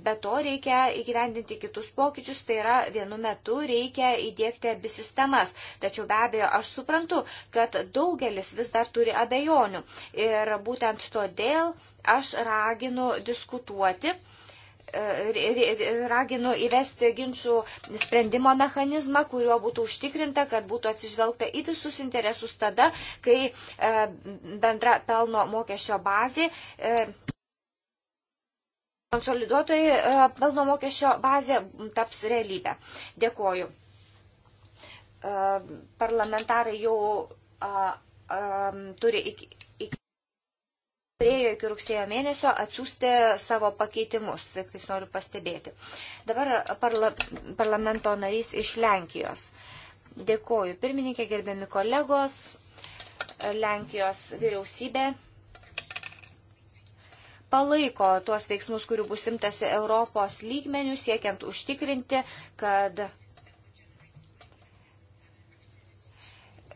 Speaker 2: be to reikia įgyvendinti kitus pokyčius, tai yra vienu metu reikia įdėkti abi sistemas. Tačiau be abejo, aš suprantu, kad daugelis vis dar turi abejonių. Ir būtent todėl aš raginu diskutuoti e, raginu įvesti ginčių sprendimo mechanizmą, kuriuo būtų užtikrinta, kad būtų atsižvelgta į visus interesus tada, kai e, bendra pelno mokesčio bazė. E, Konsoliduotojai pelno mokesčio bazė taps realybę. Dėkoju. Parlamentarai jau um, turi iki, iki, turėjo iki rugsėjo mėnesio atsiųsti savo pakeitimus, tik tais noriu pastebėti. Dabar parla, parlamento narys iš Lenkijos. Dėkoju pirmininkė, gerbiami kolegos, Lenkijos vyriausybė palaiko tuos veiksmus, kurių bus imtasi Europos lygmenių, siekiant užtikrinti, kad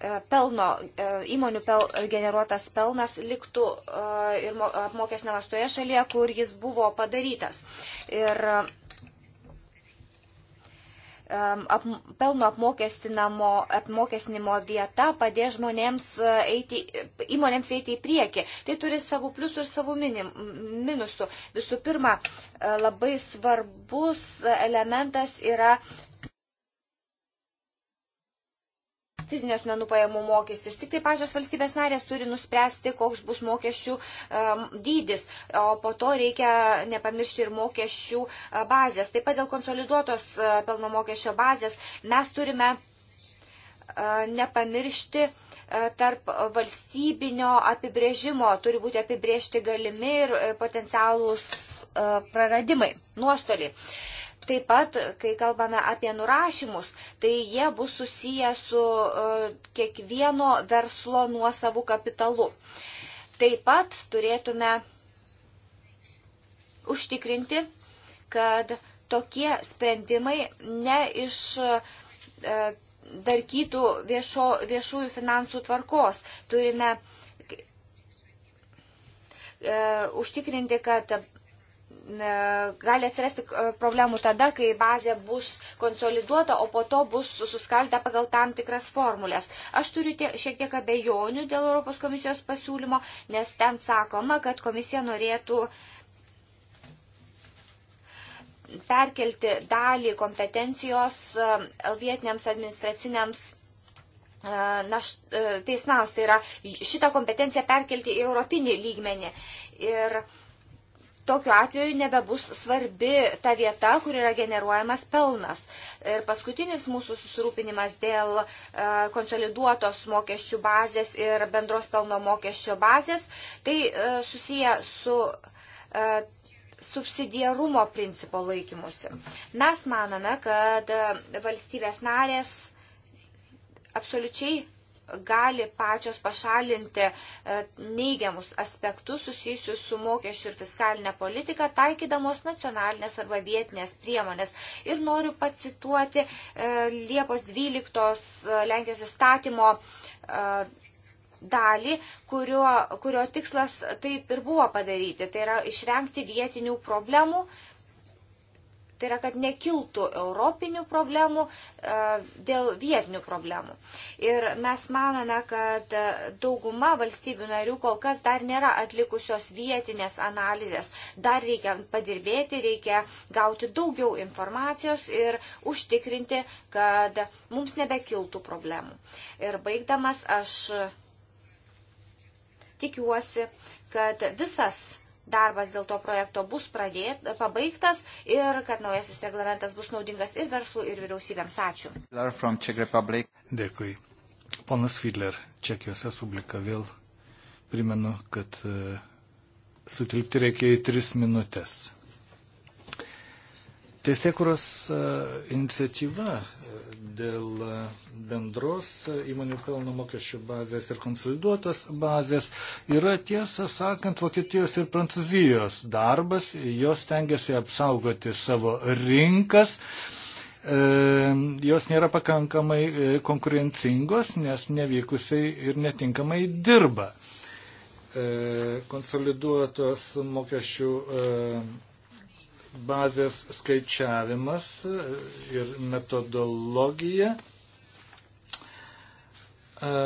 Speaker 2: E, pelno, e, įmonių pel, generuotas pelnas liktų e, ir apmokestinamas toje šalyje, kur jis buvo padarytas. Ir ap, pelno apmokestinimo vieta padės žmonėms eiti, įmonėms eiti į priekį. Tai turi savų pliusų ir savų minim, minusų. Visų pirma, labai svarbus elementas yra fizinių asmenų pajamų mokestis. Tik tai pačios valstybės narės turi nuspręsti, koks bus mokesčių um, dydis, o po to reikia nepamiršti ir mokesčių uh, bazės. Taip pat dėl konsoliduotos uh, pelno mokesčio bazės mes turime uh, nepamiršti uh, tarp valstybinio apibrėžimo turi būti apibrėžti galimi ir potencialūs praradimai, nuostoliai. Taip pat, kai kalbame apie nurašymus, tai jie bus susiję su e, kiekvieno verslo nuosavų kapitalu. Taip pat turėtume užtikrinti, kad tokie sprendimai neiš e, darkytų viešo, viešųjų finansų tvarkos. Turime e, užtikrinti, kad E, gali atsirasti e, problemų tada, kai bazė bus konsoliduota, o po to bus suskaldyta pagal tam tikras formulės. Aš turiu tie, šiek tiek abejonių dėl Europos komisijos pasiūlymo, nes ten sakoma, kad komisija norėtų perkelti dalį kompetencijos e, vietiniams administraciniams naš, teismams. Tai yra šitą kompetenciją perkelti į europinį lygmenį. Ir uh, tokiu atveju nebebus svarbi ta vieta, kur yra generuojamas pelnas. Ir paskutinis mūsų susirūpinimas dėl e, konsoliduotos mokesčių bazės ir bendros pelno mokesčio bazės, tai e, susiję su e, subsidiarumo principo laikymusi. Mes manome, kad valstybės narės absoliučiai gali pačios pašalinti e, neigiamus aspektus susijusius su mokesčių ir fiskalinė politika, taikydamos nacionalinės arba vietinės priemonės. Ir noriu pacituoti e, Liepos 12 e, Lenkijos įstatymo dalį, kurio, kurio tikslas taip ir buvo padaryti. Tai yra išvengti vietinių problemų, Tai yra, kad nekiltų europinių problemų e, dėl vietinių problemų. Ir mes manome, kad e, dauguma valstybių narių kol kas dar nėra atlikusios vietinės analizės. Dar reikia padirbėti, reikia gauti daugiau informacijos ir užtikrinti, kad mums nebekiltų problemų. Ir baigdamas aš tikiuosi, kad visas darbas dėl to projekto bus pradėt, pabaigtas ir kad naujasis reglamentas bus naudingas ir verslų, ir vyriausybėms. Ačiū.
Speaker 1: Dėkui. Ponas Fidler, Čekijos Respublika vėl primenu, kad e, sutilpti reikia į tris minutės. Teisėkuros e, iniciatyva dėl e, bendros įmonių pelno mokesčių bazės ir konsoliduotos bazės yra tiesą sakant Vokietijos ir Prancūzijos darbas. Jos tengiasi apsaugoti savo rinkas. E, jos nėra pakankamai e, konkurencingos, nes nevykusiai ir netinkamai dirba konsoliduotos mokesčių bazės skaičiavimas e, ir metodologija e,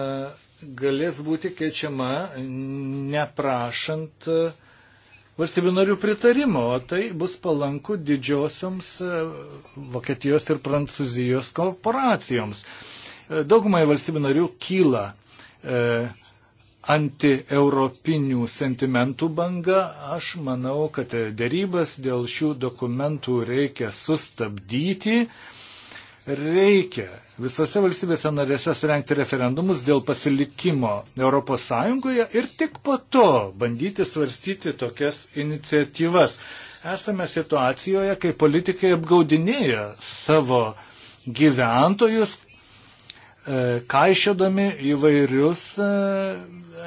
Speaker 1: galės būti keičiama neprašant e, valstybių narių pritarimo, o tai bus palanku didžiosioms Vokietijos ir Prancūzijos korporacijoms. Daugumai valstybių narių kyla antieuropinių sentimentų banga, aš manau, kad dėrybas dėl šių dokumentų reikia sustabdyti. Reikia visose valstybėse narėse surenkti referendumus dėl pasilikimo ES ir tik po to bandyti svarstyti tokias iniciatyvas. Esame situacijoje, kai politikai apgaudinėja savo gyventojus, E, kaišėdami įvairius e,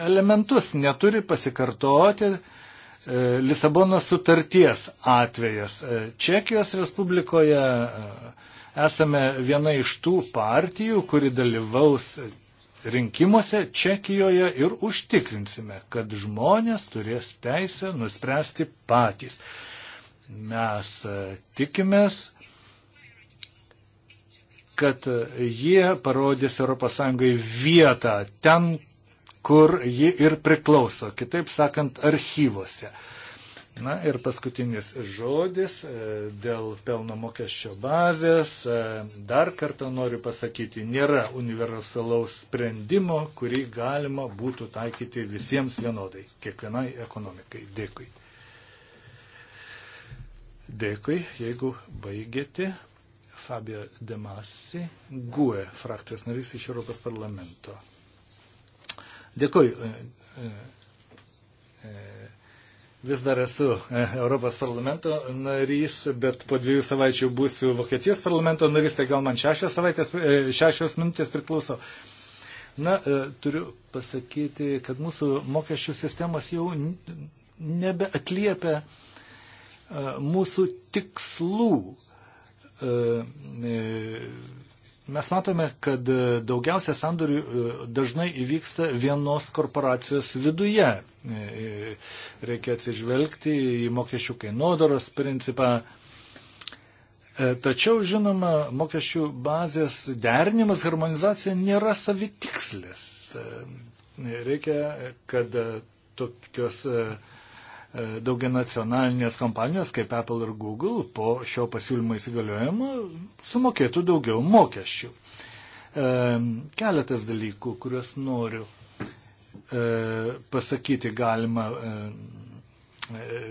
Speaker 1: elementus. Neturi pasikartoti e, Lisabonos sutarties atvejas. Čekijos Respublikoje esame viena iš tų partijų, kuri dalyvaus rinkimuose Čekijoje ir užtikrinsime, kad žmonės turės teisę nuspręsti patys. Mes tikimės, kad jie parodys ES vietą ten, kur ji ir priklauso, kitaip sakant, archyvose. Na ir paskutinis žodis e, dėl pelno mokesčio bazės. E, dar kartą noriu pasakyti, nėra universalaus sprendimo, kurį galima būtų taikyti visiems vienodai, kiekvienai ekonomikai. Dėkui. Dėkui, jeigu baigėte. Fabio Demasi, GUE frakcijos narys iš Europos parlamento. Dėkuoju. E, e, e, vis dar esu Europos parlamento narys, bet po dviejų savaičių būsiu Vokietijos parlamento narys, tai gal man šešios, savaitės, šešios minutės priklauso. Na, turiu pasakyti, kad mūsų mokesčių sistemas jau nebeatliepia mūsų tikslų. E, e, mes matome, kad e, daugiausia sandorių dažnai įvyksta vienos korporacijos viduje. Reikia atsižvelgti į mokesčių kainodaros principą. Tačiau, žinoma, mokesčių bazės derinimas, harmonizacija nėra savitikslis. Reikia, kad tokios uh, E, daugia nacionalinės kompanijos kaip Apple ir Google po šio pasiūlymo įsigaliojimo sumokėtų daugiau mokesčių. E, keletas dalykų, kuriuos noriu e, pasakyti galima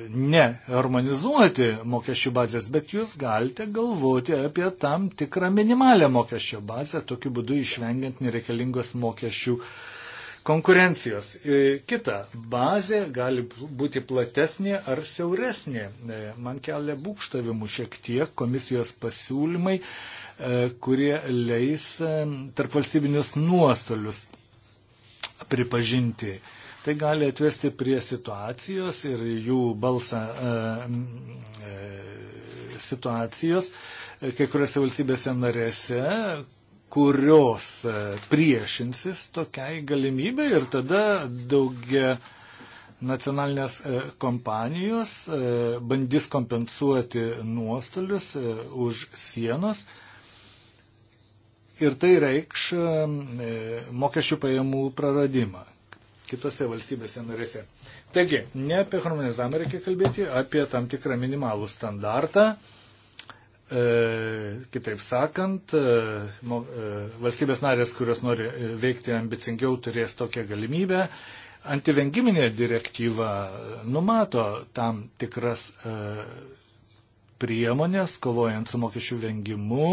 Speaker 1: ne harmonizuoti mokesčių bazės, bet jūs galite galvoti apie tam tikrą minimalę mokesčio bazę, tokiu būdu išvengiant nereikalingos mokesčių uh, konkurencijos. E, kita bazė gali būti platesnė ar siauresnė. E, man kelia būkštavimų šiek tiek komisijos pasiūlymai, e, kurie leis tarp valstybinius nuostolius pripažinti. Tai gali atvesti prie situacijos ir jų balsą situacijos kai kuriuose valstybėse narėse, kurios e, priešinsis tokiai galimybė ir tada daugia nacionalinės e, kompanijos e, bandys kompensuoti nuostolius už sienos. Ir tai reikš mokesčių pajamų praradimą kitose valstybėse narėse. Taigi, ne apie harmonizavimą reikia kalbėti, apie tam tikrą minimalų standartą. Uh, E, kitaip sakant, e, e, valstybės narės, kurios nori veikti ambicingiau, turės tokią galimybę. Antivengiminė direktyva numato tam tikras priemonės, kovojant su mokesčių vengimu,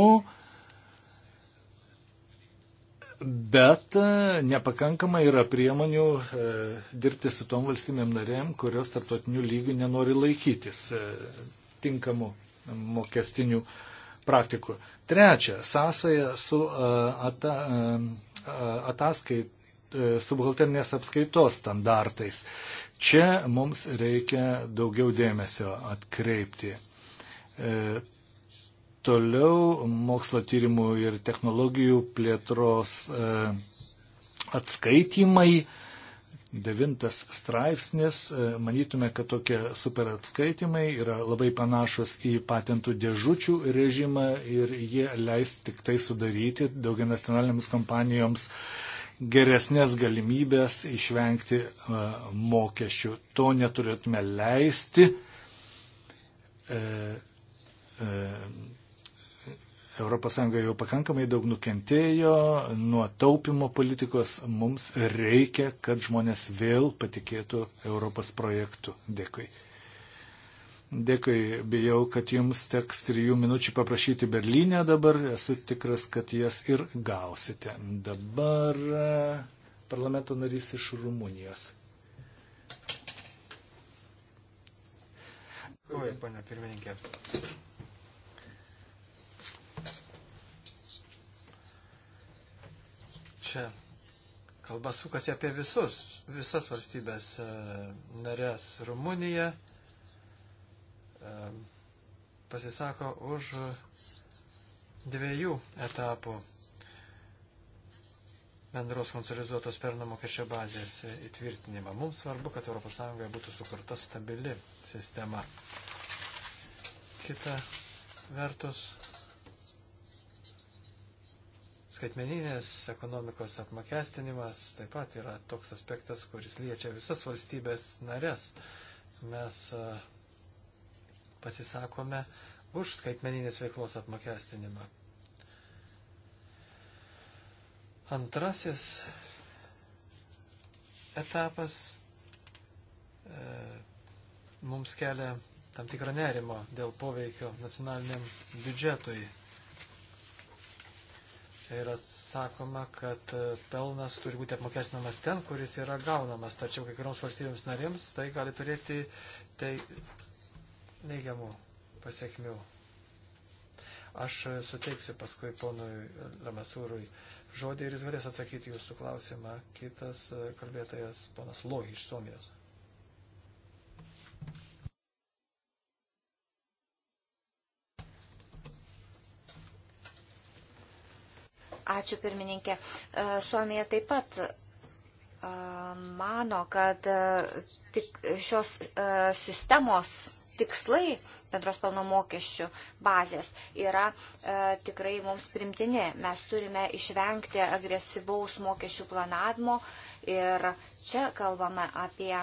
Speaker 1: bet nepakankamai yra priemonių dirbti su tom valstybėm narėm, kurios tarptautiniu lygiu nenori laikytis tinkamų mokestinių praktikų. Trečia, sąsaja su e, ata, e, ataskait, e, subalternės apskaitos standartais. Čia mums reikia daugiau dėmesio atkreipti. Toliau mokslo tyrimų ir technologijų plėtros atskaitimai devintas straipsnis, e, manytume, kad tokie super atskaitimai yra labai panašus į patentų dėžučių režimą ir jie leis tik tai sudaryti daugianacionalinėms kompanijoms geresnės galimybės išvengti e, mokesčių. To neturėtume leisti. E, e, ES jau pakankamai daug nukentėjo nuo taupimo politikos. Mums reikia, kad žmonės vėl patikėtų Europos projektu. Dėkui. Dėkui, bijau, kad jums teks trijų minučių paprašyti Berlyne dabar. Esu tikras, kad jas ir gausite. Dabar e, parlamento narys iš Rumunijos.
Speaker 3: Dėkui, ponia pirmininkė. čia kalba sukasi apie visus, visas valstybės e, narės. Rumunija e, pasisako už dviejų etapų bendros konsoliduotos pernamokesčio bazės įtvirtinimą. Mums svarbu, kad ES būtų sukurta stabili sistema. Kita vertus, Skaitmeninės ekonomikos apmokestinimas taip pat yra toks aspektas, kuris liečia visas valstybės narės. Mes e, pasisakome už skaitmeninės veiklos apmokestinimą. Antrasis etapas e, mums kelia tam tikrą nerimo dėl poveikio nacionaliniam biudžetui Čia yra sakoma, kad e, pelnas turi būti apmokestinamas ten, kuris yra gaunamas, tačiau kai kurioms valstybėms narėms tai gali turėti tai neigiamų pasiekmių. Aš e, suteiksiu paskui ponui Lemesūrui žodį ir jis galės atsakyti jūsų klausimą. Kitas e, kalbėtojas, ponas Lohi iš Suomijos.
Speaker 2: Ačiū pirmininkė. E, Suomija taip pat e, mano, kad e, tik šios sistemos tikslai bendros pelno mokesčių bazės yra e, tikrai mums primtini. Mes turime išvengti agresyvaus mokesčių planavimo ir čia kalbame apie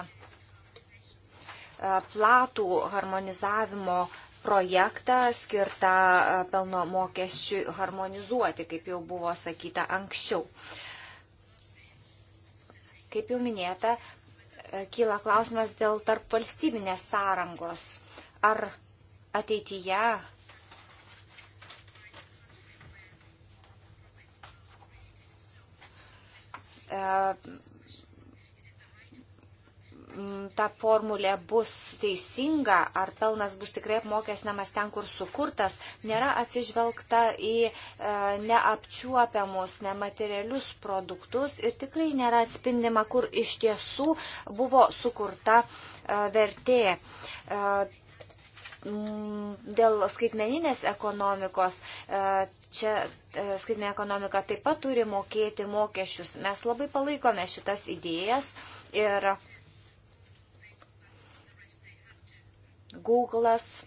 Speaker 2: platų harmonizavimo projektą skirtą e, pelno mokesčiui harmonizuoti, kaip jau buvo sakyta anksčiau. Kaip jau minėta, e, kyla klausimas dėl tarp valstybinės sąrangos. Ar ateityje e, ta formulė bus teisinga, ar pelnas bus tikrai apmokestinamas ten, kur sukurtas, nėra atsižvelgta į e, neapčiuopiamus, nematerialius produktus ir tikrai nėra atspindima, kur iš tiesų buvo sukurta e, vertė e, dėl skaitmeninės ekonomikos, čia skaitmeninė ekonomika taip pat turi mokėti mokesčius. Mes labai palaikome šitas idėjas ir Google'as,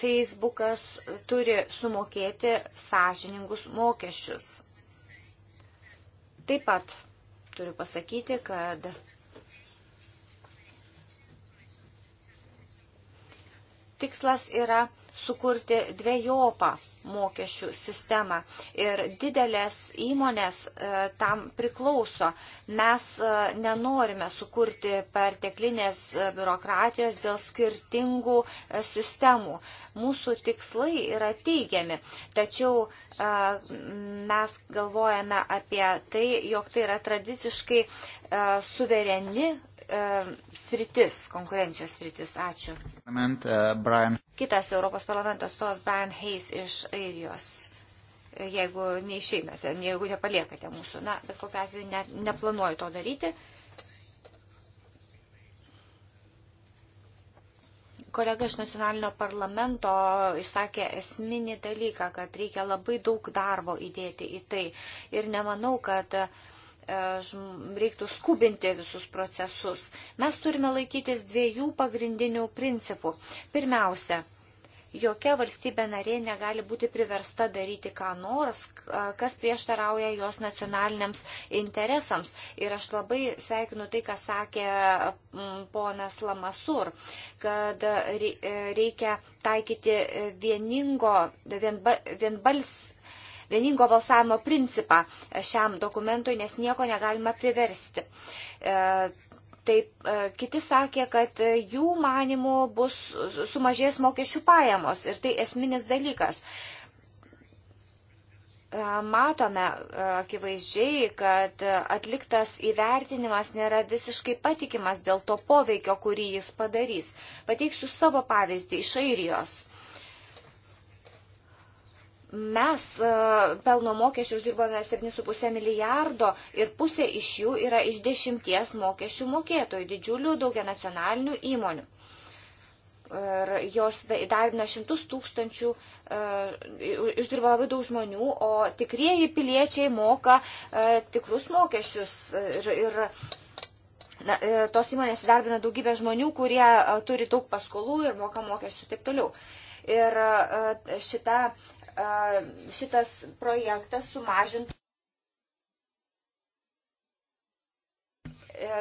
Speaker 2: Facebookas turi sumokėti sąžiningus mokesčius. Taip pat turiu pasakyti, kad tikslas yra sukurti dviejopą mokesčių sistemą. Ir didelės įmonės e, tam priklauso. Mes e, nenorime sukurti perteklinės e, biurokratijos dėl skirtingų sistemų. Mūsų tikslai yra teigiami, tačiau mes galvojame apie tai, jog tai yra tradiciškai suvereni E, sritis, konkurencijos sritis. Ačiū.
Speaker 1: E,
Speaker 2: Kitas Europos parlamento stos Brian Hayes iš Airijos. E, jeigu neišeinate, jeigu nepaliekate mūsų. Na, bet kokiu atveju ne, neplanuoju to daryti. kolega iš nacionalinio parlamento išsakė esminį dalyką, kad reikia labai daug darbo įdėti į tai. Ir nemanau, kad uh, E, reiktų skubinti visus procesus. Mes turime laikytis dviejų pagrindinių principų. Pirmiausia, jokia valstybė narė negali būti priversta daryti ką nors, kas prieštarauja jos nacionaliniams interesams. Ir aš labai sveikinu tai, ką sakė ponas Lamasur, kad reikia taikyti vieningo, vienba, vienbals vieningo balsavimo principą šiam dokumentui, nes nieko negalima priversti. E, taip, e, kiti sakė, kad jų manimų bus sumažės mokesčių pajamos ir tai esminis dalykas. E, matome akivaizdžiai, kad atliktas įvertinimas nėra visiškai patikimas dėl to poveikio, kurį jis padarys. Pateiksiu savo pavyzdį iš Airijos. Mes e, pelno mokesčių uždirbame 7,5 milijardo ir pusė iš jų yra iš dešimties mokesčių mokėtojų, didžiulių daugia nacionalinių įmonių. Ir jos įdarbina šimtus tūkstančių, e, išdirba labai daug žmonių, o tikrieji piliečiai moka e, tikrus mokesčius. Ir, ir na, tos įmonės įdarbina daugybę žmonių, kurie turi daug paskolų ir moka mokesčius ir taip toliau. Ir šita šitas projektas sumažintų. E,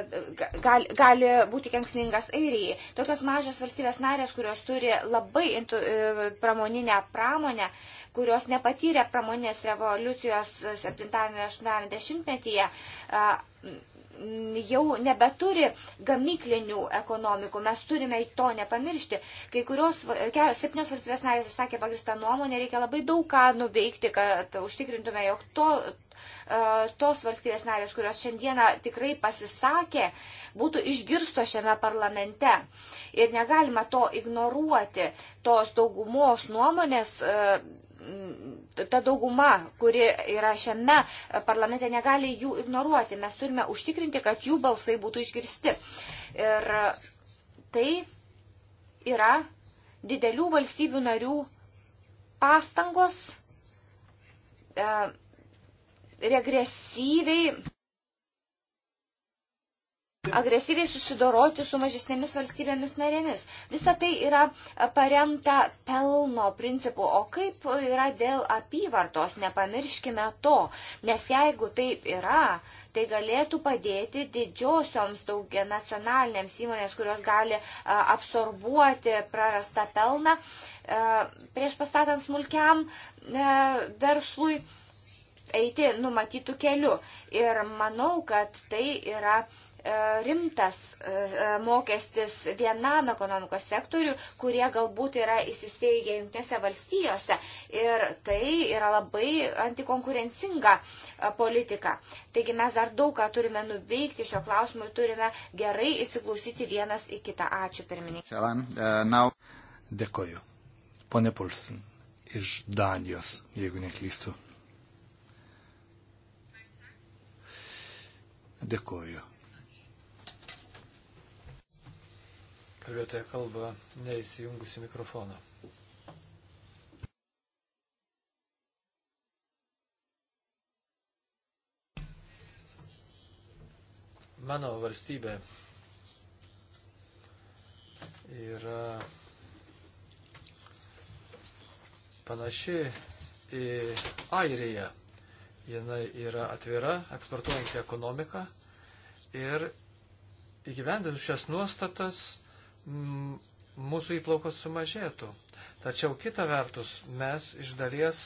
Speaker 2: gali, gali būti kenksmingas Airijai. Tokios mažos valstybės narės, kurios turi labai intu, e, pramoninę pramonę, kurios nepatyrė pramoninės revoliucijos 7-80 metyje, jau nebeturi gamyklinių ekonomikų. Mes turime to nepamiršti. Kai kurios, kelios, septynios valstybės narės sakė pagristą nuomonę, reikia labai daug ką nuveikti, kad užtikrintume, jog to, e, tos valstybės narės, kurios šiandieną tikrai pasisakė, būtų išgirsto šiame parlamente. Ir negalima to ignoruoti, tos daugumos nuomonės e, ta dauguma, kuri yra šiame parlamente, negali jų ignoruoti. Mes turime užtikrinti, kad jų balsai būtų išgirsti. Ir tai yra didelių valstybių narių pastangos e, regresyviai agresyviai susidoroti su mažesnėmis valstybėmis narėmis. Visa tai yra e, paremta pelno principu. O kaip yra dėl apyvartos, nepamirškime to, nes jeigu taip yra, tai galėtų padėti didžiosioms daugia nacionalinėms įmonės, kurios gali e, absorbuoti prarastą pelną e, prieš pastatant smulkiam verslui eiti numatytų kelių. Ir manau, kad tai yra E, rimtas e, e, mokestis vienam ekonomikos sektoriu, kurie galbūt yra įsisteigę Junktinėse valstijose. Ir tai yra labai antikonkurencinga politika. Taigi mes dar daug ką turime nuveikti šio klausimu ir turime gerai įsiklausyti vienas į kitą. Ačiū
Speaker 1: pirmininkai. Dėkoju. Pone Pulsin, iš Danijos, jeigu neklystu. Dėkoju.
Speaker 3: Kalbėtoja kalba neįsijungusi mikrofoną. Mano valstybė yra panaši į Airiją. Jinai yra atvira, eksportuojanti ekonomika ir įgyvendinus šias nuostatas mūsų įplaukos sumažėtų. Tačiau kita vertus, mes iš dalies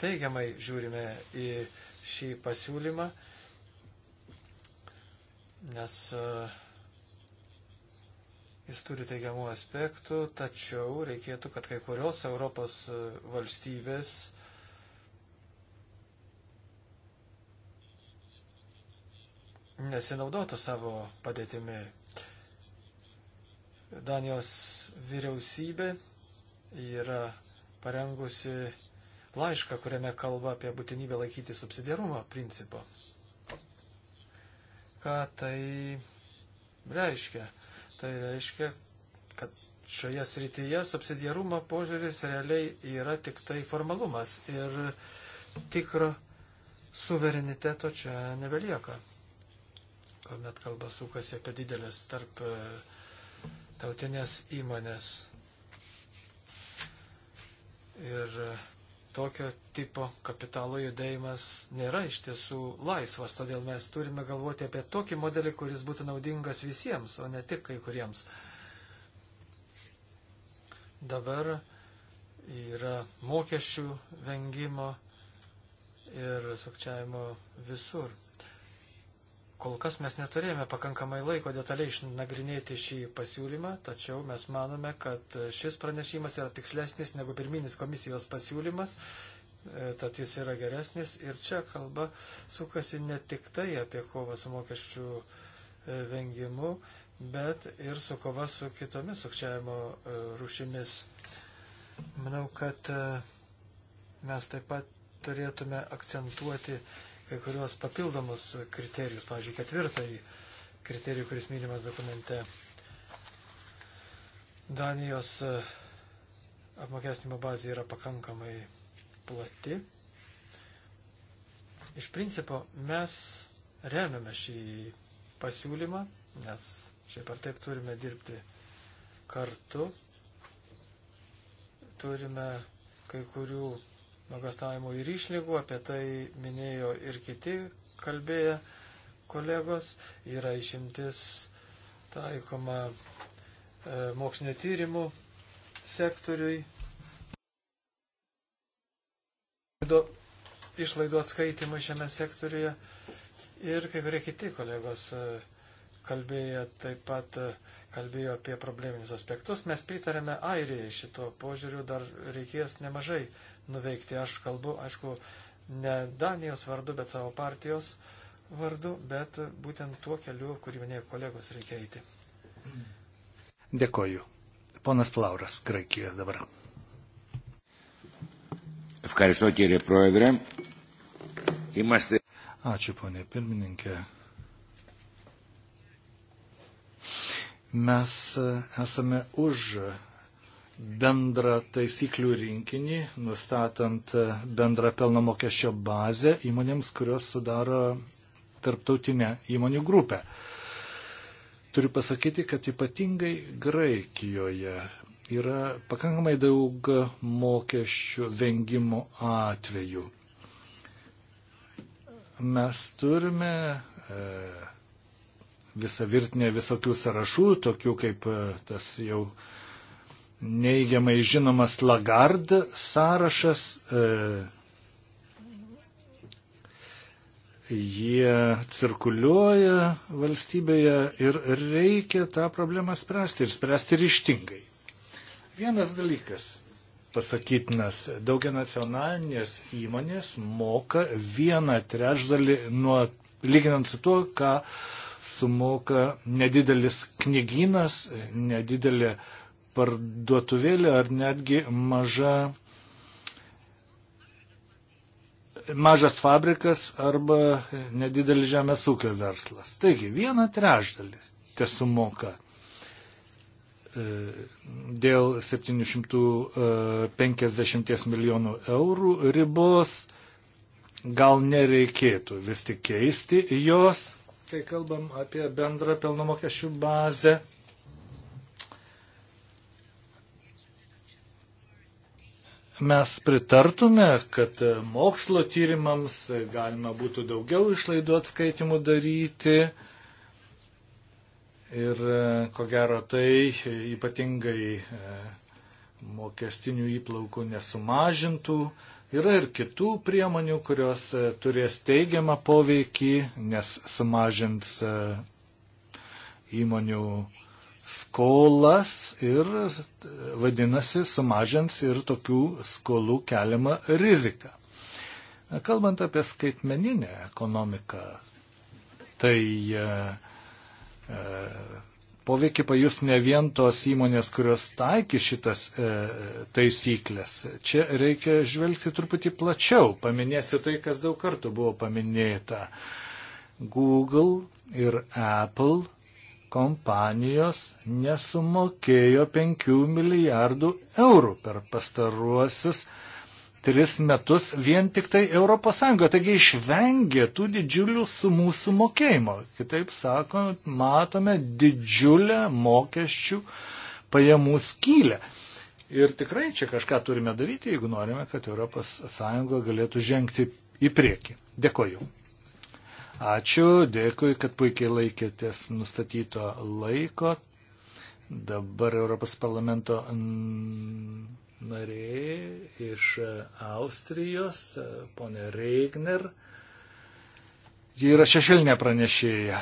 Speaker 3: teigiamai žiūrime į šį pasiūlymą, nes e, jis turi teigiamų aspektų, tačiau reikėtų, kad kai kurios Europos e, valstybės nesinaudotų savo padėtimi Danijos vyriausybė yra parengusi laišką, kuriame kalba apie būtinybę laikyti subsidiarumo principo. Ką tai reiškia? Tai reiškia, kad šioje srityje subsidiarumo požiūris realiai yra tik tai formalumas ir tikro suvereniteto čia nebelieka. Kuomet kalba sukasi apie didelės tarp uh, tautinės įmonės. Ir tokio tipo kapitalo judėjimas nėra iš tiesų laisvas, todėl mes turime galvoti apie tokį modelį, kuris būtų naudingas visiems, o ne tik kai kuriems. Dabar yra mokesčių vengimo ir sukčiavimo visur. Kol kas mes neturėjome pakankamai laiko detaliai išnagrinėti šį pasiūlymą, tačiau mes manome, kad šis pranešimas yra tikslesnis negu pirminis komisijos pasiūlymas, e, tad jis yra geresnis. Ir čia kalba sukasi ne tik tai apie kovą su mokesčių e, vengimu, bet ir su kova su kitomis sukčiavimo e, rušimis. Manau, kad mes taip pat turėtume akcentuoti kai kuriuos papildomus kriterijus, pavyzdžiui, ketvirtąjį kriterijų, kuris minimas dokumente. Danijos e, apmokestinimo bazė yra pakankamai plati. Iš principo mes remiame šį pasiūlymą, nes šiaip ar taip turime dirbti kartu, turime kai kurių nuogastavimų ir išlygų, apie tai minėjo ir kiti kalbėję kolegos, yra išimtis taikoma e, mokslinio tyrimų sektoriui. Išlaidų atskaitimų šiame sektoriuje ir kai kurie kiti kolegos e, kalbėję taip pat e, kalbėjo apie probleminius aspektus. Mes pritarėme Airijai šito požiūriu, dar reikės nemažai nuveikti. Aš kalbu, aišku, ne Danijos vardu, bet savo partijos vardu, bet būtent tuo keliu, kurį minėjo kolegos, reikia eiti.
Speaker 1: Dėkoju. Ponas Plauras, Graikijoje dabar. Ευχαριστώ κύριε Πρόεδρε. Είμαστε... Ačiū ponė pirmininkė. Mes e, esame už bendrą taisyklių rinkinį, nustatant e, bendrą pelno mokesčio bazę įmonėms, kurios sudaro tarptautinę įmonių grupę. Turiu pasakyti, kad ypatingai Graikijoje yra pakankamai daug mokesčių vengimo atvejų. Mes turime e, visą virtinę visokių sąrašų, tokių kaip e, tas jau neigiamai žinomas Lagard sąrašas. E, jie cirkuliuoja valstybėje ir reikia tą problemą spręsti ir spręsti ryštingai. Vienas dalykas pasakytinas. Daugia nacionalinės įmonės moka vieną trečdalį nuo, lyginant su tuo, ką sumoka nedidelis knyginas, nedidelė parduotuvėlė ar netgi maža, mažas fabrikas arba nedidelis žemės ūkio verslas. Taigi vieną trešdalį te sumoka e, dėl 750 e, milijonų eurų ribos gal nereikėtų vis tik keisti jos, kai kalbam apie bendrą pelno mokesčių bazę, mes pritartume, kad mokslo tyrimams galima būtų daugiau išlaidų atskaitimų daryti. Ir ko gero tai ypatingai e, mokestinių įplaukų nesumažintų, Yra ir kitų priemonių, kurios e, turės teigiamą poveikį, nes sumažins e, įmonių skolas ir e, vadinasi sumažins ir tokių skolų keliamą riziką. Kalbant apie skaitmeninę ekonomiką, tai poveikį pajus ne vien tos įmonės, kurios taiki šitas e, taisyklės. Čia reikia žvelgti truputį plačiau. Paminėsiu tai, kas daug kartų buvo paminėta. Google ir Apple kompanijos nesumokėjo 5 milijardų eurų per pastaruosius tris metus vien tik tai ES, taigi išvengė tų didžiulių sumų sumokėjimo. Kitaip sakant, matome didžiulę mokesčių pajamų skylę. Ir tikrai čia kažką turime daryti, jeigu norime, kad ES galėtų žengti į priekį. Dėkoju. Ačiū, dėkui, kad puikiai laikėtės nustatyto laiko. Dabar Europos parlamento narė iš e, Austrijos, e, ponė Reigner. Ji yra šešėlinė pranešėja.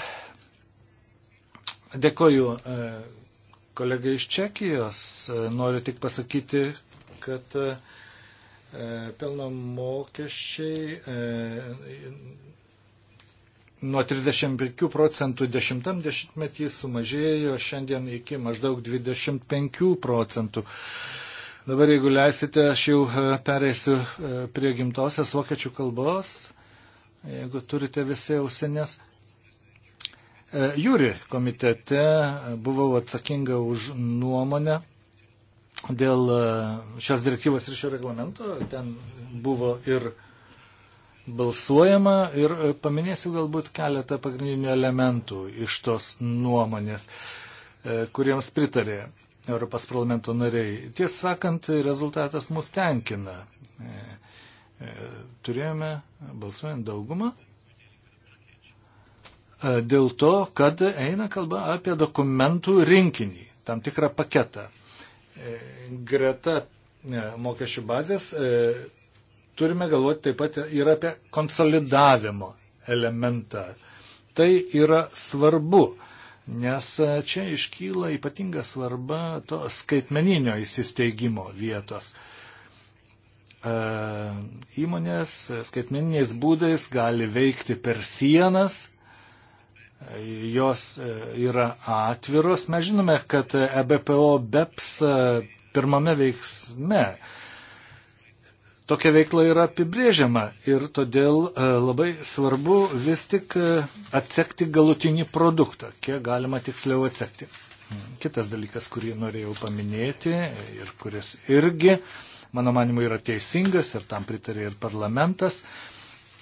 Speaker 1: Dėkoju e, kolegai iš Čekijos. Noriu tik pasakyti, kad pelno mokesčiai nuo 35 procentų 10-metį sumažėjo šiandien iki maždaug 25 procentų. Dabar, jeigu leisite, aš jau e, pereisiu e, prie gimtosios vokiečių kalbos, jeigu turite visi ausinės. E, jūri komitete buvau atsakinga už nuomonę dėl šios direktyvos ir šio reglamento. Ten buvo ir balsuojama ir paminėsiu galbūt keletą pagrindinių elementų iš tos nuomonės, kuriems pritarė Europos parlamento nariai. Tiesą sakant, rezultatas mus tenkina. E, e, turėjome balsuojant daugumą e, dėl to, kad eina kalba apie dokumentų rinkinį, tam tikrą paketą. Greta mokesčių bazės turime galvoti taip pat ir apie konsolidavimo elementą. Tai yra svarbu nes čia iškyla ypatinga svarba to skaitmeninio įsisteigimo vietos. E, įmonės skaitmeniniais būdais gali veikti per sienas, jos e, yra atviros. Mes žinome, kad EBPO BEPS e, pirmame veiksme tokia veikla yra apibrėžiama ir todėl e, labai svarbu vis tik e, atsekti galutinį produktą, kiek galima tiksliau atsekti. Hmm, kitas dalykas, kurį norėjau paminėti ir kuris irgi, mano manimu, yra teisingas ir tam pritarė ir parlamentas,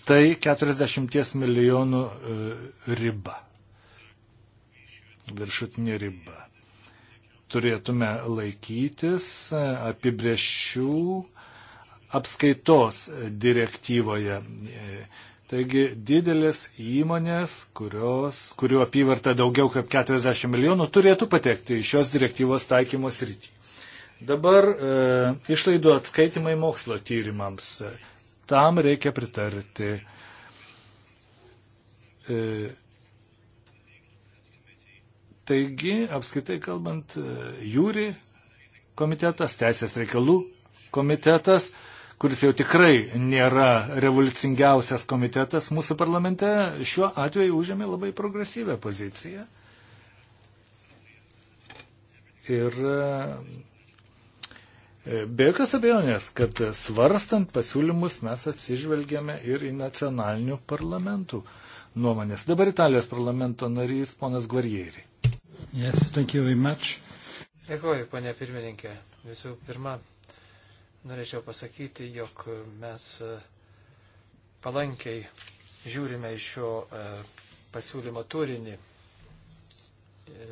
Speaker 1: tai 40 milijonų e, riba. Viršutinė riba. Turėtume laikytis apibrėžčių, apskaitos direktyvoje. Taigi didelės įmonės, kurios, kurių apyvarta daugiau kaip 40 milijonų, turėtų patekti į šios direktyvos taikymo sritį. Dabar e, išlaidų atskaitimai mokslo tyrimams. Tam reikia pritarti. E, taigi, apskaitai kalbant, e, jūri komitetas, teisės reikalų komitetas, e, kuris jau tikrai nėra revoliucingiausias komitetas mūsų parlamente, šiuo atveju užėmė labai progresyvę poziciją. Ir e, be jokios abejonės, kad svarstant pasiūlymus mes atsižvelgėme ir į nacionalinių parlamentų nuomonės. Dabar Italijos parlamento narys ponas Gvarjeri. Yes,
Speaker 3: Dėkuoju, ponė pirmininkė. Visų pirma, norėčiau pasakyti, jog mes e, palankiai žiūrime į šio e, pasiūlymo turinį. E,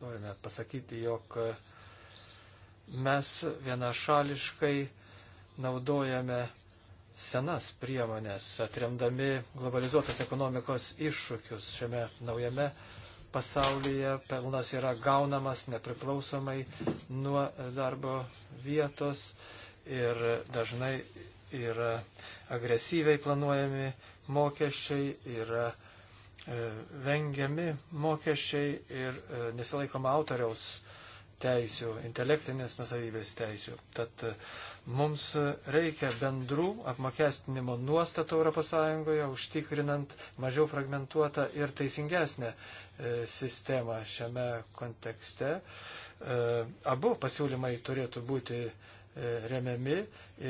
Speaker 3: norime pasakyti, jog mes vienašališkai naudojame senas priemonės, atremdami globalizuotos ekonomikos iššūkius šiame naujame pasaulyje, pelnas yra gaunamas nepriklausomai nuo darbo vietos ir dažnai yra agresyviai planuojami mokesčiai, yra e, vengiami mokesčiai ir e, nesilaikoma autoriaus teisių, intelektinės nusavybės teisių. Tad e, mums reikia bendrų apmokestinimo nuostatų ES, užtikrinant mažiau fragmentuotą ir teisingesnę e, sistemą šiame kontekste. E, abu pasiūlymai turėtų būti remiami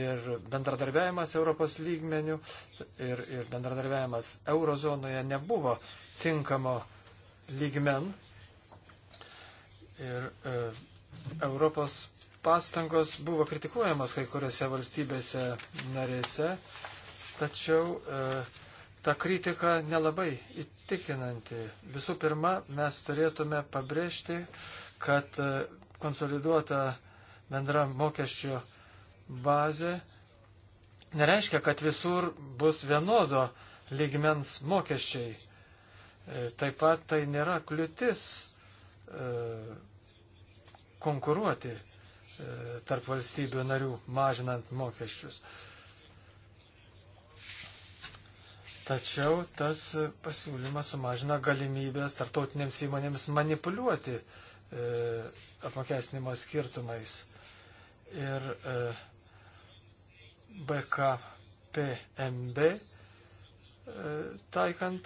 Speaker 3: ir bendradarbiavimas Europos lygmenių ir, ir bendradarbiavimas eurozonoje nebuvo tinkamo lygmen Ir e, Europos pastangos buvo kritikuojamas kai kuriuose valstybėse narėse, tačiau e, ta kritika nelabai įtikinanti. Visų pirma, mes turėtume pabrėžti, kad e, konsoliduota bendra mokesčio bazė nereiškia, kad visur bus vienodo lygmens mokesčiai. E, taip pat tai nėra kliūtis. E, konkuruoti e, tarp valstybių narių, mažinant mokesčius. Tačiau tas pasiūlymas sumažina galimybės tarptautinėms įmonėms manipuliuoti e, apmokestinimo skirtumais. Ir e, BKPMB e, taikant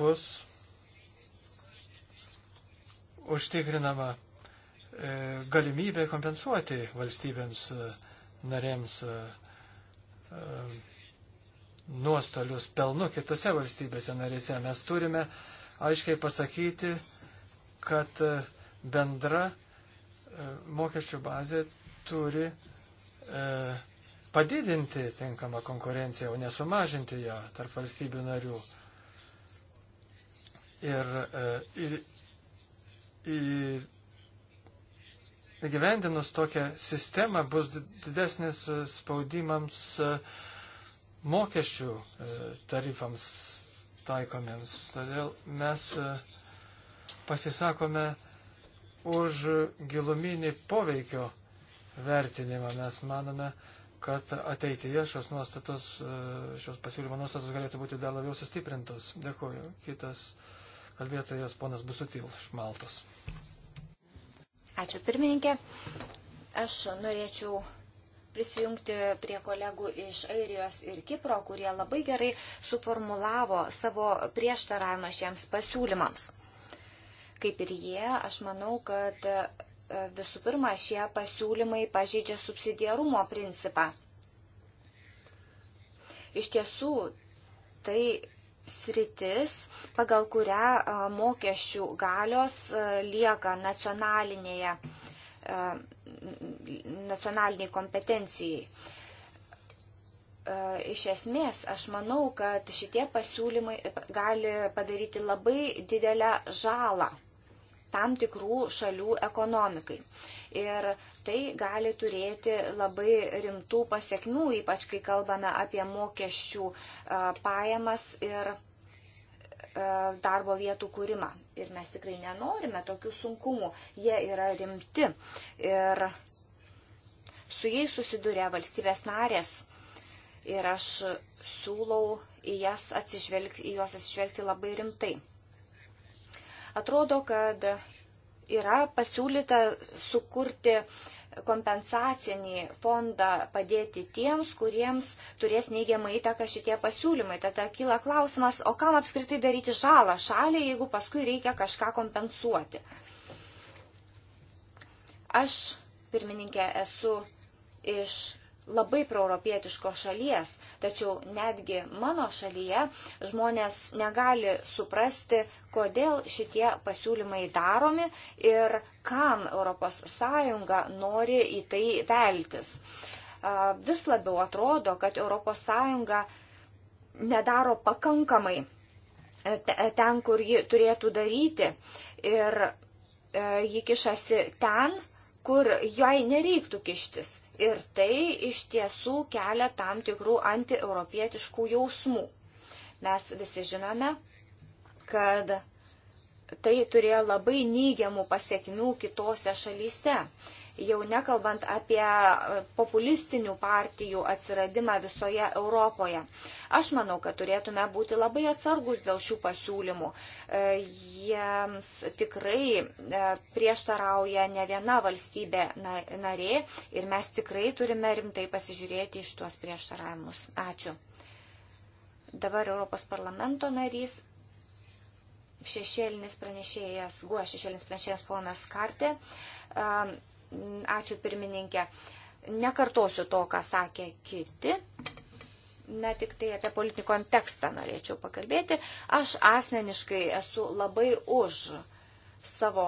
Speaker 3: bus užtikrinama e, galimybė kompensuoti valstybėms e, narėms e, nuostolius pelnu kitose valstybėse narėse. Mes turime aiškiai pasakyti, kad bendra mokesčių bazė turi padidinti tinkamą konkurenciją, o nesumažinti ją tarp valstybių narių. Ir, ir įgyvendinus tokią sistemą bus didesnis e, spaudimams e, mokesčių e, tarifams taikomiems. Todėl mes pasisakome už giluminį poveikio vertinimą. Mes manome, kad ateityje šios nuostatos, šios pasiūlymo nuostatos galėtų būti dar labiau sustiprintos. Dėkuoju. Kitas kalbėtojas ponas Busutil iš Maltos.
Speaker 2: Ačiū pirmininkė. Aš norėčiau prisijungti prie kolegų iš Airijos ir Kipro, kurie labai gerai suformulavo savo prieštaravimą šiems pasiūlymams. Kaip ir jie, aš manau, kad e, visų pirma šie pasiūlymai pažeidžia subsidiarumo principą. Iš tiesų, tai sritis, pagal kurią mokesčių galios lieka nacionalinėje, nacionaliniai kompetencijai. Iš esmės, aš manau, kad šitie pasiūlymai gali padaryti labai didelę žalą tam tikrų šalių ekonomikai. Ir tai gali turėti labai rimtų pasiekmių, ypač kai kalbame apie mokesčių e, pajamas ir e, darbo vietų kūrimą. Ir mes tikrai nenorime tokių sunkumų. Jie yra rimti. Ir su jais susiduria valstybės narės. Ir aš siūlau į, jas atsižvelg, į juos atsižvelgti labai rimtai. Atrodo, kad yra pasiūlyta sukurti kompensacinį fondą padėti tiems, kuriems turės neigiamą įtaką šitie pasiūlymai. Tada kyla klausimas, o kam apskritai daryti žalą šaliai, jeigu paskui reikia kažką kompensuoti. Aš, pirmininkė, esu iš labai proeuropietiškos šalies, tačiau netgi mano šalyje žmonės negali suprasti, kodėl šitie pasiūlymai daromi ir kam ES nori į tai veltis. Vis labiau atrodo, kad ES nedaro pakankamai e, ten, kur ji turėtų daryti. Ir e, ji kišasi ten, kur jai nereiktų kištis. Ir tai iš tiesų kelia tam tikrų antieuropietiškų jausmų. Mes visi žinome, kad tai turėjo labai neigiamų pasiekmių kitose šalyse jau nekalbant apie e, populistinių partijų atsiradimą visoje Europoje. Aš manau, kad turėtume būti labai atsargus dėl šių pasiūlymų. E, jiems tikrai e, prieštarauja ne viena valstybė narė ir mes tikrai turime rimtai pasižiūrėti iš tuos prieštaravimus. Ačiū. Dabar Europos parlamento narys šešėlinis pranešėjas, guo šešėlinis pranešėjas ponas Kartė. Ačiū pirmininkė. Nekartosiu to, ką sakė kiti. Na, tik tai apie politinį kontekstą norėčiau pakalbėti. Aš asmeniškai esu labai už savo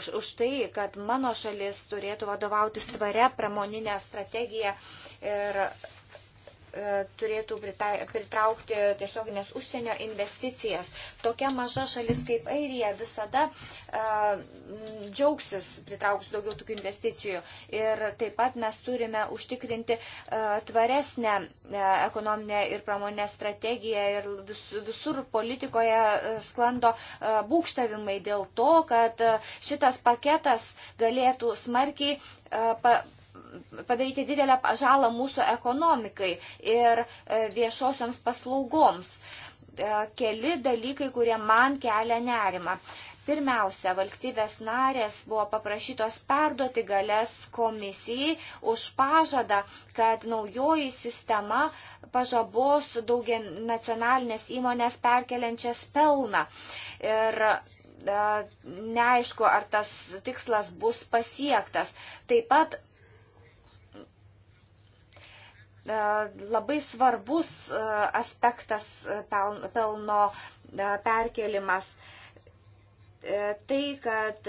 Speaker 2: už, už tai, kad mano šalis turėtų vadovautis tvaria pramoninė strategija ir E, turėtų pritraukti tiesioginės užsienio investicijas. Tokia maža šalis kaip Airija visada e, džiaugsis pritrauks daugiau tokių investicijų. Ir taip pat mes turime užtikrinti e, tvaresnę ekonominę ir pramonę strategiją. Ir vis, visur politikoje sklando būkštavimai dėl to, kad šitas paketas galėtų smarkiai padaryti didelę žalą mūsų ekonomikai ir e, viešosioms paslaugoms. E, keli dalykai, kurie man kelia nerimą. Pirmiausia, valstybės narės buvo paprašytos perduoti galės komisijai už pažadą, kad naujoji sistema pažabos daugia nacionalinės įmonės perkeliančias pelną. Ir e, neaišku, ar tas tikslas bus pasiektas. Taip pat E, labai svarbus e, aspektas e, pelno perkelimas. Tai, kad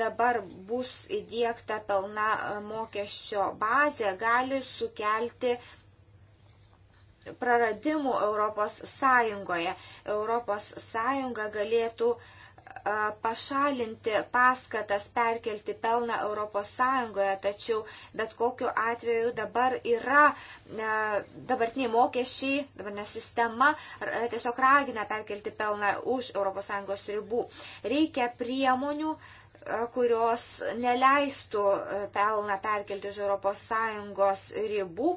Speaker 2: dabar bus įdėkta pelna mokesčio bazė, gali sukelti praradimų Europos Sąjungoje. Europos Sąjunga galėtų uh, pašalinti paskatas perkelti pelną ES, tačiau bet kokiu atveju dabar yra dabartiniai mokesčiai, dabartinė sistema tiesiog ragina perkelti pelną už ES ribų. Reikia priemonių, kurios neleistų e, pelną perkelti iš ES ribų.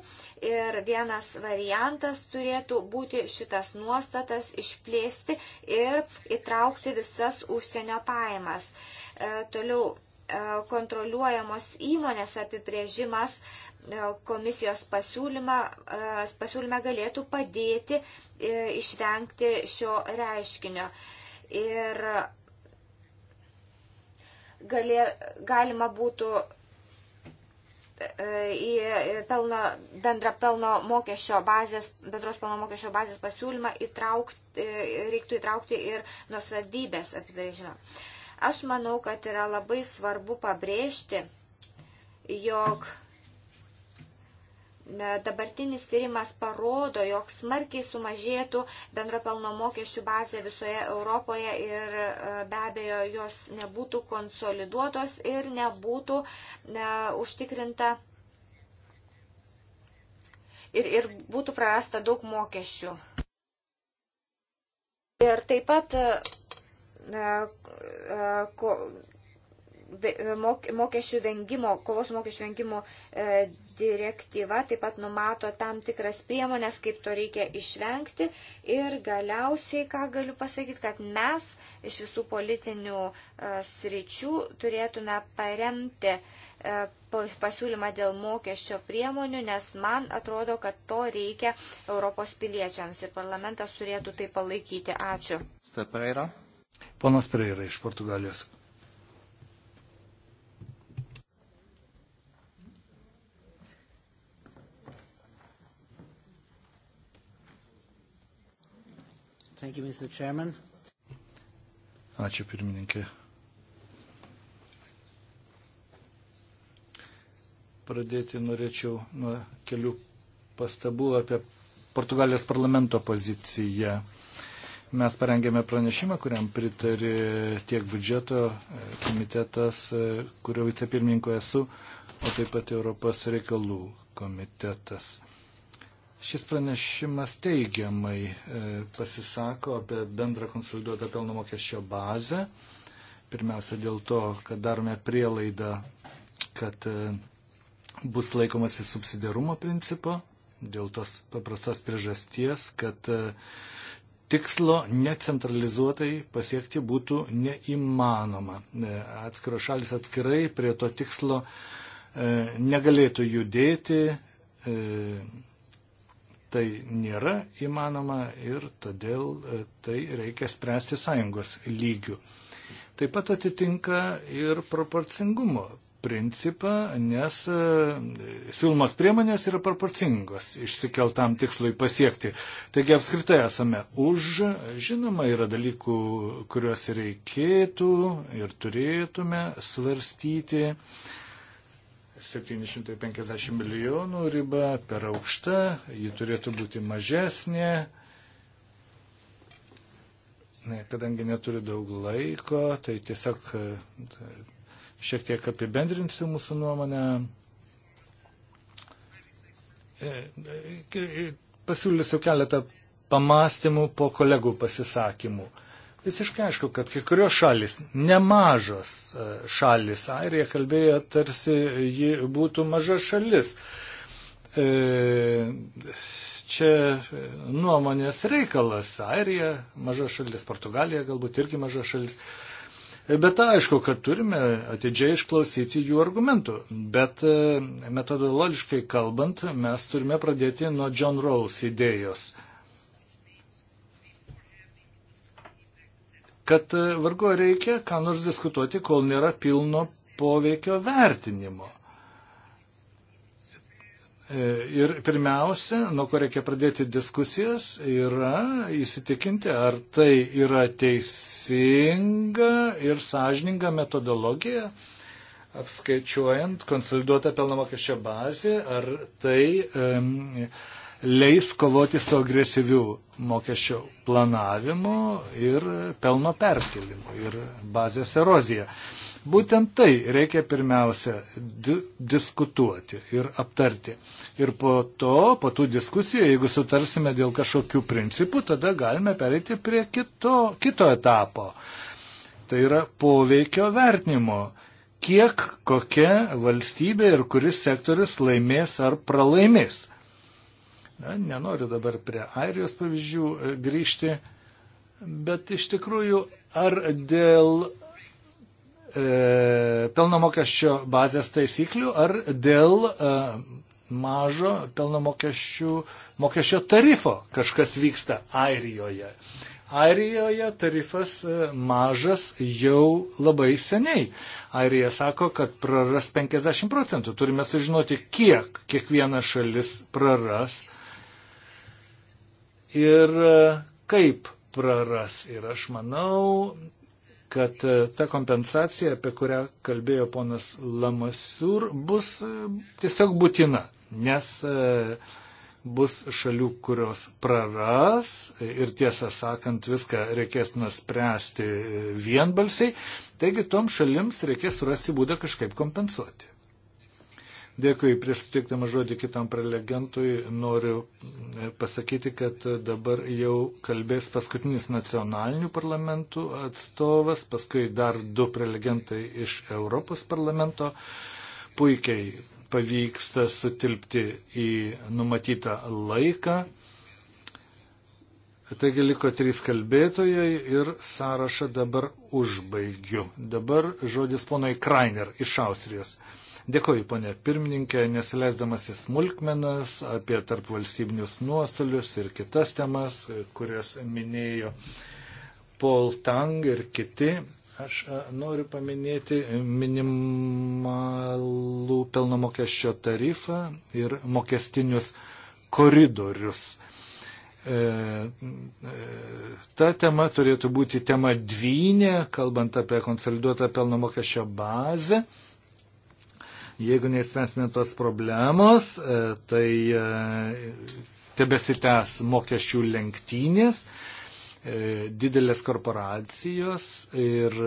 Speaker 2: Ir vienas variantas turėtų būti šitas nuostatas išplėsti ir įtraukti visas užsienio pajamas. E, toliau e, kontroliuojamos įmonės apibrėžimas komisijos pasiūlyme galėtų padėti išvengti šio reiškinio. Ir galė, galima būtų e, į pelno, bendrą pelno mokesčio bazės, bendros pelno mokesčio bazės pasiūlymą įtraukti, e, reiktų įtraukti ir nusavybės apibrėžimą. Aš manau, kad yra labai svarbu pabrėžti, jog E, dabartinis tyrimas parodo, jog smarkiai sumažėtų bendro pelno mokesčių bazė visoje Europoje ir e, be abejo jos nebūtų konsoliduotos ir nebūtų ne, užtikrinta ir, ir būtų prarasta daug mokesčių. Ir taip pat e, mokesčių vengimo, kovos mokesčių vengimo e, direktyva taip pat numato tam tikras priemonės, kaip to reikia išvengti. Ir galiausiai, ką galiu pasakyti, kad mes iš visų politinių e, sričių turėtume paremti e, pasiūlymą dėl mokesčio priemonių, nes man atrodo, kad to reikia Europos piliečiams ir parlamentas turėtų tai palaikyti.
Speaker 3: Ačiū.
Speaker 1: Ponas Pereira iš Portugalijos. Thank you, Mr. Chairman. Ačiū pirmininkė. Pradėti norėčiau nuo kelių pastabų apie Portugalijos parlamento poziciją. Mes parengėme pranešimą, kuriam pritarė tiek biudžeto e, komitetas, e, kurio vicepirmininko esu, o taip pat Europos reikalų komitetas. Šis pranešimas teigiamai e, pasisako apie bendrą konsoliduotą pelno mokesčio bazę. Pirmiausia dėl to, kad darome prielaidą, kad e, bus laikomasi subsidiarumo principo, dėl tos paprastos priežasties, kad e, tikslo necentralizuotai pasiekti būtų neįmanoma. Atskiros šalis atskirai prie to tikslo negalėtų judėti tai nėra įmanoma ir todėl e, tai reikia spręsti sąjungos lygių. Taip pat atitinka ir proporcingumo principą, nes e, siūlomos priemonės yra proporcingos išsikeltam tikslui pasiekti. Taigi apskritai esame už, žinoma, yra dalykų, kuriuos reikėtų ir turėtume svarstyti 750 milijonų riba per aukšta, ji turėtų būti mažesnė. Ne, kadangi neturiu daug laiko, tai tiesiog e, šiek tiek apibendrinsiu mūsų nuomonę. E, e, pasiūlysiu keletą pamastymų po kolegų pasisakymų. Visiškai aišku, kad kai kurios šalis, nemažos e, šalis, Airija kalbėjo tarsi ji būtų maža šalis. E, čia nuomonės reikalas, Airija maža šalis, Portugalija galbūt irgi maža šalis. E, bet aišku, kad turime atidžiai išklausyti jų argumentų. Bet metodologiškai kalbant, mes turime pradėti nuo John Rawls idėjos. kad e, vargo reikia ką nors diskutuoti, kol nėra pilno poveikio vertinimo. E, ir pirmiausia, nuo ko reikia pradėti diskusijas, yra įsitikinti, ar tai yra teisinga ir sąžininga metodologija, apskaičiuojant konsoliduotą pelno mokesčio bazę, ar tai um, e, leis kovoti su agresyviu mokesčio planavimu ir pelno perkelimu ir bazės erozija. Būtent tai reikia pirmiausia di diskutuoti ir aptarti. Ir po to, po tų diskusijų, jeigu sutarsime dėl kažkokių principų, tada galime pereiti prie kito, kito etapo. Tai yra poveikio vertinimo kiek kokia valstybė ir kuris sektorius laimės ar pralaimės. Na, nenoriu dabar prie Airijos pavyzdžių e, grįžti, bet iš tikrųjų ar dėl e, pelno mokesčio bazės taisyklių, ar dėl e, mažo pelno mokesčio tarifo kažkas vyksta Airijoje. Airijoje tarifas e, mažas jau labai seniai. Airija sako, kad praras 50 procentų. Turime sužinoti, kiek kiekviena šalis praras ir e, kaip praras. Ir aš manau, kad e, ta kompensacija, apie kurią kalbėjo ponas Lamasiur, bus e, tiesiog būtina, nes bus šalių, kurios praras ir tiesą sakant viską reikės nuspręsti vienbalsiai, taigi tom šalims reikės surasti būdą kažkaip kompensuoti. Dėkui, prieš sutikdama žodį kitam prelegentui, noriu e, pasakyti, kad dabar jau kalbės paskutinis nacionalinių parlamentų atstovas, paskui dar du prelegentai iš Europos parlamento. Puikiai pavyksta sutilpti į numatytą laiką. Taigi liko trys kalbėtojai ir sąrašą dabar užbaigiu. Dabar žodis ponai Krainer iš Austrijos. Dėkoju, ponė pirmininkė, nesileisdamas į smulkmenas apie tarpvalstybinius nuostolius ir kitas temas, kurias minėjo Paul Tang ir kiti. Aš noriu paminėti minimalų pelno mokesčio tarifą ir mokestinius koridorius e, e, ta tema turėtų būti tema dvynė, kalbant apie konsoliduotą pelno mokesčio bazę. Jeigu neįspręsime tos problemos, e, tai e, tebesitęs mokesčių lenktynės, e, didelės korporacijos ir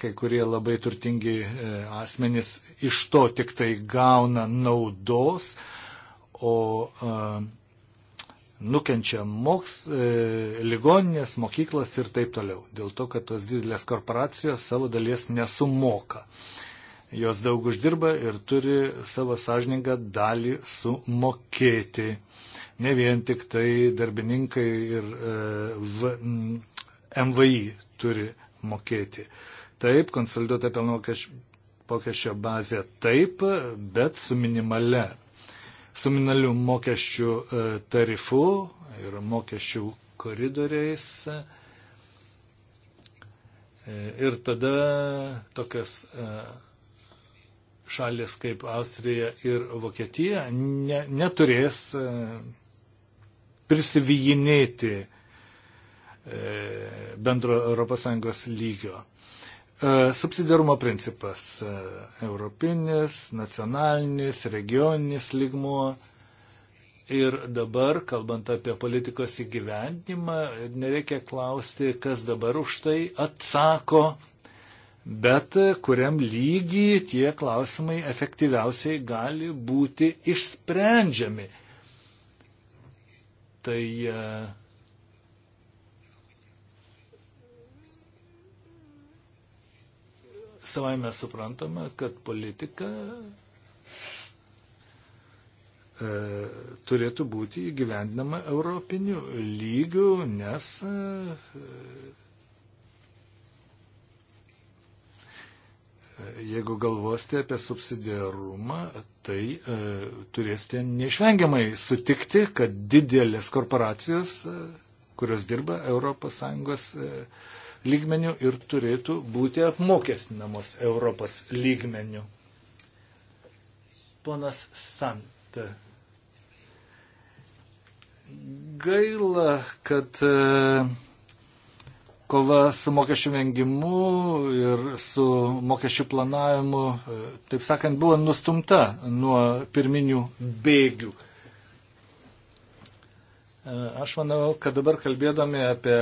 Speaker 1: kai kurie labai turtingi asmenys iš to tik tai gauna naudos, o nukenčia moks, ligoninės, mokyklas ir taip toliau, dėl to, kad tos didelės korporacijos savo dalies nesumoka jos daug uždirba ir turi savo sąžiningą dalį sumokėti. Ne vien tik tai darbininkai ir e, v, m, MVI turi mokėti. Taip, konsoliduota pelno mokesčio bazė taip, bet su minimale, su minimaliu mokesčių e, tarifu ir mokesčių koridoriais. E, ir tada tokias e, šalis kaip Austrija ir Vokietija ne, neturės e, prisivyjinėti e, bendro ES lygio. E, subsidiarumo principas - europinis, nacionalinis, regioninis lygmuo. Ir dabar, kalbant apie politikos įgyvendimą, nereikia klausti, kas dabar už tai atsako bet kuriam lygiai tie klausimai efektyviausiai gali būti išsprendžiami. Tai e, savai mes suprantame, kad politika e, turėtų būti įgyvendinama europiniu lygiu, nes e, Jeigu galvosite apie subsidiarumą, tai e, turėsite neišvengiamai sutikti, kad didelės korporacijos, e, kurios dirba ES e, lygmenių ir turėtų būti apmokestinamos Europos lygmenių. Ponas Sant. Gaila, kad e, kova su mokesčių vengimu ir su mokesčių planavimu, e, taip sakant, buvo nustumta nuo pirminių bėgių. E, aš manau, kad dabar kalbėdami apie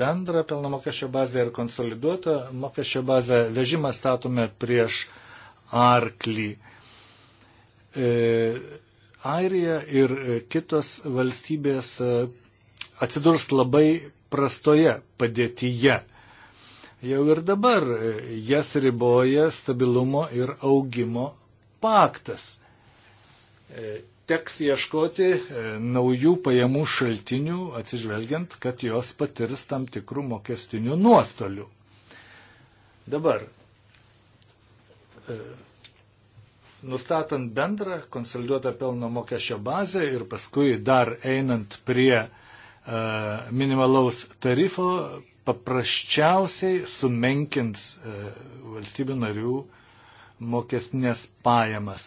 Speaker 1: bendrą pelno mokesčio bazę ir konsoliduotą mokesčio bazę, vežimą statome prieš arklį. E, Airija ir kitos valstybės atsidurs labai prastoje padėtyje. Jau ir dabar e, jas riboja stabilumo ir augimo paktas. E, teks ieškoti e, naujų pajamų šaltinių, atsižvelgiant, kad jos patirs tam tikrų mokestinių nuostolių. Dabar, nustatant bendrą konsoliduotą pelno mokesčio bazę ir paskui dar einant prie E, minimalaus tarifo paprasčiausiai sumenkins e, valstybių narių mokestinės pajamas.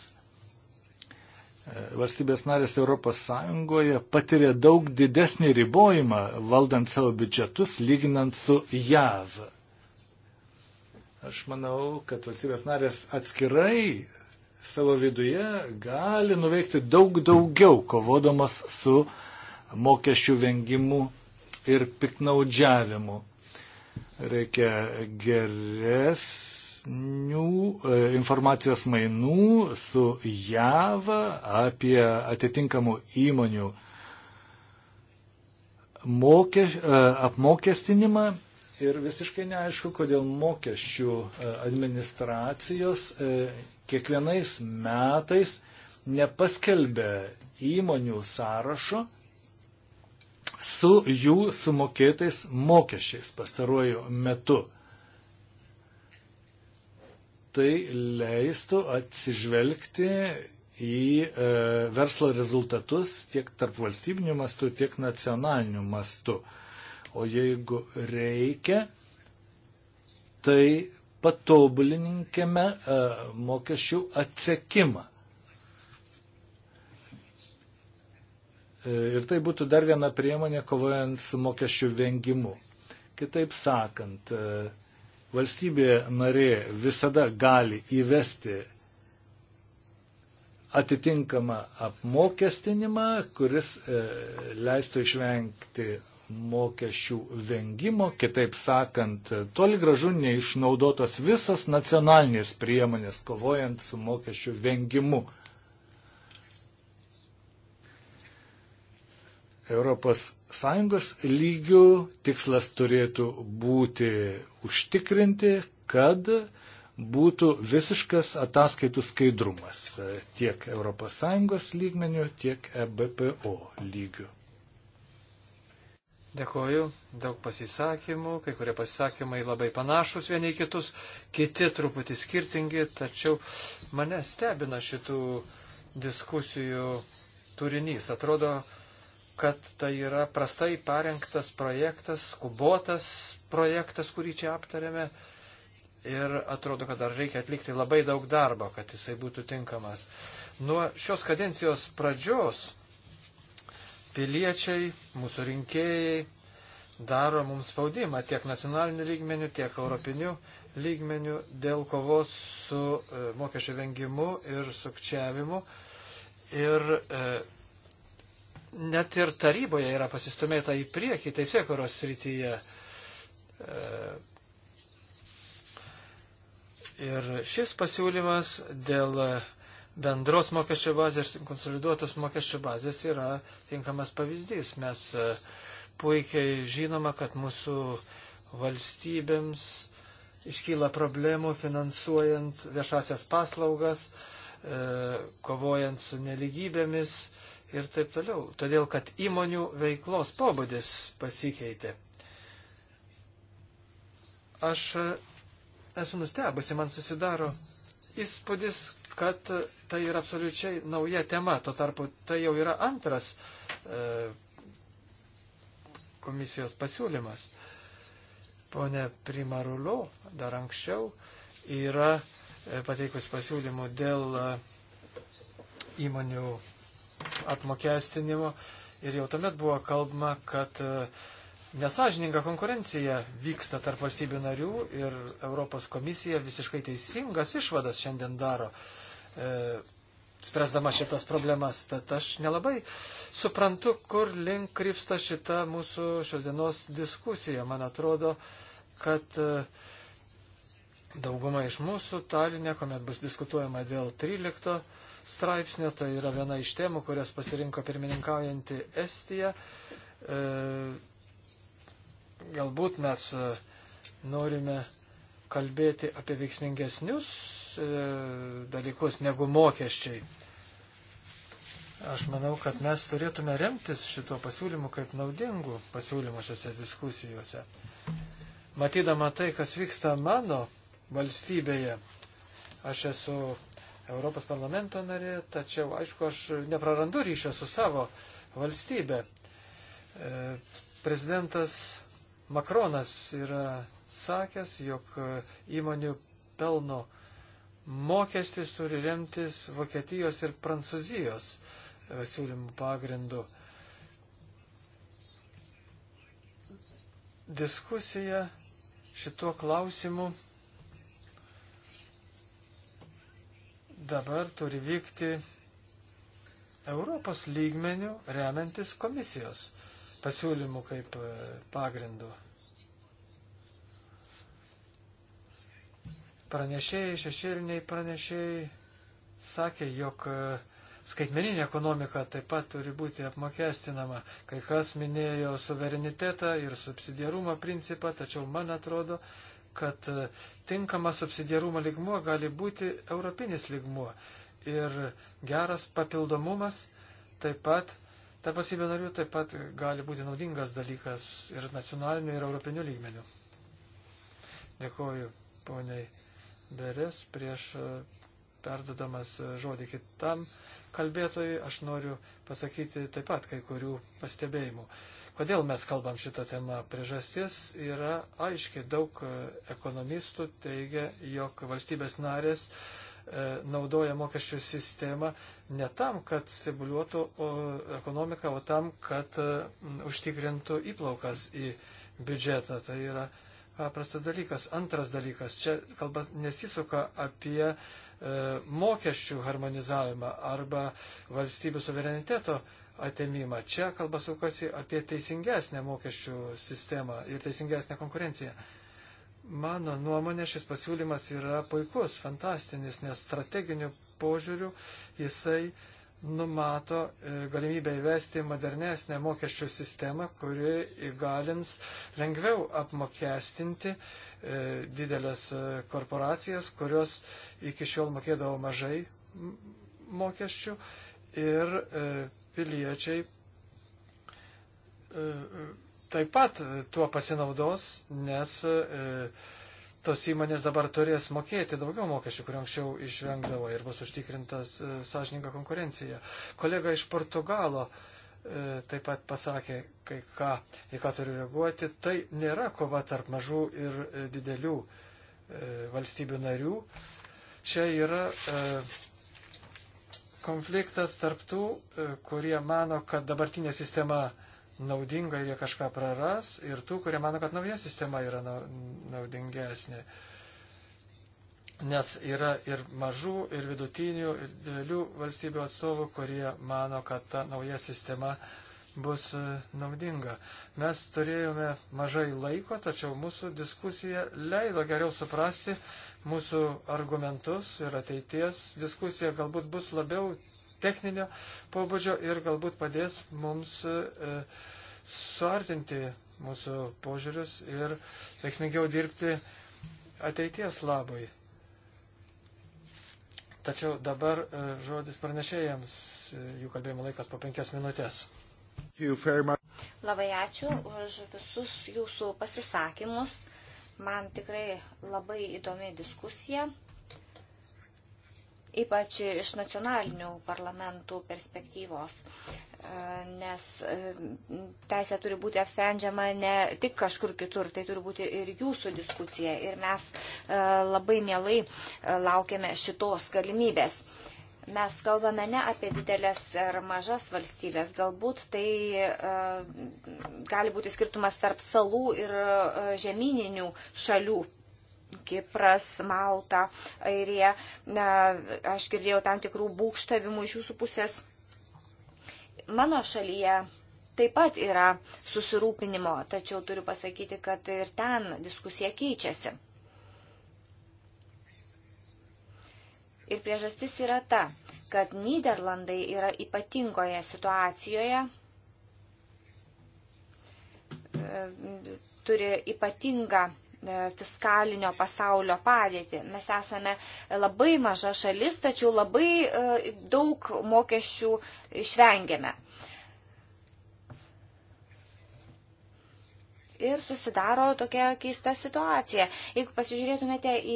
Speaker 1: E, valstybės narės ES patiria daug didesnį ribojimą valdant savo biudžetus lyginant su JAV. Aš manau, kad valstybės narės atskirai savo viduje gali nuveikti daug daugiau kovodamas su uh, mokesčių vengimu ir piknaudžiavimu. Reikia geresnių e, informacijos mainų su JAV apie atitinkamų įmonių mokė, e, apmokestinimą ir visiškai neaišku, kodėl mokesčių e, administracijos kiekvienais metais nepaskelbė įmonių sąrašo, su jų sumokėtais mokesčiais pastaruoju metu. Tai leistų atsižvelgti į e, verslo rezultatus tiek tarp valstybinių mastų, tiek nacionalinių mastų. O jeigu reikia, tai patobulininkime e, mokesčių atsekimą. E, ir tai būtų dar viena priemonė kovojant su mokesčių vengimu. Kitaip sakant, e, valstybė narė visada gali įvesti atitinkamą apmokestinimą, kuris e, leistų išvengti mokesčių vengimo, kitaip sakant, toli gražu neišnaudotos visas nacionalinės priemonės kovojant su mokesčių vengimu. ES lygių tikslas turėtų būti užtikrinti, kad būtų visiškas ataskaitų skaidrumas tiek ES lygmenių, tiek EBPO lygių.
Speaker 3: Dėkoju, daug pasisakymų, kai kurie pasisakymai labai panašus vieni kitus, kiti truputį skirtingi, tačiau mane stebina šitų diskusijų turinys. Atrodo, kad tai yra prastai parengtas projektas, skubotas projektas, kurį čia aptarėme. Ir atrodo, kad dar reikia atlikti labai daug darbo, kad jisai būtų tinkamas. Nuo šios kadencijos pradžios piliečiai, mūsų rinkėjai daro mums spaudimą tiek nacionaliniu lygmeniu, tiek europiniu lygmeniu dėl kovos su e, mokesčių vengimu ir sukčiavimu. Ir e, net ir taryboje yra pasistumėta į priekį teisėkuros srityje. E, ir šis pasiūlymas dėl bendros mokesčio bazės ir konsoliduotos mokesčio bazės yra tinkamas pavyzdys. Mes e, puikiai žinoma, kad mūsų valstybėms iškyla problemų finansuojant viešasias paslaugas, e, kovojant su neligybėmis ir taip toliau. Todėl, kad įmonių veiklos pobūdis pasikeitė. Aš e, esu nustebusi, man susidaro įspūdis, kad tai yra absoliučiai nauja tema. Tuo tarpu tai jau yra antras e, komisijos pasiūlymas. Pone Primarulo dar anksčiau yra e, pateikus pasiūlymų dėl e, įmonių apmokestinimo ir jau tuomet buvo kalbama, kad e, nesažininga konkurencija vyksta tarp valstybių narių ir Europos komisija visiškai teisingas išvadas šiandien daro, e, spręsdama šitas problemas. Tad aš nelabai suprantu, kur link krypsta šita mūsų šios dienos diskusija. Man atrodo, kad e, Dauguma iš mūsų Talinė, kuomet bus diskutuojama dėl 13 straipsnio. Tai yra viena iš temų, kurias pasirinko pirmininkaujanti Estija. E, galbūt mes e, norime kalbėti apie veiksmingesnius e, dalykus negu mokesčiai. Aš manau, kad mes turėtume remtis šituo pasiūlymu kaip naudingu pasiūlymu šiose diskusijose. Matydama tai, kas vyksta mano valstybėje, aš esu Europos parlamento narė, tačiau, aišku, aš neprarandu ryšio su savo valstybė. E, prezidentas Makronas yra sakęs, jog įmonių pelno mokestis turi remtis Vokietijos ir Prancūzijos e, siūlymų pagrindu. Diskusija šituo klausimu dabar turi vykti Europos lygmenių remiantis komisijos pasiūlymų kaip e, pagrindų. Pranešėjai, šešėliniai pranešėjai sakė, jog e, skaitmeninė ekonomika taip pat turi būti apmokestinama. Kai kas minėjo suverenitetą ir subsidiarumo principą, tačiau man atrodo, kad e, tinkamas subsidiarumo ligmuo gali būti europinis ligmuo. Ir geras papildomumas taip pat, tarp valstybė narių taip pat gali būti naudingas dalykas ir nacionaliniu, ir europiniu lygmeniu. Dėkoju poniai Beres prieš e, perdodamas e, žodį kitam kalbėtojui, aš noriu pasakyti taip pat kai kurių pastebėjimų. Kodėl mes kalbam šitą temą? Priežastis yra aiškiai. Daug e, ekonomistų teigia, jog valstybės narės e, naudoja mokesčių sistemą ne tam, kad stimuliuotų ekonomiką, o tam, kad e, užtikrintų įplaukas į biudžetą. Tai yra paprastas dalykas. Antras dalykas, čia kalba nesisuka apie mokesčių harmonizavimą arba valstybių suvereniteto atėmimą. Čia kalba sukasi apie teisingesnę mokesčių sistemą ir teisingesnę konkurenciją. Mano nuomonė šis pasiūlymas yra puikus, fantastinis, nes strateginiu požiūriu jisai numato e, galimybę įvesti modernesnę mokesčių sistemą, kuri įgalins lengviau apmokestinti e, didelės e, korporacijas, kurios iki šiol mokėdavo mažai mokesčių ir piliečiai e, taip pat tuo pasinaudos, nes e, tos įmonės dabar turės mokėti daugiau mokesčių, kuriuo anksčiau išvengdavo ir bus užtikrintas e, sąžininga konkurencija. Kolega iš Portugalo taip pat pasakė, kai ką, į ką turiu reaguoti, tai nėra kova tarp mažų ir didelių valstybių narių. Čia yra konfliktas tarptų, e, kurie mano, kad dabartinė sistema naudinga ir jie kažką praras, ir tų, kurie mano, kad nauja sistema yra naudingesnė. Nes yra ir mažų, ir vidutinių, ir didelių valstybių atstovų, kurie mano, kad ta nauja sistema uh, bus e, naudinga. Mes turėjome mažai laiko, tačiau mūsų diskusija leido geriau suprasti mūsų argumentus ir ateities diskusija galbūt bus labiau techninio pobūdžio ir galbūt padės mums e, e suartinti mūsų požiūrius ir veiksmingiau dirbti ateities labui. Tačiau dabar e, žodis pranešėjams, jų kalbėjimo laikas po penkias minutės.
Speaker 1: Labai
Speaker 2: ačiū už visus jūsų pasisakymus. Man tikrai labai įdomi diskusija, ypač iš nacionalinių parlamentų perspektyvos e, nes e, teisė turi būti apsprendžiama ne tik kažkur kitur, tai turi būti ir jūsų diskusija. Ir mes e, labai mielai laukiame šitos galimybės. Mes kalbame ne apie didelės ar mažas valstybės. Galbūt tai e, gali būti skirtumas tarp salų ir e, žemyninių šalių. Kipras, Malta, Airija. Aš girdėjau tam tikrų būkštavimų iš jūsų pusės. Mano šalyje taip pat yra susirūpinimo, tačiau turiu pasakyti, kad ir ten diskusija keičiasi. Ir priežastis yra ta, kad Niderlandai yra ypatingoje situacijoje, e, turi ypatingą e, fiskalinio pasaulio padėtį. Mes esame labai maža šalis, tačiau labai e, daug mokesčių išvengiame. ir susidaro tokia keista situacija. Jeigu pasižiūrėtumėte į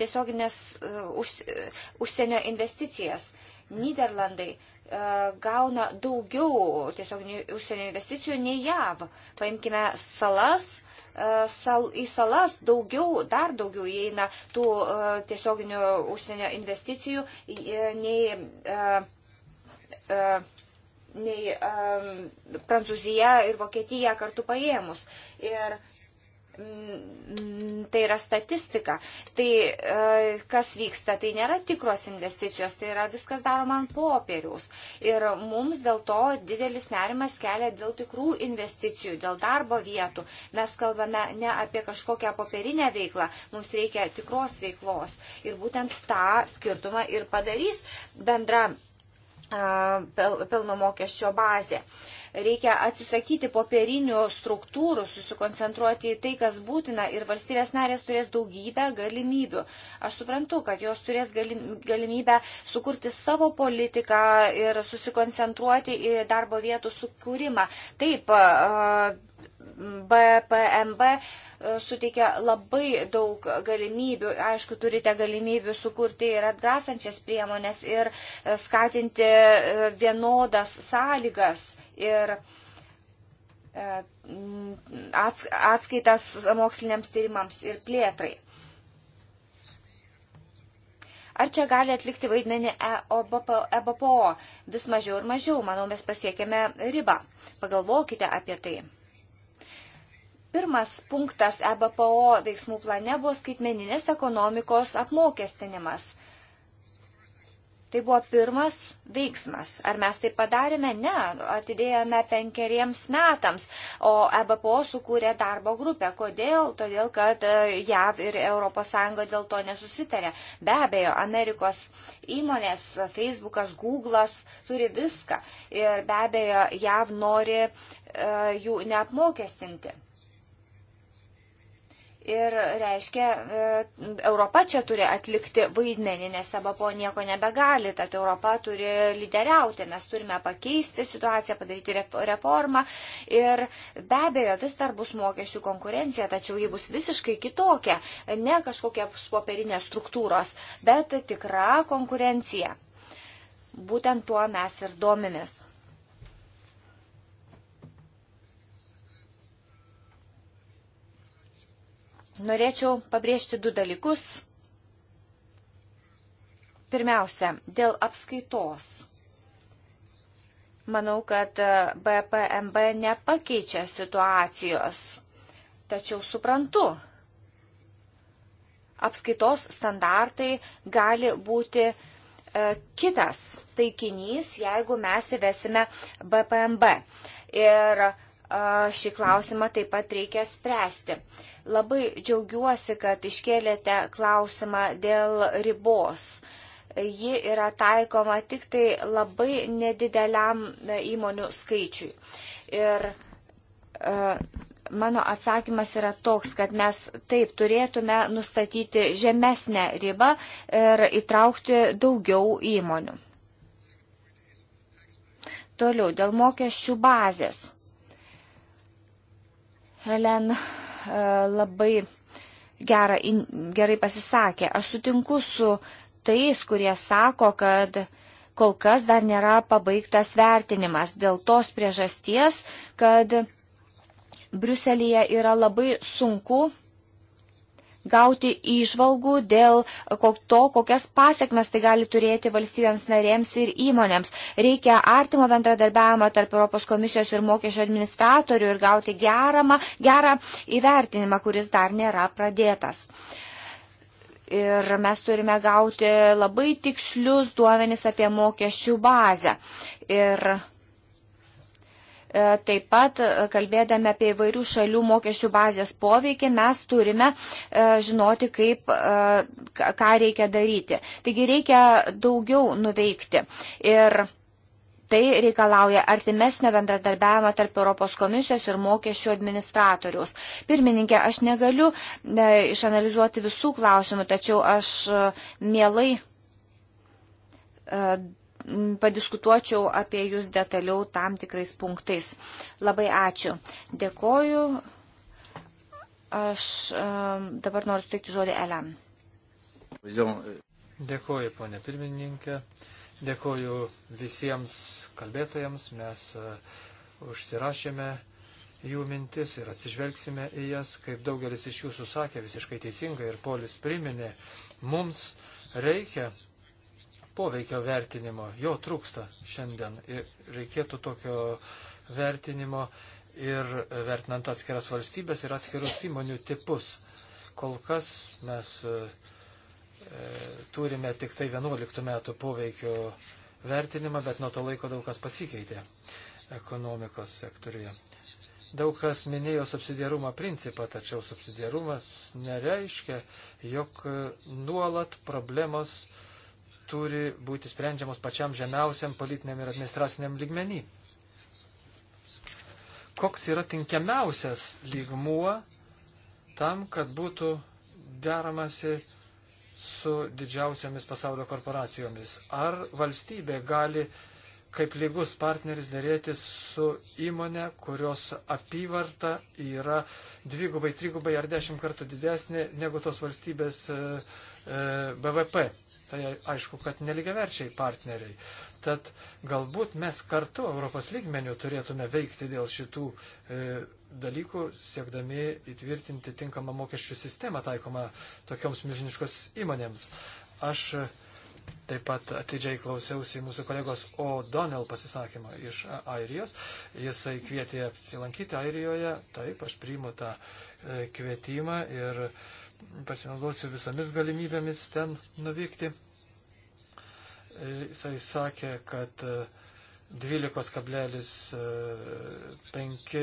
Speaker 2: tiesioginės e, už, e, užsienio investicijas, Niderlandai e, gauna daugiau tiesioginių užsienio investicijų nei JAV. Paimkime salas, sal, į salas daugiau, dar daugiau įeina tų uh, tiesioginių užsienio investicijų nei uh, uh, nei um, Prancūzija ir Vokietija kartu paėmus. Ir mm, tai yra statistika. Tai e, kas vyksta, tai nėra tikros investicijos, tai yra viskas daroma ant popieriaus. Ir mums dėl to didelis nerimas kelia dėl tikrų investicijų, dėl darbo vietų. Mes kalbame ne apie kažkokią popierinę veiklą, mums reikia tikros veiklos. Ir būtent tą skirtumą ir padarys bendra pelno mokesčio bazė. Reikia atsisakyti popierinių struktūrų, susikoncentruoti į tai, kas būtina ir valstybės narės turės daugybę galimybių. Aš suprantu, kad jos turės galimybę sukurti savo politiką ir susikoncentruoti į darbo vietų sukūrimą. Taip, BPMB e, suteikia labai daug galimybių. Aišku, turite galimybių sukurti ir atgrasančias priemonės ir e, skatinti e, vienodas sąlygas ir atskaitas moksliniams tyrimams ir plėtrai. Ar čia gali atlikti vaidmenį EBPO? Vis mažiau ir mažiau, manau, mes pasiekėme ribą. Pagalvokite apie tai. Pirmas punktas EBPO veiksmų plane buvo skaitmeninės ekonomikos apmokestinimas. Tai buvo pirmas veiksmas. Ar mes tai padarėme? Ne, atidėjome penkeriems metams, o EBPO sukūrė darbo grupę. Kodėl? Todėl, kad e, JAV ir ES dėl to nesusitarė. Be abejo, Amerikos įmonės, Facebookas, Google'as turi viską ir be abejo, JAV nori e, jų neapmokestinti. Ir reiškia, e, Europa čia turi atlikti vaidmenį, nes abapo nieko nebegali, tad Europa turi lyderiauti, mes turime pakeisti situaciją, padaryti reformą. Ir be abejo, vis dar bus mokesčių konkurencija, tačiau ji bus visiškai kitokia, ne kažkokia popierinės struktūros, bet tikra konkurencija. Būtent tuo mes ir domimės. norėčiau pabrėžti du dalykus. Pirmiausia, dėl apskaitos. Manau, kad BPMB e, nepakeičia situacijos, tačiau suprantu, apskaitos standartai gali būti e, kitas taikinys, jeigu mes įvesime BPMB. Ir e, šį klausimą taip pat reikia spręsti. E, Labai džiaugiuosi, kad iškėlėte klausimą dėl ribos. Ji yra taikoma tik tai labai nedideliam e, įmonių skaičiui. Ir e, mano atsakymas yra toks, kad mes taip turėtume nustatyti žemesnę ribą ir įtraukti daugiau įmonių. Toliau, dėl mokesčių bazės. Helen E, labai gerą, gerai pasisakė. Aš sutinku su tais, kurie sako, kad kol kas dar nėra pabaigtas vertinimas dėl tos priežasties, kad Briuselėje yra labai sunku gauti išvalgų dėl to, kokias pasiekmes tai gali turėti valstybėms narėms ir įmonėms. Reikia artimo bendradarbiavimo tarp Europos komisijos ir mokesčio administratorių ir gauti geramą, gerą įvertinimą, kuris dar nėra pradėtas. Ir mes turime gauti labai tikslius duomenis apie mokesčių bazę. Ir E, taip pat, e, kalbėdami apie įvairių šalių mokesčių bazės poveikį, mes turime e, žinoti, kaip, ką reikia daryti. Taigi reikia daugiau nuveikti. Ir Tai reikalauja artimesnio bendradarbiavimo tarp Europos komisijos ir mokesčių administratoriaus. Pirmininkė, aš negaliu ne, išanalizuoti visų klausimų, tačiau aš mielai. Uh, e, padiskutuočiau apie jūs detaliau tam tikrais punktais. Labai ačiū. Dėkoju. Aš e, dabar noriu suteikti žodį Elan.
Speaker 1: Dėkoju,
Speaker 3: ponė pirmininkė. Dėkoju visiems kalbėtojams. Mes e, užsirašėme jų mintis ir atsižvelgsime į jas, kaip daugelis iš jūsų sakė visiškai teisingai ir polis priminė. Mums reikia poveikio vertinimo. Jo trūksta šiandien. Ir reikėtų tokio vertinimo ir vertinant atskiras valstybės ir atskirus įmonių tipus. Kol kas mes e, e turime tik tai 11 metų poveikio vertinimą, bet nuo to laiko daug kas pasikeitė ekonomikos sektoriuje. Daug kas minėjo subsidiarumo principą, tačiau subsidiarumas nereiškia, jog nuolat problemos uh, turi būti sprendžiamos pačiam žemiausiam politiniam ir administraciniam lygmenį. Koks yra tinkiamiausias lygmuo tam, kad būtų deramasi su didžiausiamis pasaulio korporacijomis? Ar valstybė gali kaip lygus partneris dėrėtis su įmonė, kurios apyvarta yra dvigubai, trigubai ar dešimt kartų didesnė negu tos valstybės e, e, BVP? Tai aišku, kad neligiaverčiai partneriai. Tad galbūt mes kartu Europos lygmenių turėtume veikti dėl šitų e, dalykų, siekdami įtvirtinti tinkamą mokesčių sistemą taikomą tokioms milžiniškos įmonėms. Aš e, taip pat atidžiai klausiausi mūsų kolegos O'Donnell pasisakymą iš Airijos. Jisai kvietė apsilankyti Airijoje, taip, aš priimu tą e, kvietimą ir e, pasinaudosiu visomis galimybėmis ten nuvykti. E, jisai sakė, kad 12,5 e, e,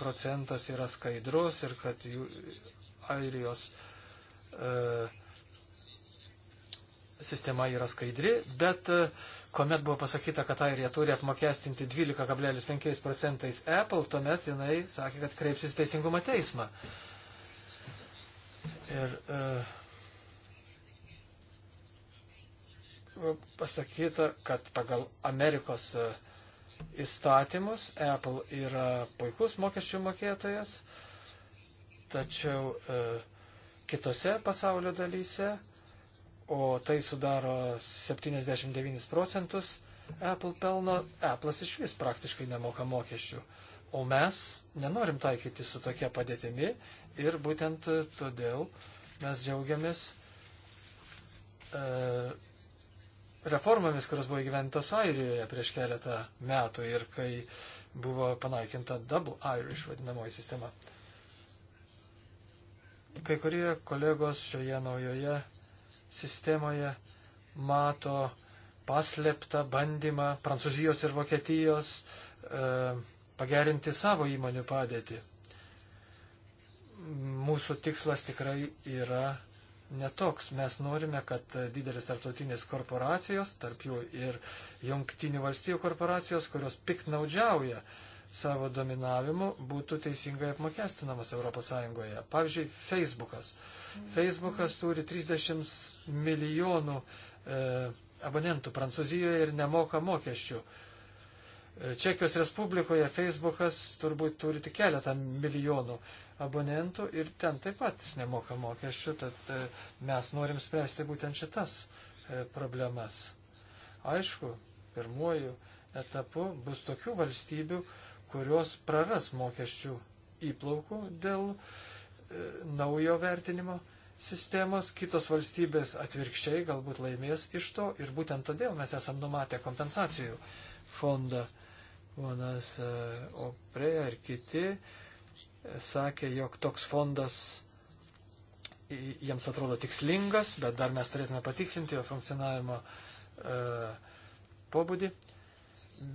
Speaker 3: procentas yra skaidrus ir kad jų airijos sistema yra skaidri, bet kuomet buvo pasakyta, kad airija turi apmokestinti 12,5 procentais Apple, tuomet jinai sakė, kad kreipsis teisingumo teismą. Uh, Ir e, pasakyta, kad pagal Amerikos e, įstatymus Apple yra puikus mokesčių mokėtojas, tačiau e, kitose pasaulio dalyse, o tai sudaro 79 procentus Apple pelno, Apple'as iš vis praktiškai nemoka mokesčių. O mes nenorim taikyti su tokia padėtimi Ir būtent todėl mes džiaugiamės e, reformomis, kurios buvo įgyventos Airijoje prieš keletą metų ir kai buvo panaikinta Double Irish vadinamoji sistema. Kai kurie kolegos šioje naujoje sistemoje mato paslėptą bandymą Prancūzijos ir Vokietijos e, pagerinti savo įmonių padėtį mūsų tikslas tikrai yra netoks. Mes norime, kad didelis tarptautinės korporacijos, tarp jų ir jungtinių valstybių korporacijos, kurios piknaudžiauja savo dominavimu, būtų teisingai apmokestinamas ES. Pavyzdžiui, Facebookas. Facebookas turi 30 milijonų e, abonentų Prancūzijoje ir nemoka mokesčių. E, Čekijos Respublikoje Facebookas turbūt turi tik keletą milijonų abonentų ir ten taip pat nemoka mokesčių, tad e, mes norim spręsti būtent šitas e, problemas. Aišku, pirmuoju etapu bus tokių valstybių, kurios praras mokesčių įplaukų dėl e, naujo vertinimo sistemos, kitos valstybės atvirkščiai galbūt laimės iš to ir būtent todėl mes esam numatę kompensacijų fondą. Ponas Oprė ir kiti sakė, jog toks fondas jiems atrodo tikslingas, bet dar mes turėtume patikslinti jo funkcionavimo e, pobūdį.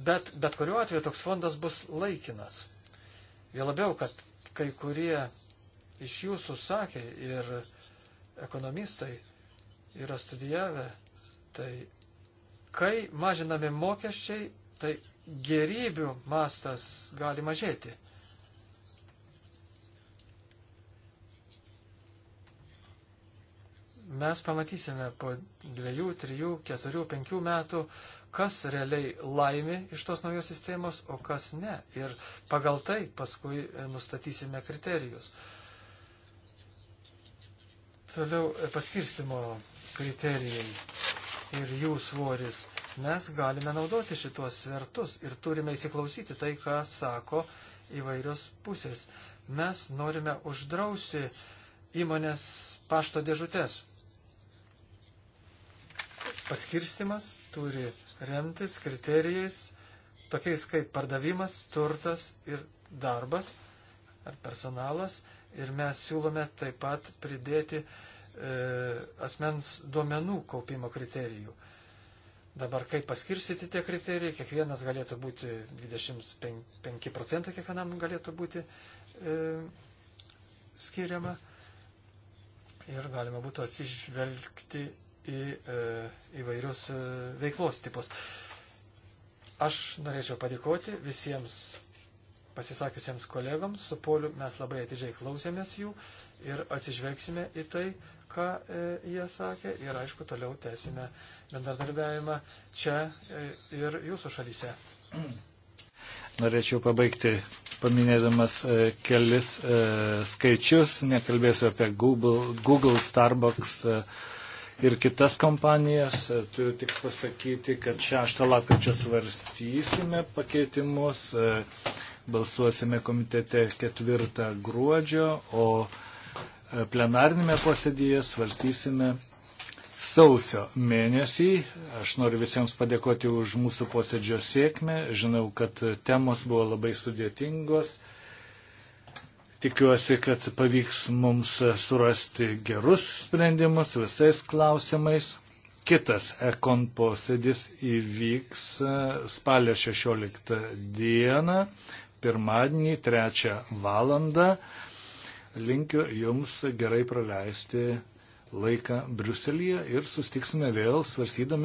Speaker 3: Bet, bet kuriuo atveju toks fondas bus laikinas. Vėl labiau, kad kai kurie iš jūsų sakė ir ekonomistai yra studijavę, tai kai mažinami mokesčiai, tai gerybių mastas gali mažėti. mes pamatysime po dviejų, trijų, keturių, penkių metų, kas realiai laimi iš tos naujos sistemos, o kas ne. Ir pagal tai paskui e, nustatysime kriterijus. Toliau e, paskirstimo kriterijai ir jų svoris. Mes galime naudoti šituos svertus ir turime įsiklausyti tai, ką sako įvairios pusės. Mes norime uždrausti įmonės pašto dėžutės paskirstimas turi remtis kriterijais tokiais kaip pardavimas, turtas ir darbas ar personalas. Ir mes siūlome taip pat pridėti e, asmens duomenų kaupimo kriterijų. Dabar kaip paskirstyti tie kriterijai, kiekvienas galėtų būti 25 procentai, kiekvienam galėtų būti e, skiriama. Ir galima būtų atsižvelgti į e, įvairius e, veiklos tipus. Aš norėčiau padėkoti visiems pasisakiusiems kolegams. Su Poliu mes labai atidžiai klausėmės jų ir atsižvelgsime į tai, ką e, jie sakė ir aišku, toliau tęsime bendradarbiavimą čia e, ir jūsų šalyse.
Speaker 1: Norėčiau pabaigti paminėdamas e, kelis e, skaičius, nekalbėsiu apie Google, Google Starbucks. E, ir kitas kompanijas. E, turiu tik pasakyti, kad 6 lapkričio svarstysime pakeitimus, e, balsuosime komitete 4 gruodžio, o e, plenarinėme posėdėje svarstysime sausio mėnesį. Aš noriu visiems padėkoti už mūsų posėdžio sėkmę. Žinau, kad temos buvo labai sudėtingos. Tikiuosi, kad pavyks mums surasti gerus sprendimus visais klausimais. Kitas ekon posėdis įvyks e, spalio 16 dieną, pirmadienį 3 valandą. Linkiu Jums gerai praleisti laiką Briuselyje ir sustiksime vėl svarsydami.